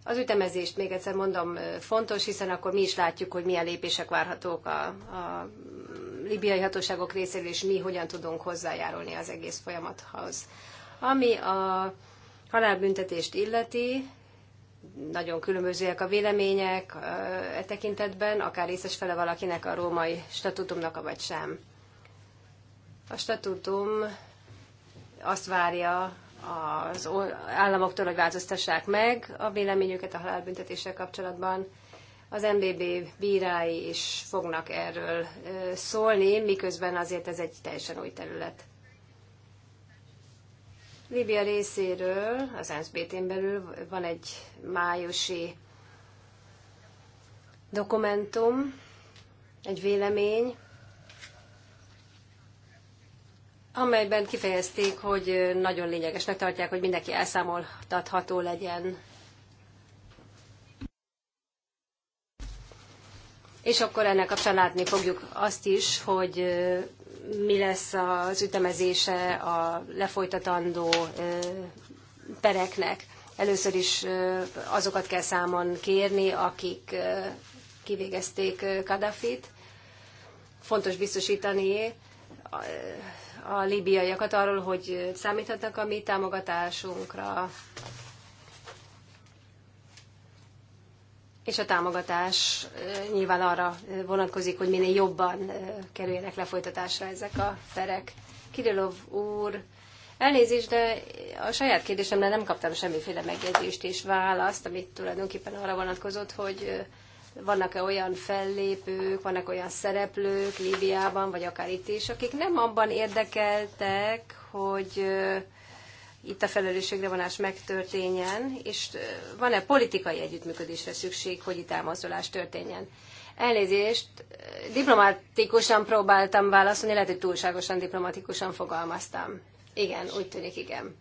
Az ütemezést még egyszer mondom fontos, hiszen akkor mi is látjuk, hogy milyen lépések várhatók a, a libiai hatóságok részéről, és mi hogyan tudunk hozzájárulni az egész folyamathoz. Ami a halálbüntetést illeti, nagyon különbözőek a vélemények e tekintetben, akár részes fele valakinek a római statutumnak, vagy sem. A statutum azt várja az államoktól, hogy változtassák meg a véleményüket a halálbüntetéssel kapcsolatban. Az MBB bírái is fognak erről szólni, miközben azért ez egy teljesen új terület. Libia részéről az ensz n belül van egy májusi dokumentum, egy vélemény, amelyben kifejezték, hogy nagyon lényegesnek tartják, hogy mindenki elszámoltatható legyen. És akkor ennek kapcsán látni fogjuk azt is, hogy mi lesz az ütemezése a lefolytatandó pereknek. Először is azokat kell számon kérni, akik kivégezték Kadafit. Fontos biztosítani a libiaiakat arról, hogy számíthatnak a mi támogatásunkra, és a támogatás eh, nyilván arra eh, vonatkozik, hogy minél jobban eh, kerüljenek lefolytatásra ezek a perek. Kirillov úr, elnézést, de a saját kérdésemre nem kaptam semmiféle megjegyzést és választ, amit tulajdonképpen arra vonatkozott, hogy vannak-e olyan fellépők, vannak olyan szereplők Líbiában, vagy akár itt is, akik nem abban érdekeltek, hogy itt a felelősségre vonás megtörténjen, és van-e politikai együttműködésre szükség, hogy itt elmozdulás történjen. Elnézést, diplomatikusan próbáltam válaszolni, lehet, hogy túlságosan diplomatikusan fogalmaztam. Igen, úgy tűnik, igen.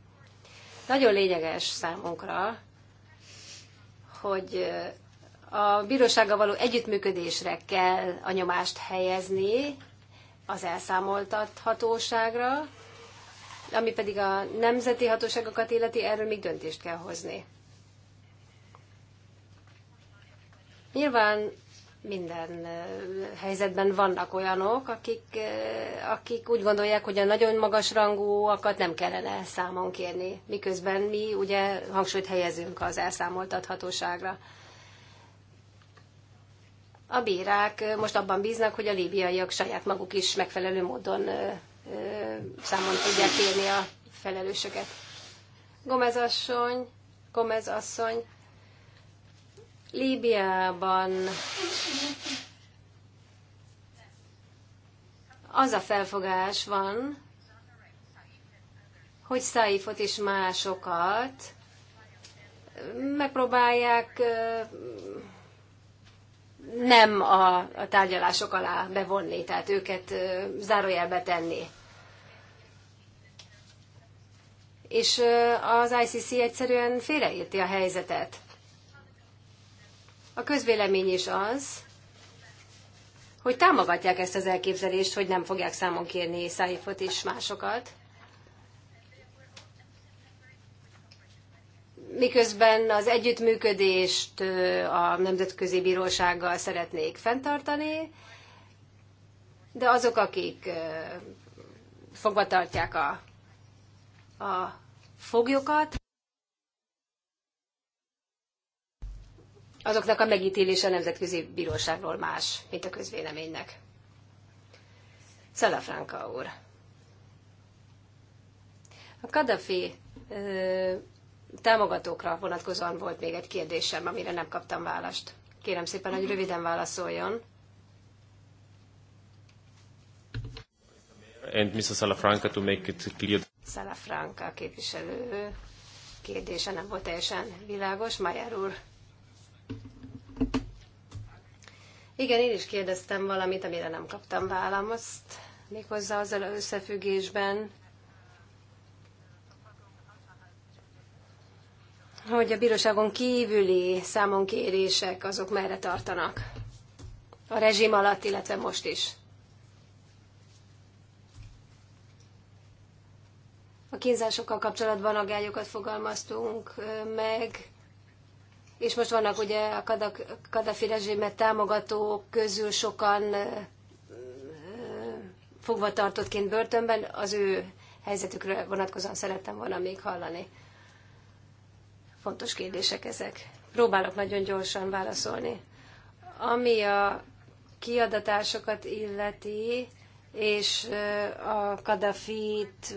Nagyon lényeges számunkra, hogy a bírósággal való együttműködésre kell a nyomást helyezni, az elszámoltathatóságra, ami pedig a nemzeti hatóságokat illeti, erről még döntést kell hozni. Nyilván minden helyzetben vannak olyanok, akik, akik úgy gondolják, hogy a nagyon magas rangúakat nem kellene számon kérni, miközben mi ugye hangsúlyt helyezünk az elszámoltathatóságra. A bírák most abban bíznak, hogy a líbiaiak saját maguk is megfelelő módon számon tudják írni a felelősöket. Gomez asszony, Gomez asszony, Líbiában az a felfogás van, hogy Saifot és másokat megpróbálják nem a, a tárgyalások alá bevonni, tehát őket zárójelbe tenni. és az ICC egyszerűen félreérti a helyzetet. A közvélemény is az, hogy támogatják ezt az elképzelést, hogy nem fogják számon kérni Száifot és másokat. Miközben az együttműködést a Nemzetközi Bírósággal szeretnék fenntartani, de azok, akik fogva tartják a a foglyokat, azoknak a megítélése a Nemzetközi Bíróságról más, mint a közvéleménynek. Szalafranka úr. A kadafi támogatókra vonatkozóan volt még egy kérdésem, amire nem kaptam választ. Kérem szépen, hogy röviden válaszoljon. And Mr. Salafranca to make it clear. Szala Franka képviselő kérdése nem volt teljesen világos. Mayer úr. Igen, én is kérdeztem valamit, amire nem kaptam választ, méghozzá azzal összefüggésben, hogy a bíróságon kívüli számonkérések azok merre tartanak? A rezsim alatt, illetve most is. A kínzásokkal kapcsolatban agályokat fogalmaztunk meg, és most vannak ugye a Kadafi rezsimet támogatók közül sokan fogvatartottként börtönben, az ő helyzetükre vonatkozóan szerettem volna még hallani. Fontos kérdések ezek. Próbálok nagyon gyorsan válaszolni. Ami a kiadatásokat illeti, és a Kaddafit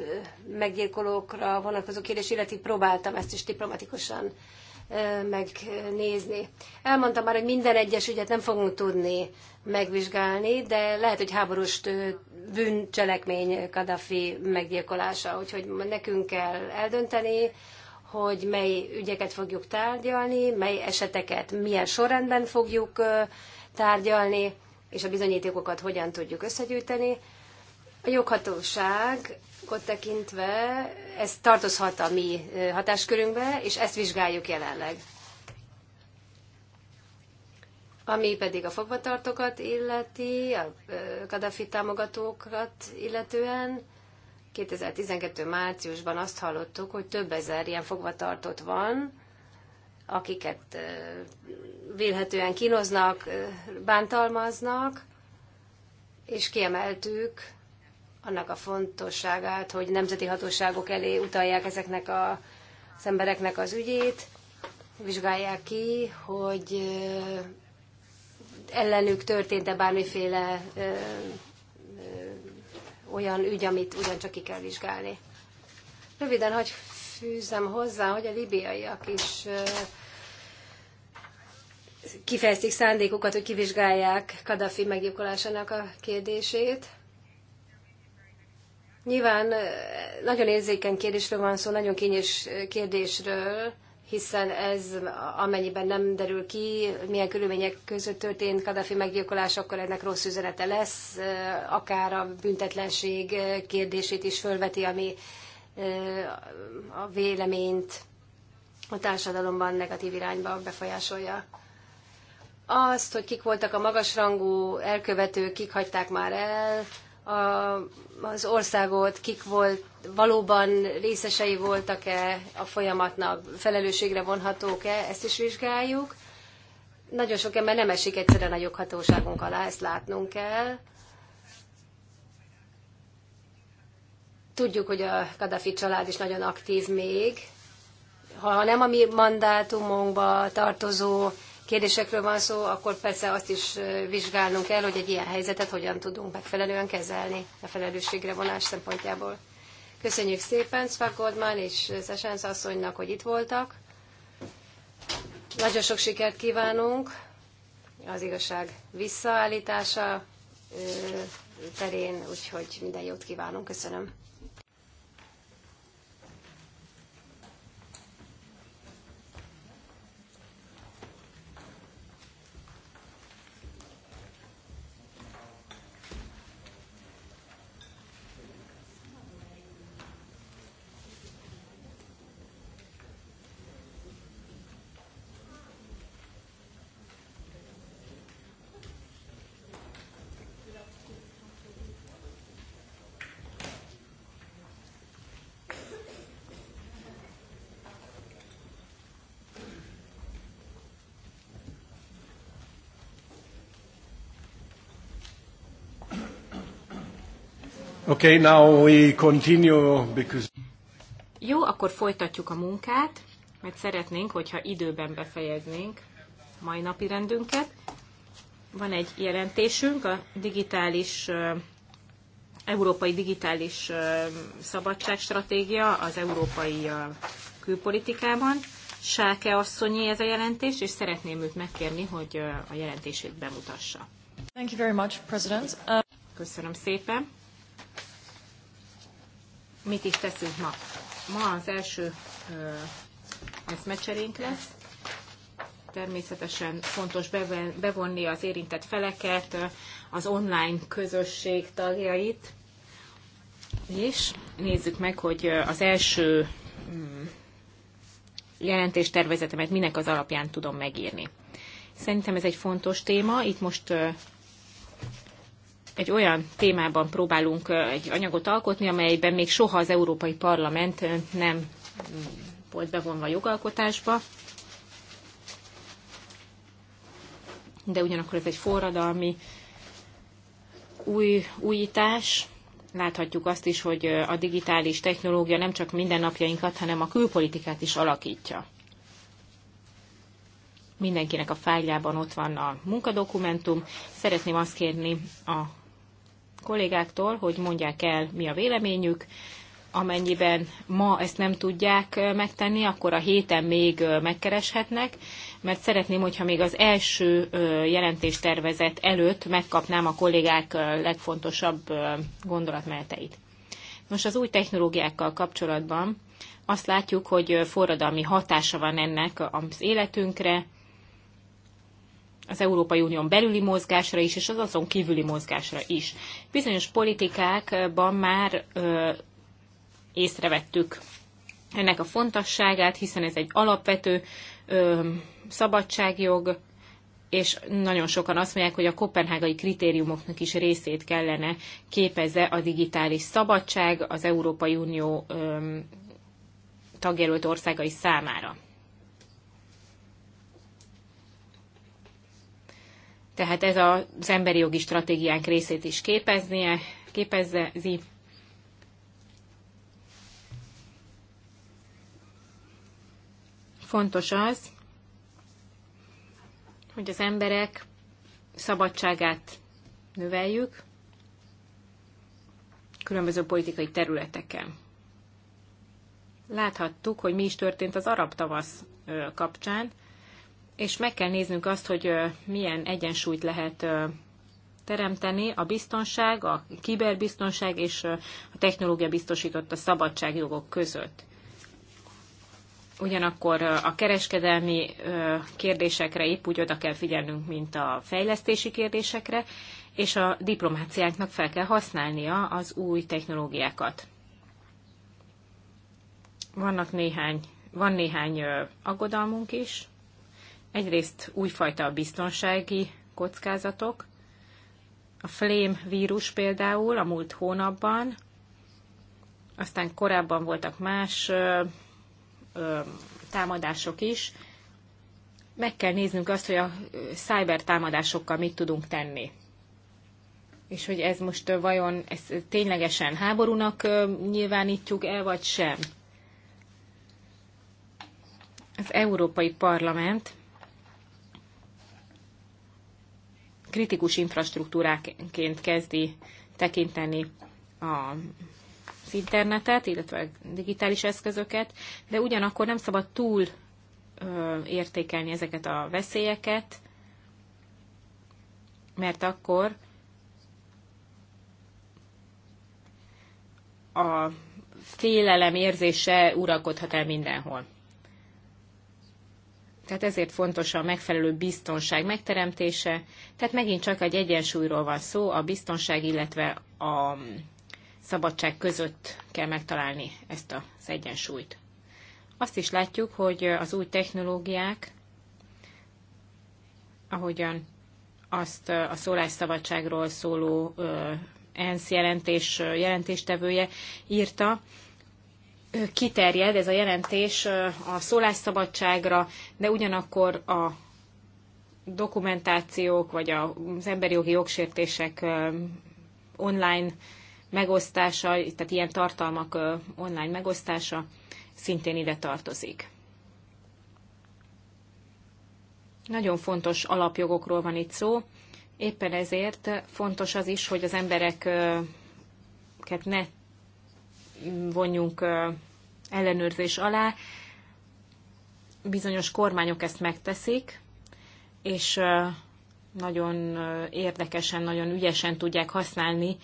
meggyilkolókra vonatkozó kérdés illetve próbáltam ezt is diplomatikusan megnézni. Elmondtam már, hogy minden egyes ügyet nem fogunk tudni megvizsgálni, de lehet, hogy háborús bűncselekmény Kadafi meggyilkolása, úgyhogy nekünk kell eldönteni, hogy mely ügyeket fogjuk tárgyalni, mely eseteket milyen sorrendben fogjuk tárgyalni, és a bizonyítékokat hogyan tudjuk összegyűjteni. A joghatóságot tekintve ez tartozhat a mi hatáskörünkbe, és ezt vizsgáljuk jelenleg. Ami pedig a fogvatartókat illeti, a Kadafi támogatókat illetően, 2012. márciusban azt hallottuk, hogy több ezer ilyen fogvatartott van, akiket vélhetően kínoznak, bántalmaznak, és kiemeltük annak a fontosságát, hogy nemzeti hatóságok elé utalják ezeknek a, az embereknek az ügyét, vizsgálják ki, hogy ellenük történt-e bármiféle ö, ö, olyan ügy, amit ugyancsak ki kell vizsgálni. Röviden, hogy fűzem hozzá, hogy a libiaiak is kifejezték szándékukat, hogy kivizsgálják Kadhafi meggyilkolásának a kérdését. Nyilván nagyon érzékeny kérdésről van szó, nagyon kényes kérdésről, hiszen ez amennyiben nem derül ki, milyen körülmények között történt Kadhafi meggyilkolás, akkor ennek rossz üzenete lesz, akár a büntetlenség kérdését is fölveti, ami a véleményt a társadalomban negatív irányba befolyásolja. Azt, hogy kik voltak a magasrangú elkövetők, kik hagyták már el a, az országot, kik volt, valóban részesei voltak-e a folyamatnak, felelősségre vonhatók-e, ezt is vizsgáljuk. Nagyon sok ember nem esik egyszerűen a joghatóságunk alá, ezt látnunk kell. Tudjuk, hogy a Kadafi család is nagyon aktív még. Ha nem a mi mandátumunkba tartozó kérdésekről van szó, akkor persze azt is vizsgálnunk kell, hogy egy ilyen helyzetet hogyan tudunk megfelelően kezelni a felelősségre vonás szempontjából. Köszönjük szépen Szvák Goldman és Szesánsz asszonynak, hogy itt voltak. Nagyon sok sikert kívánunk az igazság visszaállítása terén, úgyhogy minden jót kívánunk. Köszönöm. Okay, now we continue because... Jó, akkor folytatjuk a munkát, mert szeretnénk, hogyha időben befejeznénk mai napi rendünket. Van egy jelentésünk a digitális, európai digitális szabadságstratégia az európai külpolitikában. Sáke asszonyi ez a jelentés, és szeretném őt megkérni, hogy a jelentését bemutassa. Thank you very much, President. Uh... Köszönöm szépen mit is teszünk ma. Ma az első eszmecserénk lesz. Természetesen fontos bevonni az érintett feleket, az online közösség tagjait. És nézzük meg, hogy az első mm, jelentéstervezetemet minek az alapján tudom megírni. Szerintem ez egy fontos téma. Itt most egy olyan témában próbálunk egy anyagot alkotni, amelyben még soha az Európai Parlament nem mm, volt bevonva a jogalkotásba. De ugyanakkor ez egy forradalmi új, újítás. Láthatjuk azt is, hogy a digitális technológia nem csak mindennapjainkat, hanem a külpolitikát is alakítja. Mindenkinek a fájljában ott van a munkadokumentum. Szeretném azt kérni a kollégáktól, hogy mondják el, mi a véleményük. Amennyiben ma ezt nem tudják megtenni, akkor a héten még megkereshetnek, mert szeretném, hogyha még az első jelentéstervezet előtt megkapnám a kollégák legfontosabb gondolatmeneteit. Most az új technológiákkal kapcsolatban azt látjuk, hogy forradalmi hatása van ennek az életünkre, az Európai Unión belüli mozgásra is, és az azon kívüli mozgásra is. Bizonyos politikákban már ö, észrevettük ennek a fontosságát, hiszen ez egy alapvető ö, szabadságjog, és nagyon sokan azt mondják, hogy a kopenhágai kritériumoknak is részét kellene képezze a digitális szabadság az Európai Unió ö, tagjelölt országai számára. tehát ez az emberi jogi stratégiánk részét is képeznie, képezzi. Fontos az, hogy az emberek szabadságát növeljük különböző politikai területeken. Láthattuk, hogy mi is történt az arab tavasz kapcsán, és meg kell néznünk azt, hogy milyen egyensúlyt lehet teremteni a biztonság, a kiberbiztonság és a technológia biztosította szabadságjogok között. Ugyanakkor a kereskedelmi kérdésekre épp úgy oda kell figyelnünk, mint a fejlesztési kérdésekre, és a diplomáciáknak fel kell használnia az új technológiákat. Vannak néhány, van néhány aggodalmunk is, Egyrészt újfajta a biztonsági kockázatok, a flém vírus például a múlt hónapban, aztán korábban voltak más ö, ö, támadások is. Meg kell néznünk azt, hogy a cyber támadásokkal mit tudunk tenni. És hogy ez most vajon ez ténylegesen háborúnak nyilvánítjuk el, vagy sem. Az Európai Parlament kritikus infrastruktúráként kezdi tekinteni a az internetet, illetve digitális eszközöket, de ugyanakkor nem szabad túl ö, értékelni ezeket a veszélyeket, mert akkor a félelem érzése uralkodhat el mindenhol. Tehát ezért fontos a megfelelő biztonság megteremtése. Tehát megint csak egy egyensúlyról van szó, a biztonság, illetve a szabadság között kell megtalálni ezt az egyensúlyt. Azt is látjuk, hogy az új technológiák, ahogyan azt a szólásszabadságról szóló ENSZ jelentés, jelentéstevője írta, kiterjed ez a jelentés a szólásszabadságra, de ugyanakkor a dokumentációk vagy az emberi jogi jogsértések online megosztása, tehát ilyen tartalmak online megosztása szintén ide tartozik. Nagyon fontos alapjogokról van itt szó, éppen ezért fontos az is, hogy az embereket ne vonjunk ellenőrzés alá. Bizonyos kormányok ezt megteszik, és nagyon érdekesen, nagyon ügyesen tudják használni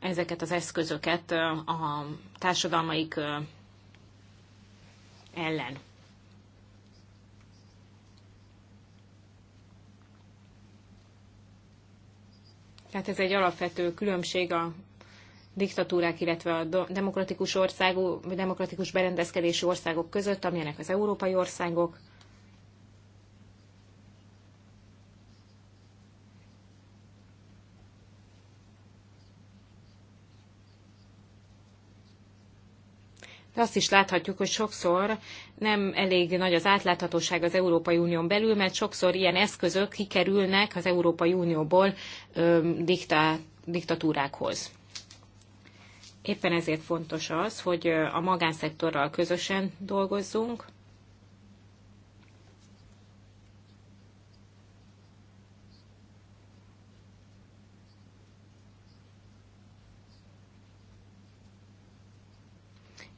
ezeket az eszközöket a társadalmaik ellen. Tehát ez egy alapvető különbség a diktatúrák, illetve a demokratikus országú, demokratikus berendezkedési országok között, amilyenek az európai országok. De azt is láthatjuk, hogy sokszor nem elég nagy az átláthatóság az Európai Unión belül, mert sokszor ilyen eszközök kikerülnek az Európai Unióból ö, diktá, diktatúrákhoz. Éppen ezért fontos az, hogy a magánszektorral közösen dolgozzunk,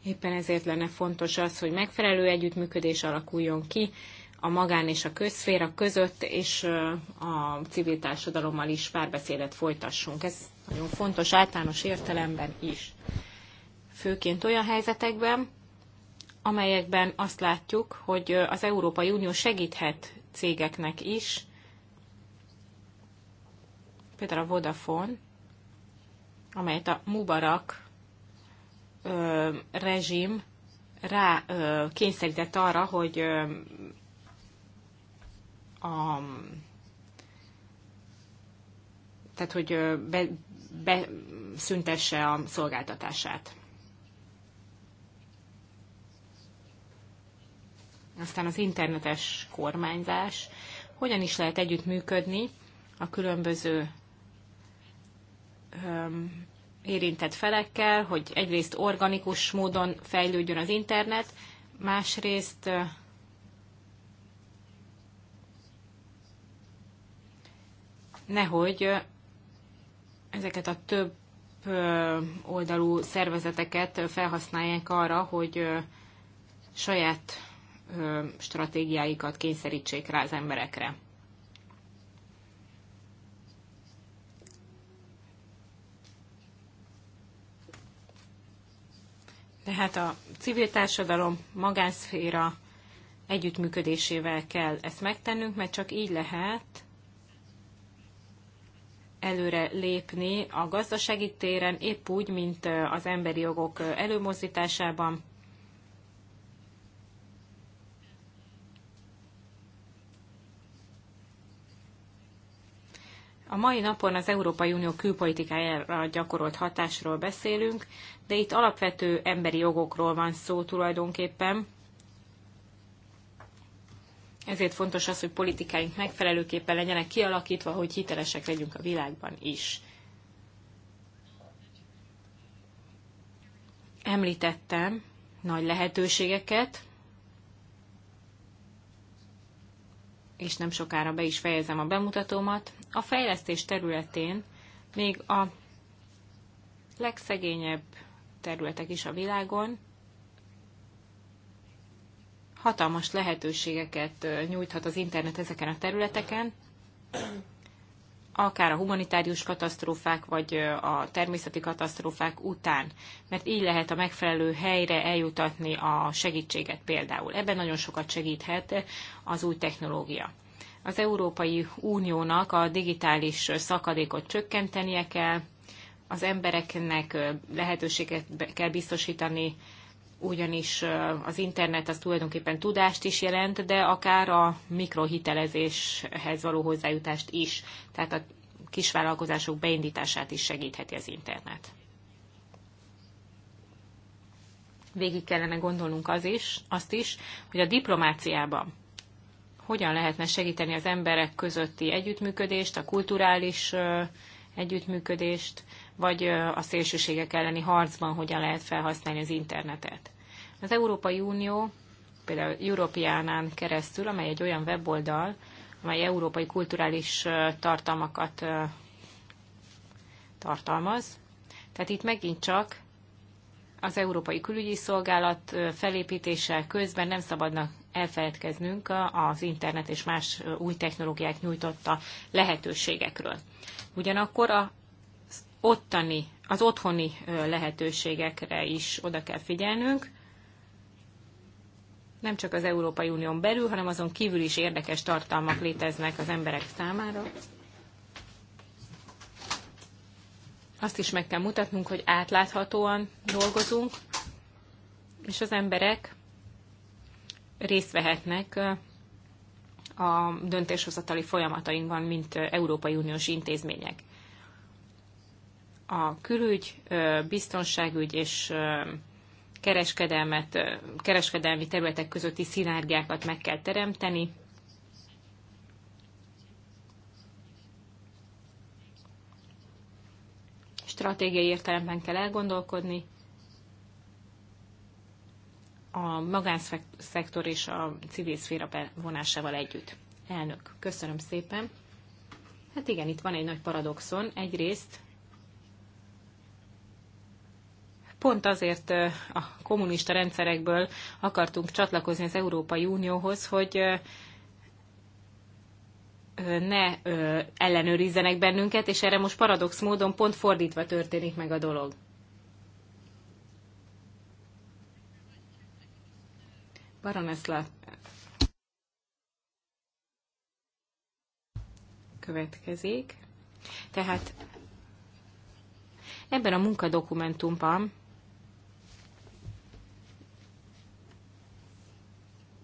Éppen ezért lenne fontos az, hogy megfelelő együttműködés alakuljon ki a magán és a közszféra között, és a civil társadalommal is párbeszédet folytassunk. Ez nagyon fontos általános értelemben is. Főként olyan helyzetekben, amelyekben azt látjuk, hogy az Európai Unió segíthet cégeknek is, például a Vodafone, amelyet a Mubarak ö, rezsim rá ö, kényszerített arra, hogy ö, a, tehát, hogy ö, be, beszüntesse a szolgáltatását. Aztán az internetes kormányzás. Hogyan is lehet együttműködni a különböző öm, érintett felekkel, hogy egyrészt organikus módon fejlődjön az internet, másrészt nehogy ezeket a több oldalú szervezeteket felhasználják arra, hogy saját stratégiáikat kényszerítsék rá az emberekre. De hát a civil társadalom, magánszféra együttműködésével kell ezt megtennünk, mert csak így lehet előre lépni a gazdasági téren, épp úgy, mint az emberi jogok előmozdításában. A mai napon az Európai Unió külpolitikájára gyakorolt hatásról beszélünk, de itt alapvető emberi jogokról van szó tulajdonképpen. Ezért fontos az, hogy politikáink megfelelőképpen legyenek kialakítva, hogy hitelesek legyünk a világban is. Említettem nagy lehetőségeket, és nem sokára be is fejezem a bemutatómat. A fejlesztés területén még a legszegényebb területek is a világon hatalmas lehetőségeket nyújthat az internet ezeken a területeken, akár a humanitárius katasztrófák, vagy a természeti katasztrófák után, mert így lehet a megfelelő helyre eljutatni a segítséget például. Ebben nagyon sokat segíthet az új technológia. Az Európai Uniónak a digitális szakadékot csökkentenie kell, az embereknek lehetőséget kell biztosítani ugyanis az internet az tulajdonképpen tudást is jelent, de akár a mikrohitelezéshez való hozzájutást is, tehát a kisvállalkozások beindítását is segítheti az internet. Végig kellene gondolnunk az is, azt is, hogy a diplomáciában hogyan lehetne segíteni az emberek közötti együttműködést, a kulturális együttműködést, vagy a szélsőségek elleni harcban hogyan lehet felhasználni az internetet. Az Európai Unió, például Európiánán keresztül, amely egy olyan weboldal, amely európai kulturális tartalmakat tartalmaz. Tehát itt megint csak az Európai Külügyi Szolgálat felépítése közben nem szabadnak elfeledkeznünk az internet és más új technológiák nyújtotta lehetőségekről. Ugyanakkor a ottani, az otthoni lehetőségekre is oda kell figyelnünk. Nem csak az Európai Unión belül, hanem azon kívül is érdekes tartalmak léteznek az emberek számára. Azt is meg kell mutatnunk, hogy átláthatóan dolgozunk, és az emberek részt vehetnek a döntéshozatali folyamatainkban, mint Európai Uniós intézmények a külügy, biztonságügy és kereskedelmet, kereskedelmi területek közötti szinergiákat meg kell teremteni. Stratégiai értelemben kell elgondolkodni. A magánszektor és a civil szféra bevonásával együtt. Elnök, köszönöm szépen. Hát igen, itt van egy nagy paradoxon. Egyrészt pont azért a kommunista rendszerekből akartunk csatlakozni az Európai Unióhoz, hogy ne ellenőrizzenek bennünket, és erre most paradox módon pont fordítva történik meg a dolog. Baroneszla következik. Tehát ebben a munkadokumentumban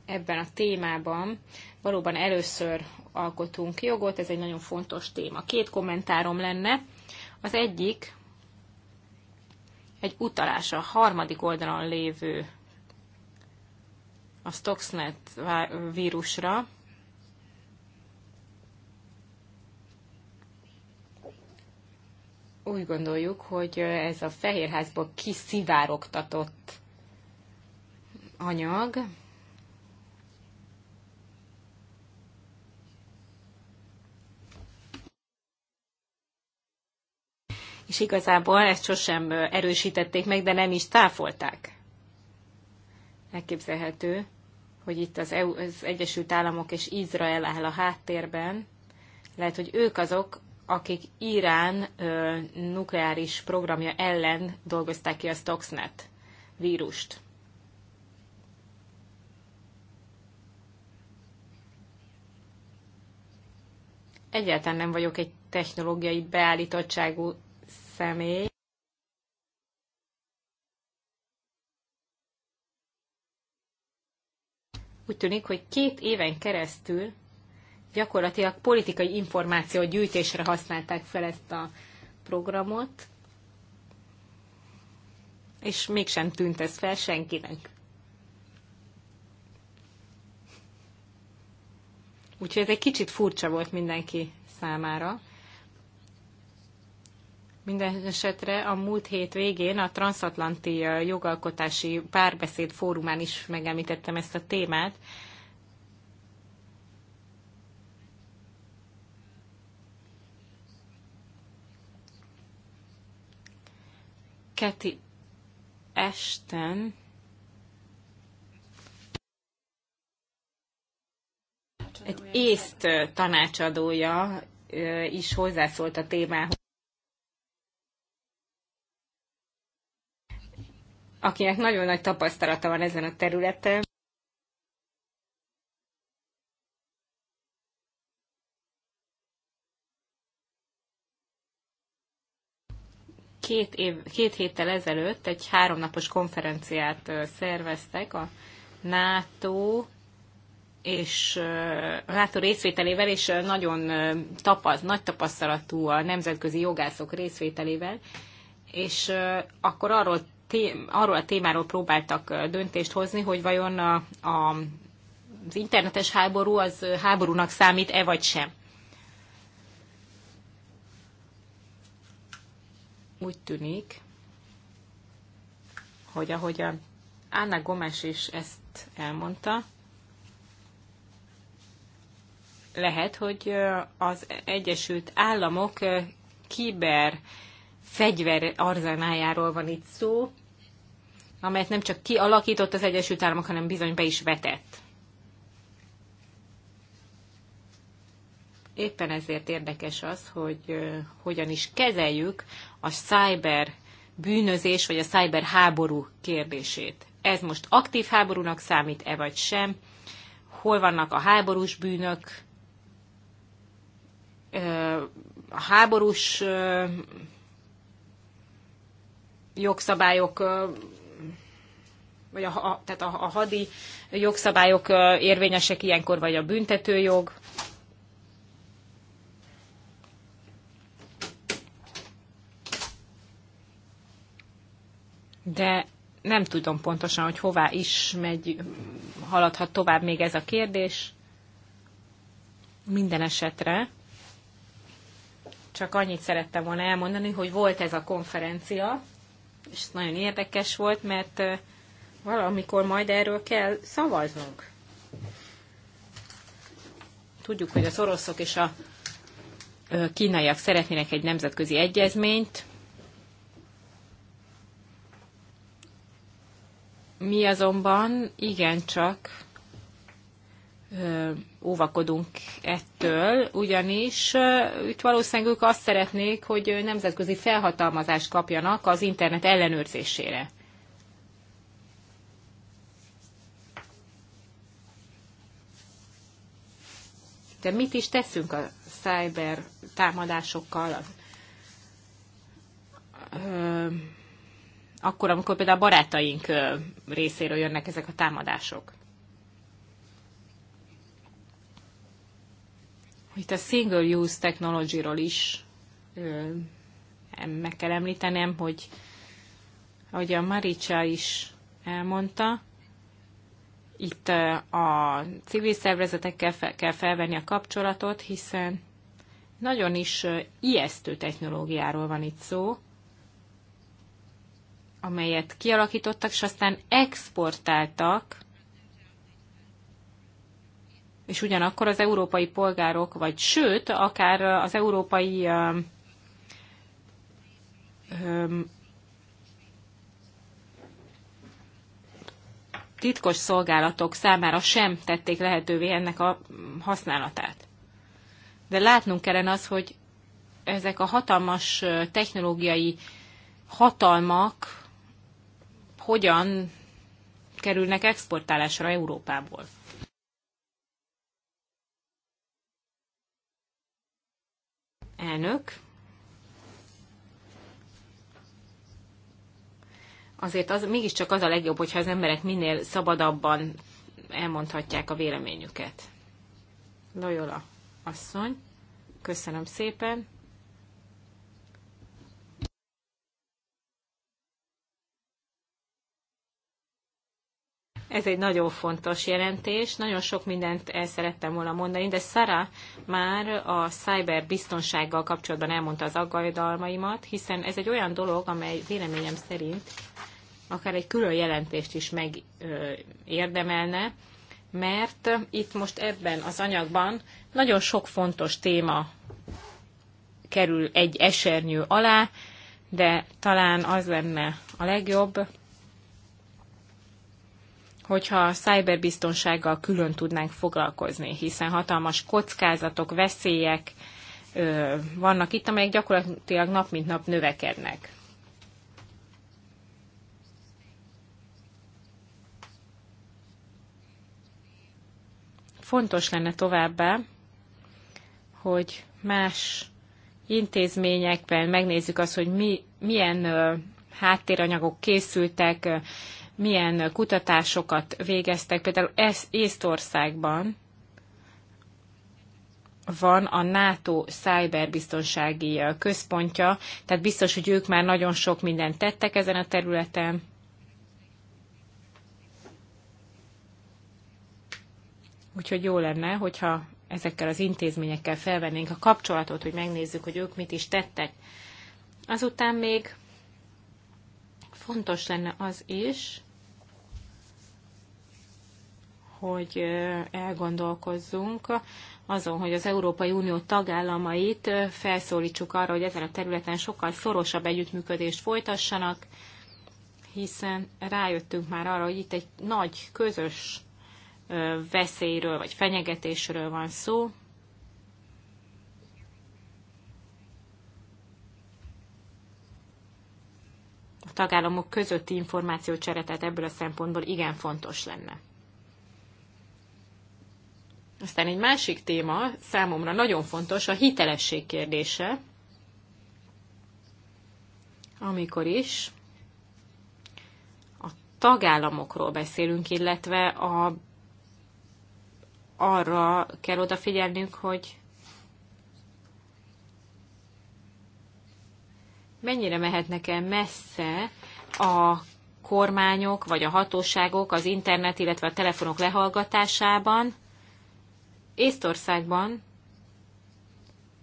ebben a témában valóban először alkotunk jogot, ez egy nagyon fontos téma. Két kommentárom lenne. Az egyik egy utalás a harmadik oldalon lévő a Stuxnet vírusra. Úgy gondoljuk, hogy ez a fehérházból kiszivárogtatott anyag, és igazából ezt sosem erősítették meg, de nem is táfolták. Elképzelhető, hogy itt az, EU, az Egyesült Államok és Izrael áll a háttérben. Lehet, hogy ők azok, akik Irán ö, nukleáris programja ellen dolgozták ki a Stuxnet vírust. Egyáltalán nem vagyok egy technológiai beállítottságú személy úgy tűnik, hogy két éven keresztül gyakorlatilag politikai információ gyűjtésre használták fel ezt a programot, és mégsem tűnt ez fel senkinek. Úgyhogy ez egy kicsit furcsa volt mindenki számára. Minden esetre a múlt hét végén a transatlanti jogalkotási párbeszéd fórumán is megemlítettem ezt a témát. Keti Esten. egy észt tanácsadója is hozzászólt a témához. akinek nagyon nagy tapasztalata van ezen a területen. Két, év, két héttel ezelőtt egy háromnapos konferenciát szerveztek a NATO és NATO részvételével, és nagyon tapaszt, nagy tapasztalatú a nemzetközi jogászok részvételével, és akkor arról arról a témáról próbáltak döntést hozni, hogy vajon a, a, az internetes háború az háborúnak számít-e vagy sem. Úgy tűnik, hogy ahogy a Anna Gomes is ezt elmondta, lehet, hogy az Egyesült Államok kiber fegyver arzenájáról van itt szó, amelyet nem csak kialakított az Egyesült Államok, hanem bizony be is vetett. Éppen ezért érdekes az, hogy hogyan is kezeljük a szájber bűnözés vagy a szájber háború kérdését. Ez most aktív háborúnak számít-e vagy sem? Hol vannak a háborús bűnök? A háborús jogszabályok vagy a, a, tehát a, a hadi jogszabályok érvényesek ilyenkor, vagy a büntetőjog. De nem tudom pontosan, hogy hová is megy, haladhat tovább még ez a kérdés. Minden esetre csak annyit szerettem volna elmondani, hogy volt ez a konferencia, és ez nagyon érdekes volt, mert valamikor majd erről kell szavaznunk. Tudjuk, hogy az oroszok és a kínaiak szeretnének egy nemzetközi egyezményt. Mi azonban igencsak óvakodunk ettől, ugyanis itt valószínűleg ők azt szeretnék, hogy nemzetközi felhatalmazást kapjanak az internet ellenőrzésére. De mit is teszünk a cyber támadásokkal? Akkor, amikor például a barátaink részéről jönnek ezek a támadások. itt a single use technology-ról is meg kell említenem, hogy ahogy a Maricsa is elmondta, itt a civil szervezetekkel fel, kell felvenni a kapcsolatot, hiszen nagyon is ijesztő technológiáról van itt szó, amelyet kialakítottak, és aztán exportáltak és ugyanakkor az európai polgárok, vagy sőt, akár az európai titkos szolgálatok számára sem tették lehetővé ennek a használatát. De látnunk kellene az, hogy ezek a hatalmas technológiai hatalmak hogyan kerülnek exportálásra Európából. Elnök. Azért az, mégiscsak az a legjobb, hogyha az emberek minél szabadabban elmondhatják a véleményüket. Loyola asszony, köszönöm szépen. Ez egy nagyon fontos jelentés, nagyon sok mindent el szerettem volna mondani, de Sara már a cyber biztonsággal kapcsolatban elmondta az aggajdalmaimat, hiszen ez egy olyan dolog, amely véleményem szerint akár egy külön jelentést is megérdemelne, mert itt most ebben az anyagban nagyon sok fontos téma kerül egy esernyő alá, de talán az lenne a legjobb, hogyha a szájberbiztonsággal külön tudnánk foglalkozni, hiszen hatalmas kockázatok, veszélyek ö, vannak itt, amelyek gyakorlatilag nap mint nap növekednek. Fontos lenne továbbá, hogy más intézményekben megnézzük azt, hogy mi, milyen ö, háttéranyagok készültek, milyen kutatásokat végeztek. Például Észtországban van a NATO szájberbiztonsági központja, tehát biztos, hogy ők már nagyon sok mindent tettek ezen a területen. Úgyhogy jó lenne, hogyha ezekkel az intézményekkel felvennénk a kapcsolatot, hogy megnézzük, hogy ők mit is tettek. Azután még fontos lenne az is, hogy elgondolkozzunk azon, hogy az Európai Unió tagállamait felszólítsuk arra, hogy ezen a területen sokkal szorosabb együttműködést folytassanak, hiszen rájöttünk már arra, hogy itt egy nagy közös veszélyről vagy fenyegetésről van szó. A tagállamok közötti információcsere, tehát ebből a szempontból igen fontos lenne. Aztán egy másik téma számomra nagyon fontos, a hitelesség kérdése, amikor is a tagállamokról beszélünk, illetve a, arra kell odafigyelnünk, hogy mennyire mehetnek el messze a kormányok vagy a hatóságok az internet, illetve a telefonok lehallgatásában, Észtországban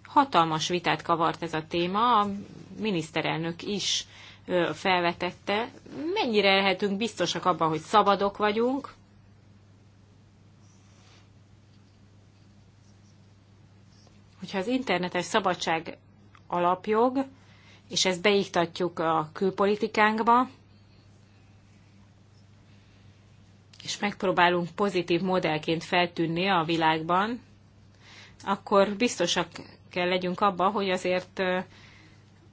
hatalmas vitát kavart ez a téma, a miniszterelnök is felvetette. Mennyire lehetünk biztosak abban, hogy szabadok vagyunk? Hogyha az internetes szabadság alapjog, és ezt beiktatjuk a külpolitikánkba, és megpróbálunk pozitív modellként feltűnni a világban, akkor biztosak kell legyünk abban, hogy azért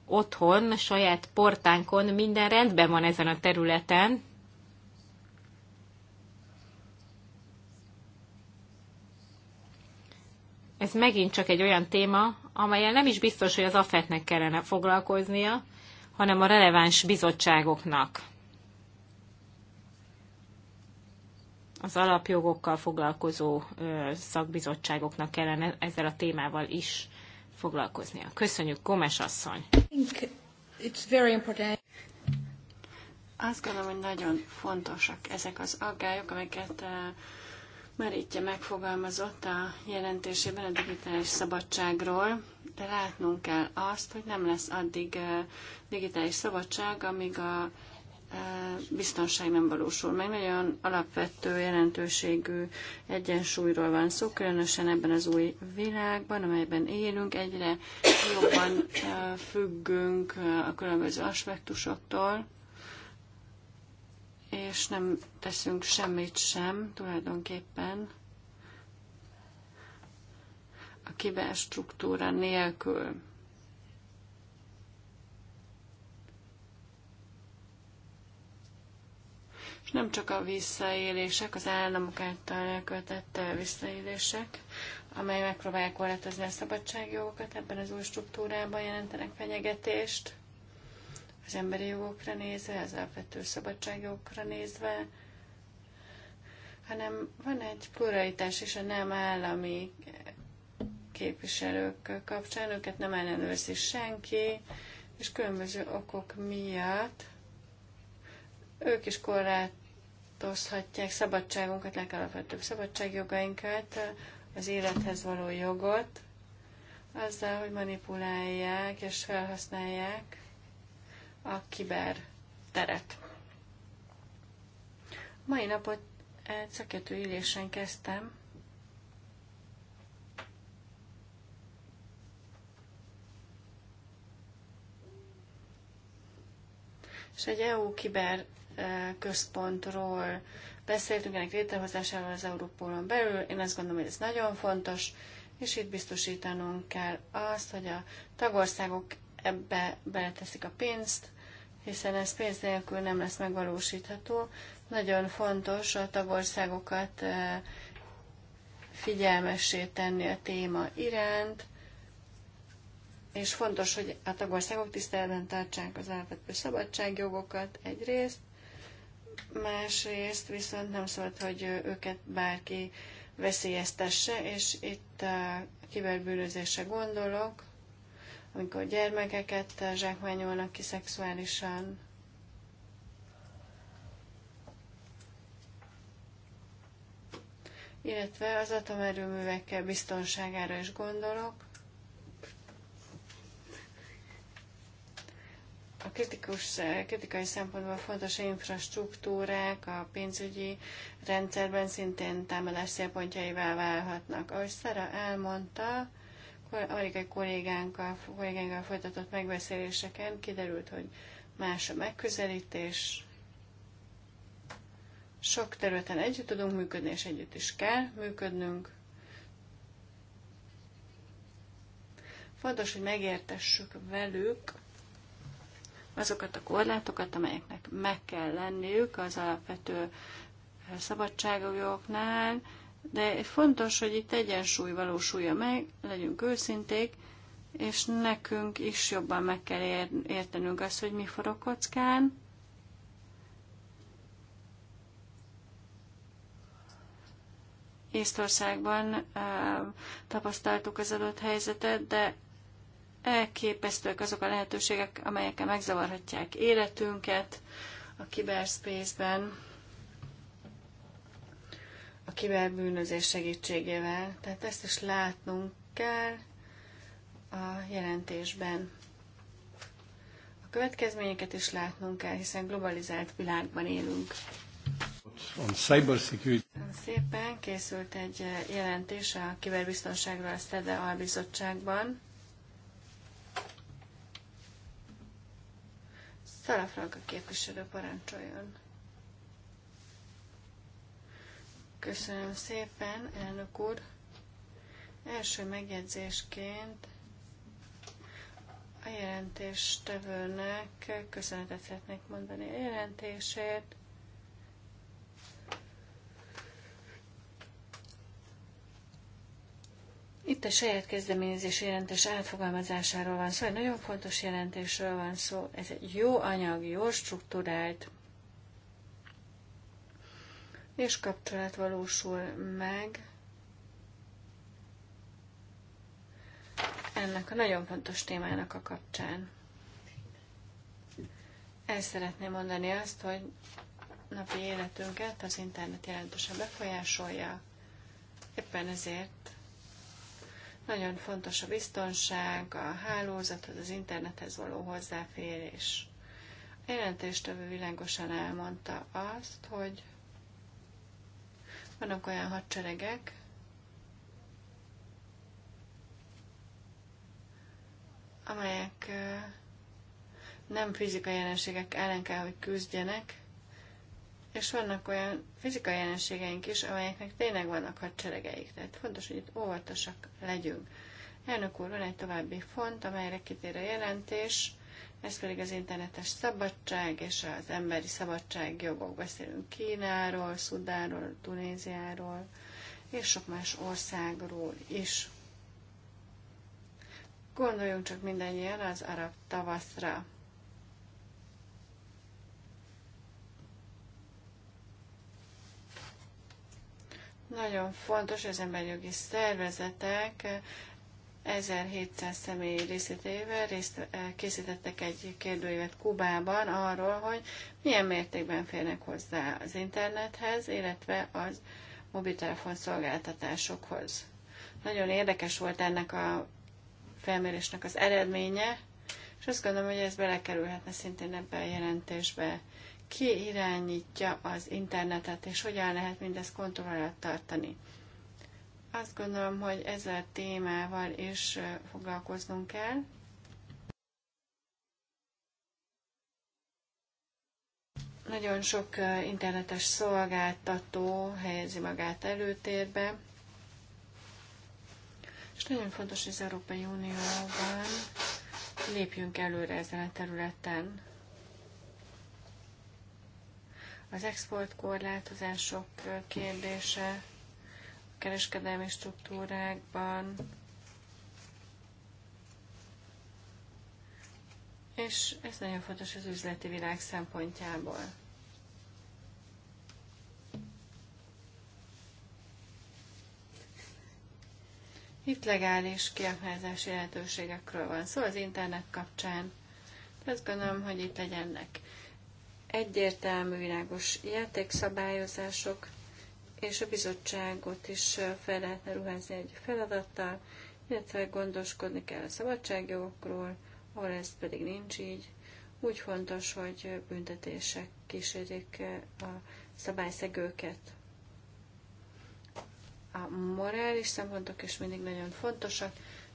otthon, saját portánkon minden rendben van ezen a területen, ez megint csak egy olyan téma, amelyen nem is biztos, hogy az AFET-nek kellene foglalkoznia, hanem a releváns bizottságoknak. az alapjogokkal foglalkozó szakbizottságoknak kellene ezzel a témával is foglalkoznia. Köszönjük, Gomes asszony! Azt gondolom, hogy nagyon fontosak ezek az aggályok, amiket Marítja megfogalmazott a jelentésében a digitális szabadságról, de látnunk kell azt, hogy nem lesz addig digitális szabadság, amíg a biztonság nem valósul meg. Nagyon alapvető jelentőségű egyensúlyról van szó, különösen ebben az új világban, amelyben élünk, egyre jobban függünk a különböző aspektusoktól, és nem teszünk semmit sem tulajdonképpen a kiberstruktúra nélkül. nem csak a visszaélések, az államok által elköltett eh, visszaélések, amely megpróbálja korlátozni a szabadságjogokat ebben az új struktúrában jelentenek fenyegetést, az emberi jogokra nézve, az alapvető szabadságjogokra nézve, hanem van egy pluralitás is a nem állami képviselők kapcsán, őket nem ellenőrzi senki, és különböző okok miatt ők is korlát korlátozhatják szabadságunkat, legalapvetőbb szabadságjogainkat, az élethez való jogot, azzal, hogy manipulálják és felhasználják a kiber teret. Mai napot egy szakértő ülésen kezdtem, és egy EU kiber központról beszéltünk, ennek létrehozásáról az Európólon belül. Én azt gondolom, hogy ez nagyon fontos, és itt biztosítanunk kell azt, hogy a tagországok ebbe beleteszik a pénzt, hiszen ez pénz nélkül nem lesz megvalósítható. Nagyon fontos a tagországokat figyelmessé tenni a téma iránt, és fontos, hogy a tagországok tiszteletben tartsák az alapvető szabadságjogokat egyrészt, másrészt viszont nem szabad, hogy őket bárki veszélyeztesse, és itt a kiberbűnözésre gondolok, amikor gyermekeket zsákmányolnak ki szexuálisan. Illetve az atomerőművekkel biztonságára is gondolok. A kritikus, kritikai szempontból fontos a infrastruktúrák, a pénzügyi rendszerben szintén támadás szempontjaival válhatnak. Ahogy Szara elmondta, amerikai kollégánkkal, kollégánkkal folytatott megbeszéléseken kiderült, hogy más a megközelítés, sok területen együtt tudunk működni, és együtt is kell működnünk. Fontos, hogy megértessük velük, azokat a korlátokat, amelyeknek meg kell lenniük az alapvető szabadságjogoknál, de fontos, hogy itt egyensúly valósulja meg, legyünk őszinték, és nekünk is jobban meg kell értenünk azt, hogy mi forog kockán. Észtországban uh, tapasztaltuk az adott helyzetet, de elképesztőek azok a lehetőségek, amelyekkel megzavarhatják életünket a kiberspace-ben, a kiberbűnözés segítségével. Tehát ezt is látnunk kell a jelentésben. A következményeket is látnunk kell, hiszen globalizált világban élünk. Szépen készült egy jelentés a kiberbiztonságról a SZEDE albizottságban. Franka képviselő parancsoljon. Köszönöm szépen, elnök úr. Első megjegyzésként a jelentéstevőnek köszönetet szeretnék mondani a jelentését. Itt a saját kezdeményezés jelentés elfogalmazásáról van szó, egy nagyon fontos jelentésről van szó. Ez egy jó anyag, jó struktúrált, és kapcsolat valósul meg ennek a nagyon fontos témának a kapcsán. El szeretném mondani azt, hogy napi életünket az internet jelentősen befolyásolja, éppen ezért nagyon fontos a biztonság, a hálózathoz, az internethez való hozzáférés. A jelentéstevő világosan elmondta azt, hogy vannak olyan hadseregek, amelyek nem fizikai jelenségek ellen kell, hogy küzdjenek, és vannak olyan fizikai jelenségeink is, amelyeknek tényleg vannak hadseregeik. Tehát fontos, hogy itt óvatosak legyünk. Elnök úr, van egy további font, amelyre kitér a jelentés, ez pedig az internetes szabadság és az emberi szabadság jogok. Beszélünk Kínáról, Szudáról, Tunéziáról és sok más országról is. Gondoljunk csak mindannyian az arab tavaszra. Nagyon fontos, hogy az emberjogi szervezetek 1700 személy részletével részt eh, készítettek egy kérdőjévet Kubában arról, hogy milyen mértékben férnek hozzá az internethez, illetve az mobiltelefon szolgáltatásokhoz. Nagyon érdekes volt ennek a felmérésnek az eredménye, és azt gondolom, hogy ez belekerülhetne szintén ebbe a jelentésbe ki irányítja az internetet, és hogyan lehet mindezt kontroll alatt tartani. Azt gondolom, hogy ezzel a témával is foglalkoznunk kell. Nagyon sok internetes szolgáltató helyezi magát előtérbe, és nagyon fontos, hogy az Európai Unióban lépjünk előre ezen a területen. Az exportkorlátozások kérdése a kereskedelmi struktúrákban, és ez nagyon fontos az üzleti világ szempontjából. Itt legális kiaknázási lehetőségekről van szó szóval az internet kapcsán. Azt gondolom, hogy itt legyennek egyértelmű, világos játékszabályozások, és a bizottságot is fel lehetne ruházni egy feladattal, illetve gondoskodni kell a szabadságjogokról, ahol ez pedig nincs így. Úgy fontos, hogy büntetések kísérik a szabályszegőket. A morális szempontok is mindig nagyon fontosak,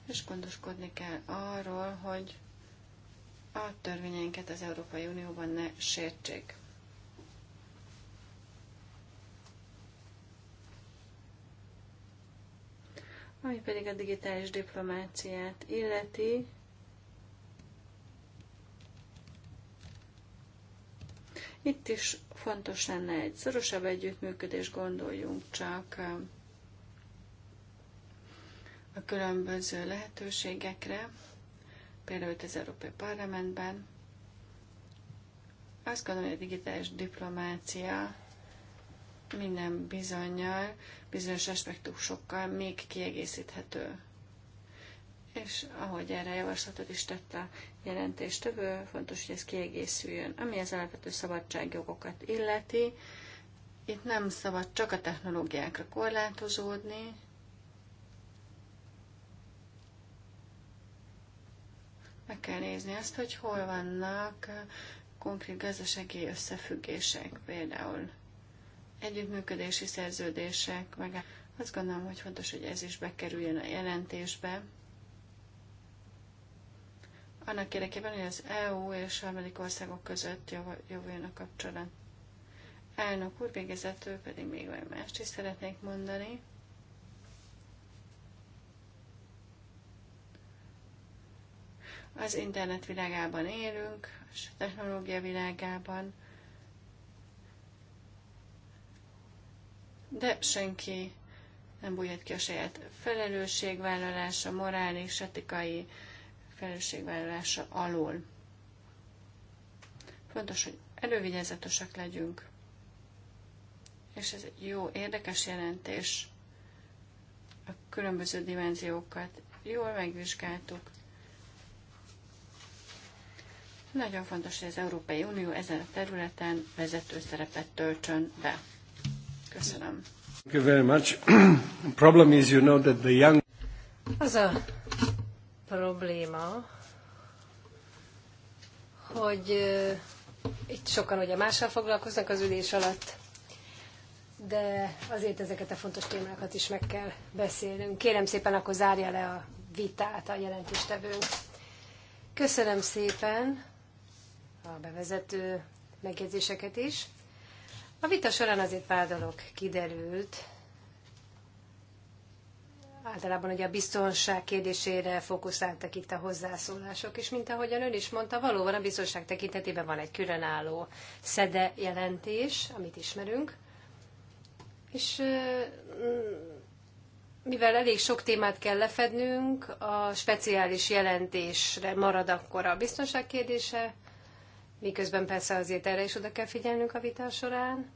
és gondoskodni kell arról, hogy a törvényeinket az Európai Unióban ne sértsék. Ami pedig a digitális diplomáciát illeti, Itt is fontos lenne egy szorosabb együttműködés, gondoljunk csak um, a különböző lehetőségekre például itt az Európai Parlamentben. Azt gondolom, hogy a digitális diplomácia minden bizonyal, bizonyos aspektusokkal még kiegészíthető. És ahogy erre javaslatot is tett a jelentéstevő, fontos, hogy ez kiegészüljön. Ami az alapvető szabadságjogokat illeti, itt nem szabad csak a technológiákra korlátozódni, Meg kell nézni azt, hogy hol vannak eh, konkrét gazdasági összefüggések, például együttműködési szerződések, meg azt gondolom, hogy fontos, hogy ez is bekerüljön a jelentésbe. Annak érdekében, hogy az EU és harmadik országok között javuljon a kapcsolat. Elnök úr, végezetül pedig még valami mást is szeretnék mondani. Az internet világában élünk, és a technológia világában, de senki nem bújhat ki a saját felelősségvállalása, morális, etikai felelősségvállalása alól. Fontos, hogy elővigyázatosak legyünk. És ez egy jó, érdekes jelentés. A különböző dimenziókat jól megvizsgáltuk. Nagyon fontos, hogy az Európai Unió ezen a területen vezető szerepet töltsön be. Köszönöm. Thank you very much. *clears throat* Problem is, you know, that the young... Az a probléma, hogy uh, itt sokan ugye mással foglalkoznak az ülés alatt, de azért ezeket a fontos témákat is meg kell beszélnünk. Kérem szépen, akkor zárja le a vitát a jelentéstevőnk. Köszönöm szépen! a bevezető megjegyzéseket is. A vita során azért pár dolog kiderült. Általában ugye a biztonság kérdésére fókuszáltak itt a hozzászólások, és mint ahogyan ön is mondta, valóban a biztonság tekintetében van egy különálló szede jelentés, amit ismerünk. És mivel elég sok témát kell lefednünk, a speciális jelentésre marad akkor a biztonság kérdése, Miközben persze azért erre is oda kell figyelnünk a vita során.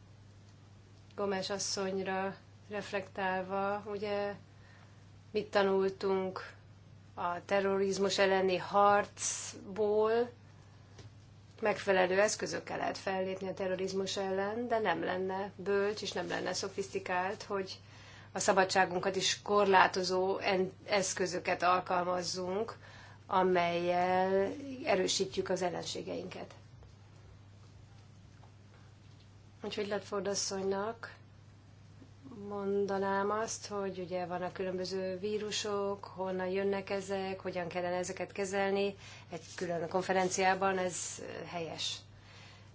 Gomes asszonyra reflektálva, ugye mit tanultunk a terrorizmus elleni harcból, megfelelő eszközökkel lehet fellépni a terrorizmus ellen, de nem lenne bölcs és nem lenne szofisztikált, hogy a szabadságunkat is korlátozó eszközöket alkalmazzunk, amelyel erősítjük az ellenségeinket. Úgyhogy Ledford asszonynak mondanám azt, hogy ugye vannak különböző vírusok, honnan jönnek ezek, hogyan kellene ezeket kezelni. Egy külön konferenciában ez helyes.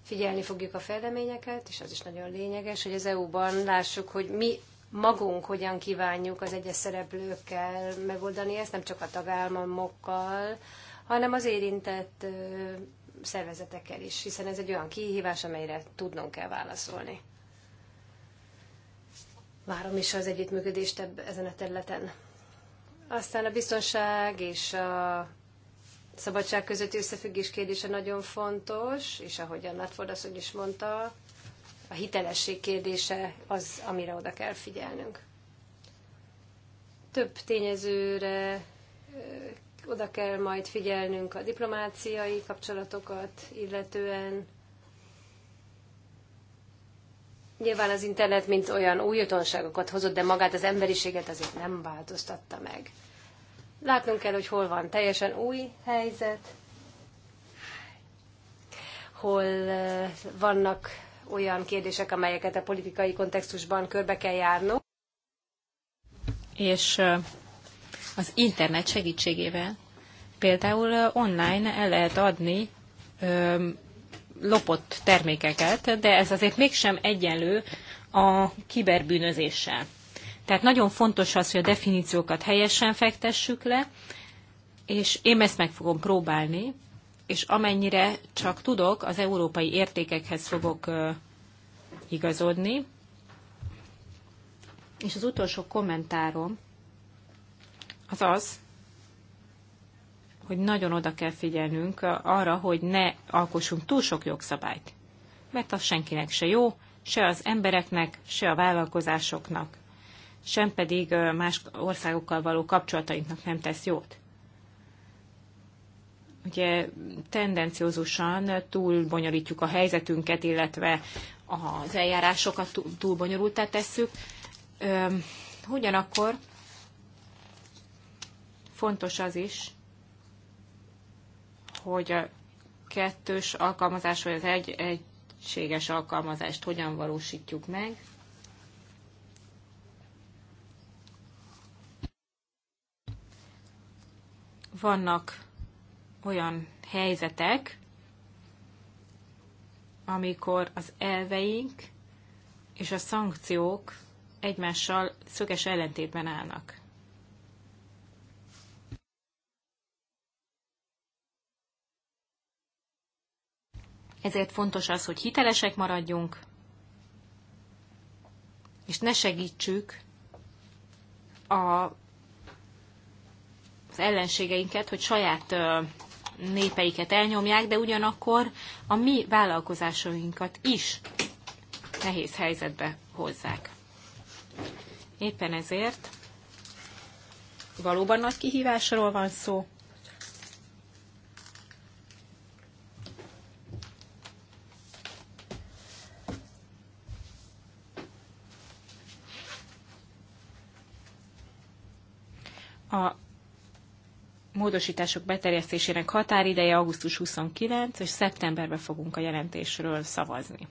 Figyelni fogjuk a fejleményeket, és az is nagyon lényeges, hogy az EU-ban lássuk, hogy mi magunk hogyan kívánjuk az egyes szereplőkkel megoldani ezt, nem csak a tagállamokkal, hanem az érintett szervezetekkel is, hiszen ez egy olyan kihívás, amelyre tudnunk kell válaszolni. Várom is az együttműködést ebb, ezen a területen. Aztán a biztonság és a szabadság közötti összefüggés kérdése nagyon fontos, és ahogy a Natford is mondta, a hitelesség kérdése az, amire oda kell figyelnünk. Több tényezőre oda kell majd figyelnünk a diplomáciai kapcsolatokat, illetően Nyilván az internet, mint olyan újdonságokat hozott, de magát az emberiséget azért nem változtatta meg. Látnunk kell, hogy hol van teljesen új helyzet, hol eh, vannak olyan kérdések, amelyeket a politikai kontextusban körbe kell járnunk. És eh, az internet segítségével például online el lehet adni lopott termékeket, de ez azért mégsem egyenlő a kiberbűnözéssel. Tehát nagyon fontos az, hogy a definíciókat helyesen fektessük le, és én ezt meg fogom próbálni, és amennyire csak tudok, az európai értékekhez fogok igazodni. És az utolsó kommentárom az az, hogy nagyon oda kell figyelnünk arra, hogy ne alkossunk túl sok jogszabályt. Mert az senkinek se jó, se az embereknek, se a vállalkozásoknak, sem pedig más országokkal való kapcsolatainknak nem tesz jót. Ugye tendenciózusan túl bonyolítjuk a helyzetünket, illetve az eljárásokat túl bonyolultá tesszük. Ugyanakkor Fontos az is, hogy a kettős alkalmazás, vagy az egy, egységes alkalmazást hogyan valósítjuk meg. Vannak olyan helyzetek, amikor az elveink és a szankciók egymással szöges ellentétben állnak. ezért fontos az, hogy hitelesek maradjunk, és ne segítsük a, az ellenségeinket, hogy saját népeiket elnyomják, de ugyanakkor a mi vállalkozásainkat is nehéz helyzetbe hozzák. Éppen ezért valóban nagy kihívásról van szó, A módosítások beterjesztésének határideje augusztus 29, és szeptemberben fogunk a jelentésről szavazni.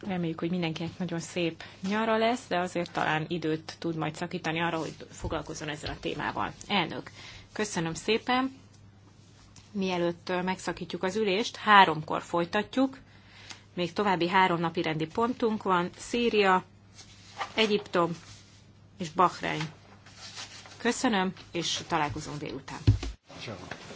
Reméljük, hogy mindenkinek nagyon szép nyara lesz, de azért talán időt tud majd szakítani arra, hogy foglalkozzon ezzel a témával. Elnök, köszönöm szépen. Mielőtt megszakítjuk az ülést, háromkor folytatjuk. Még további három napi rendi pontunk van. Szíria, Egyiptom és Bahrein. Köszönöm, és találkozunk délután. Ciao.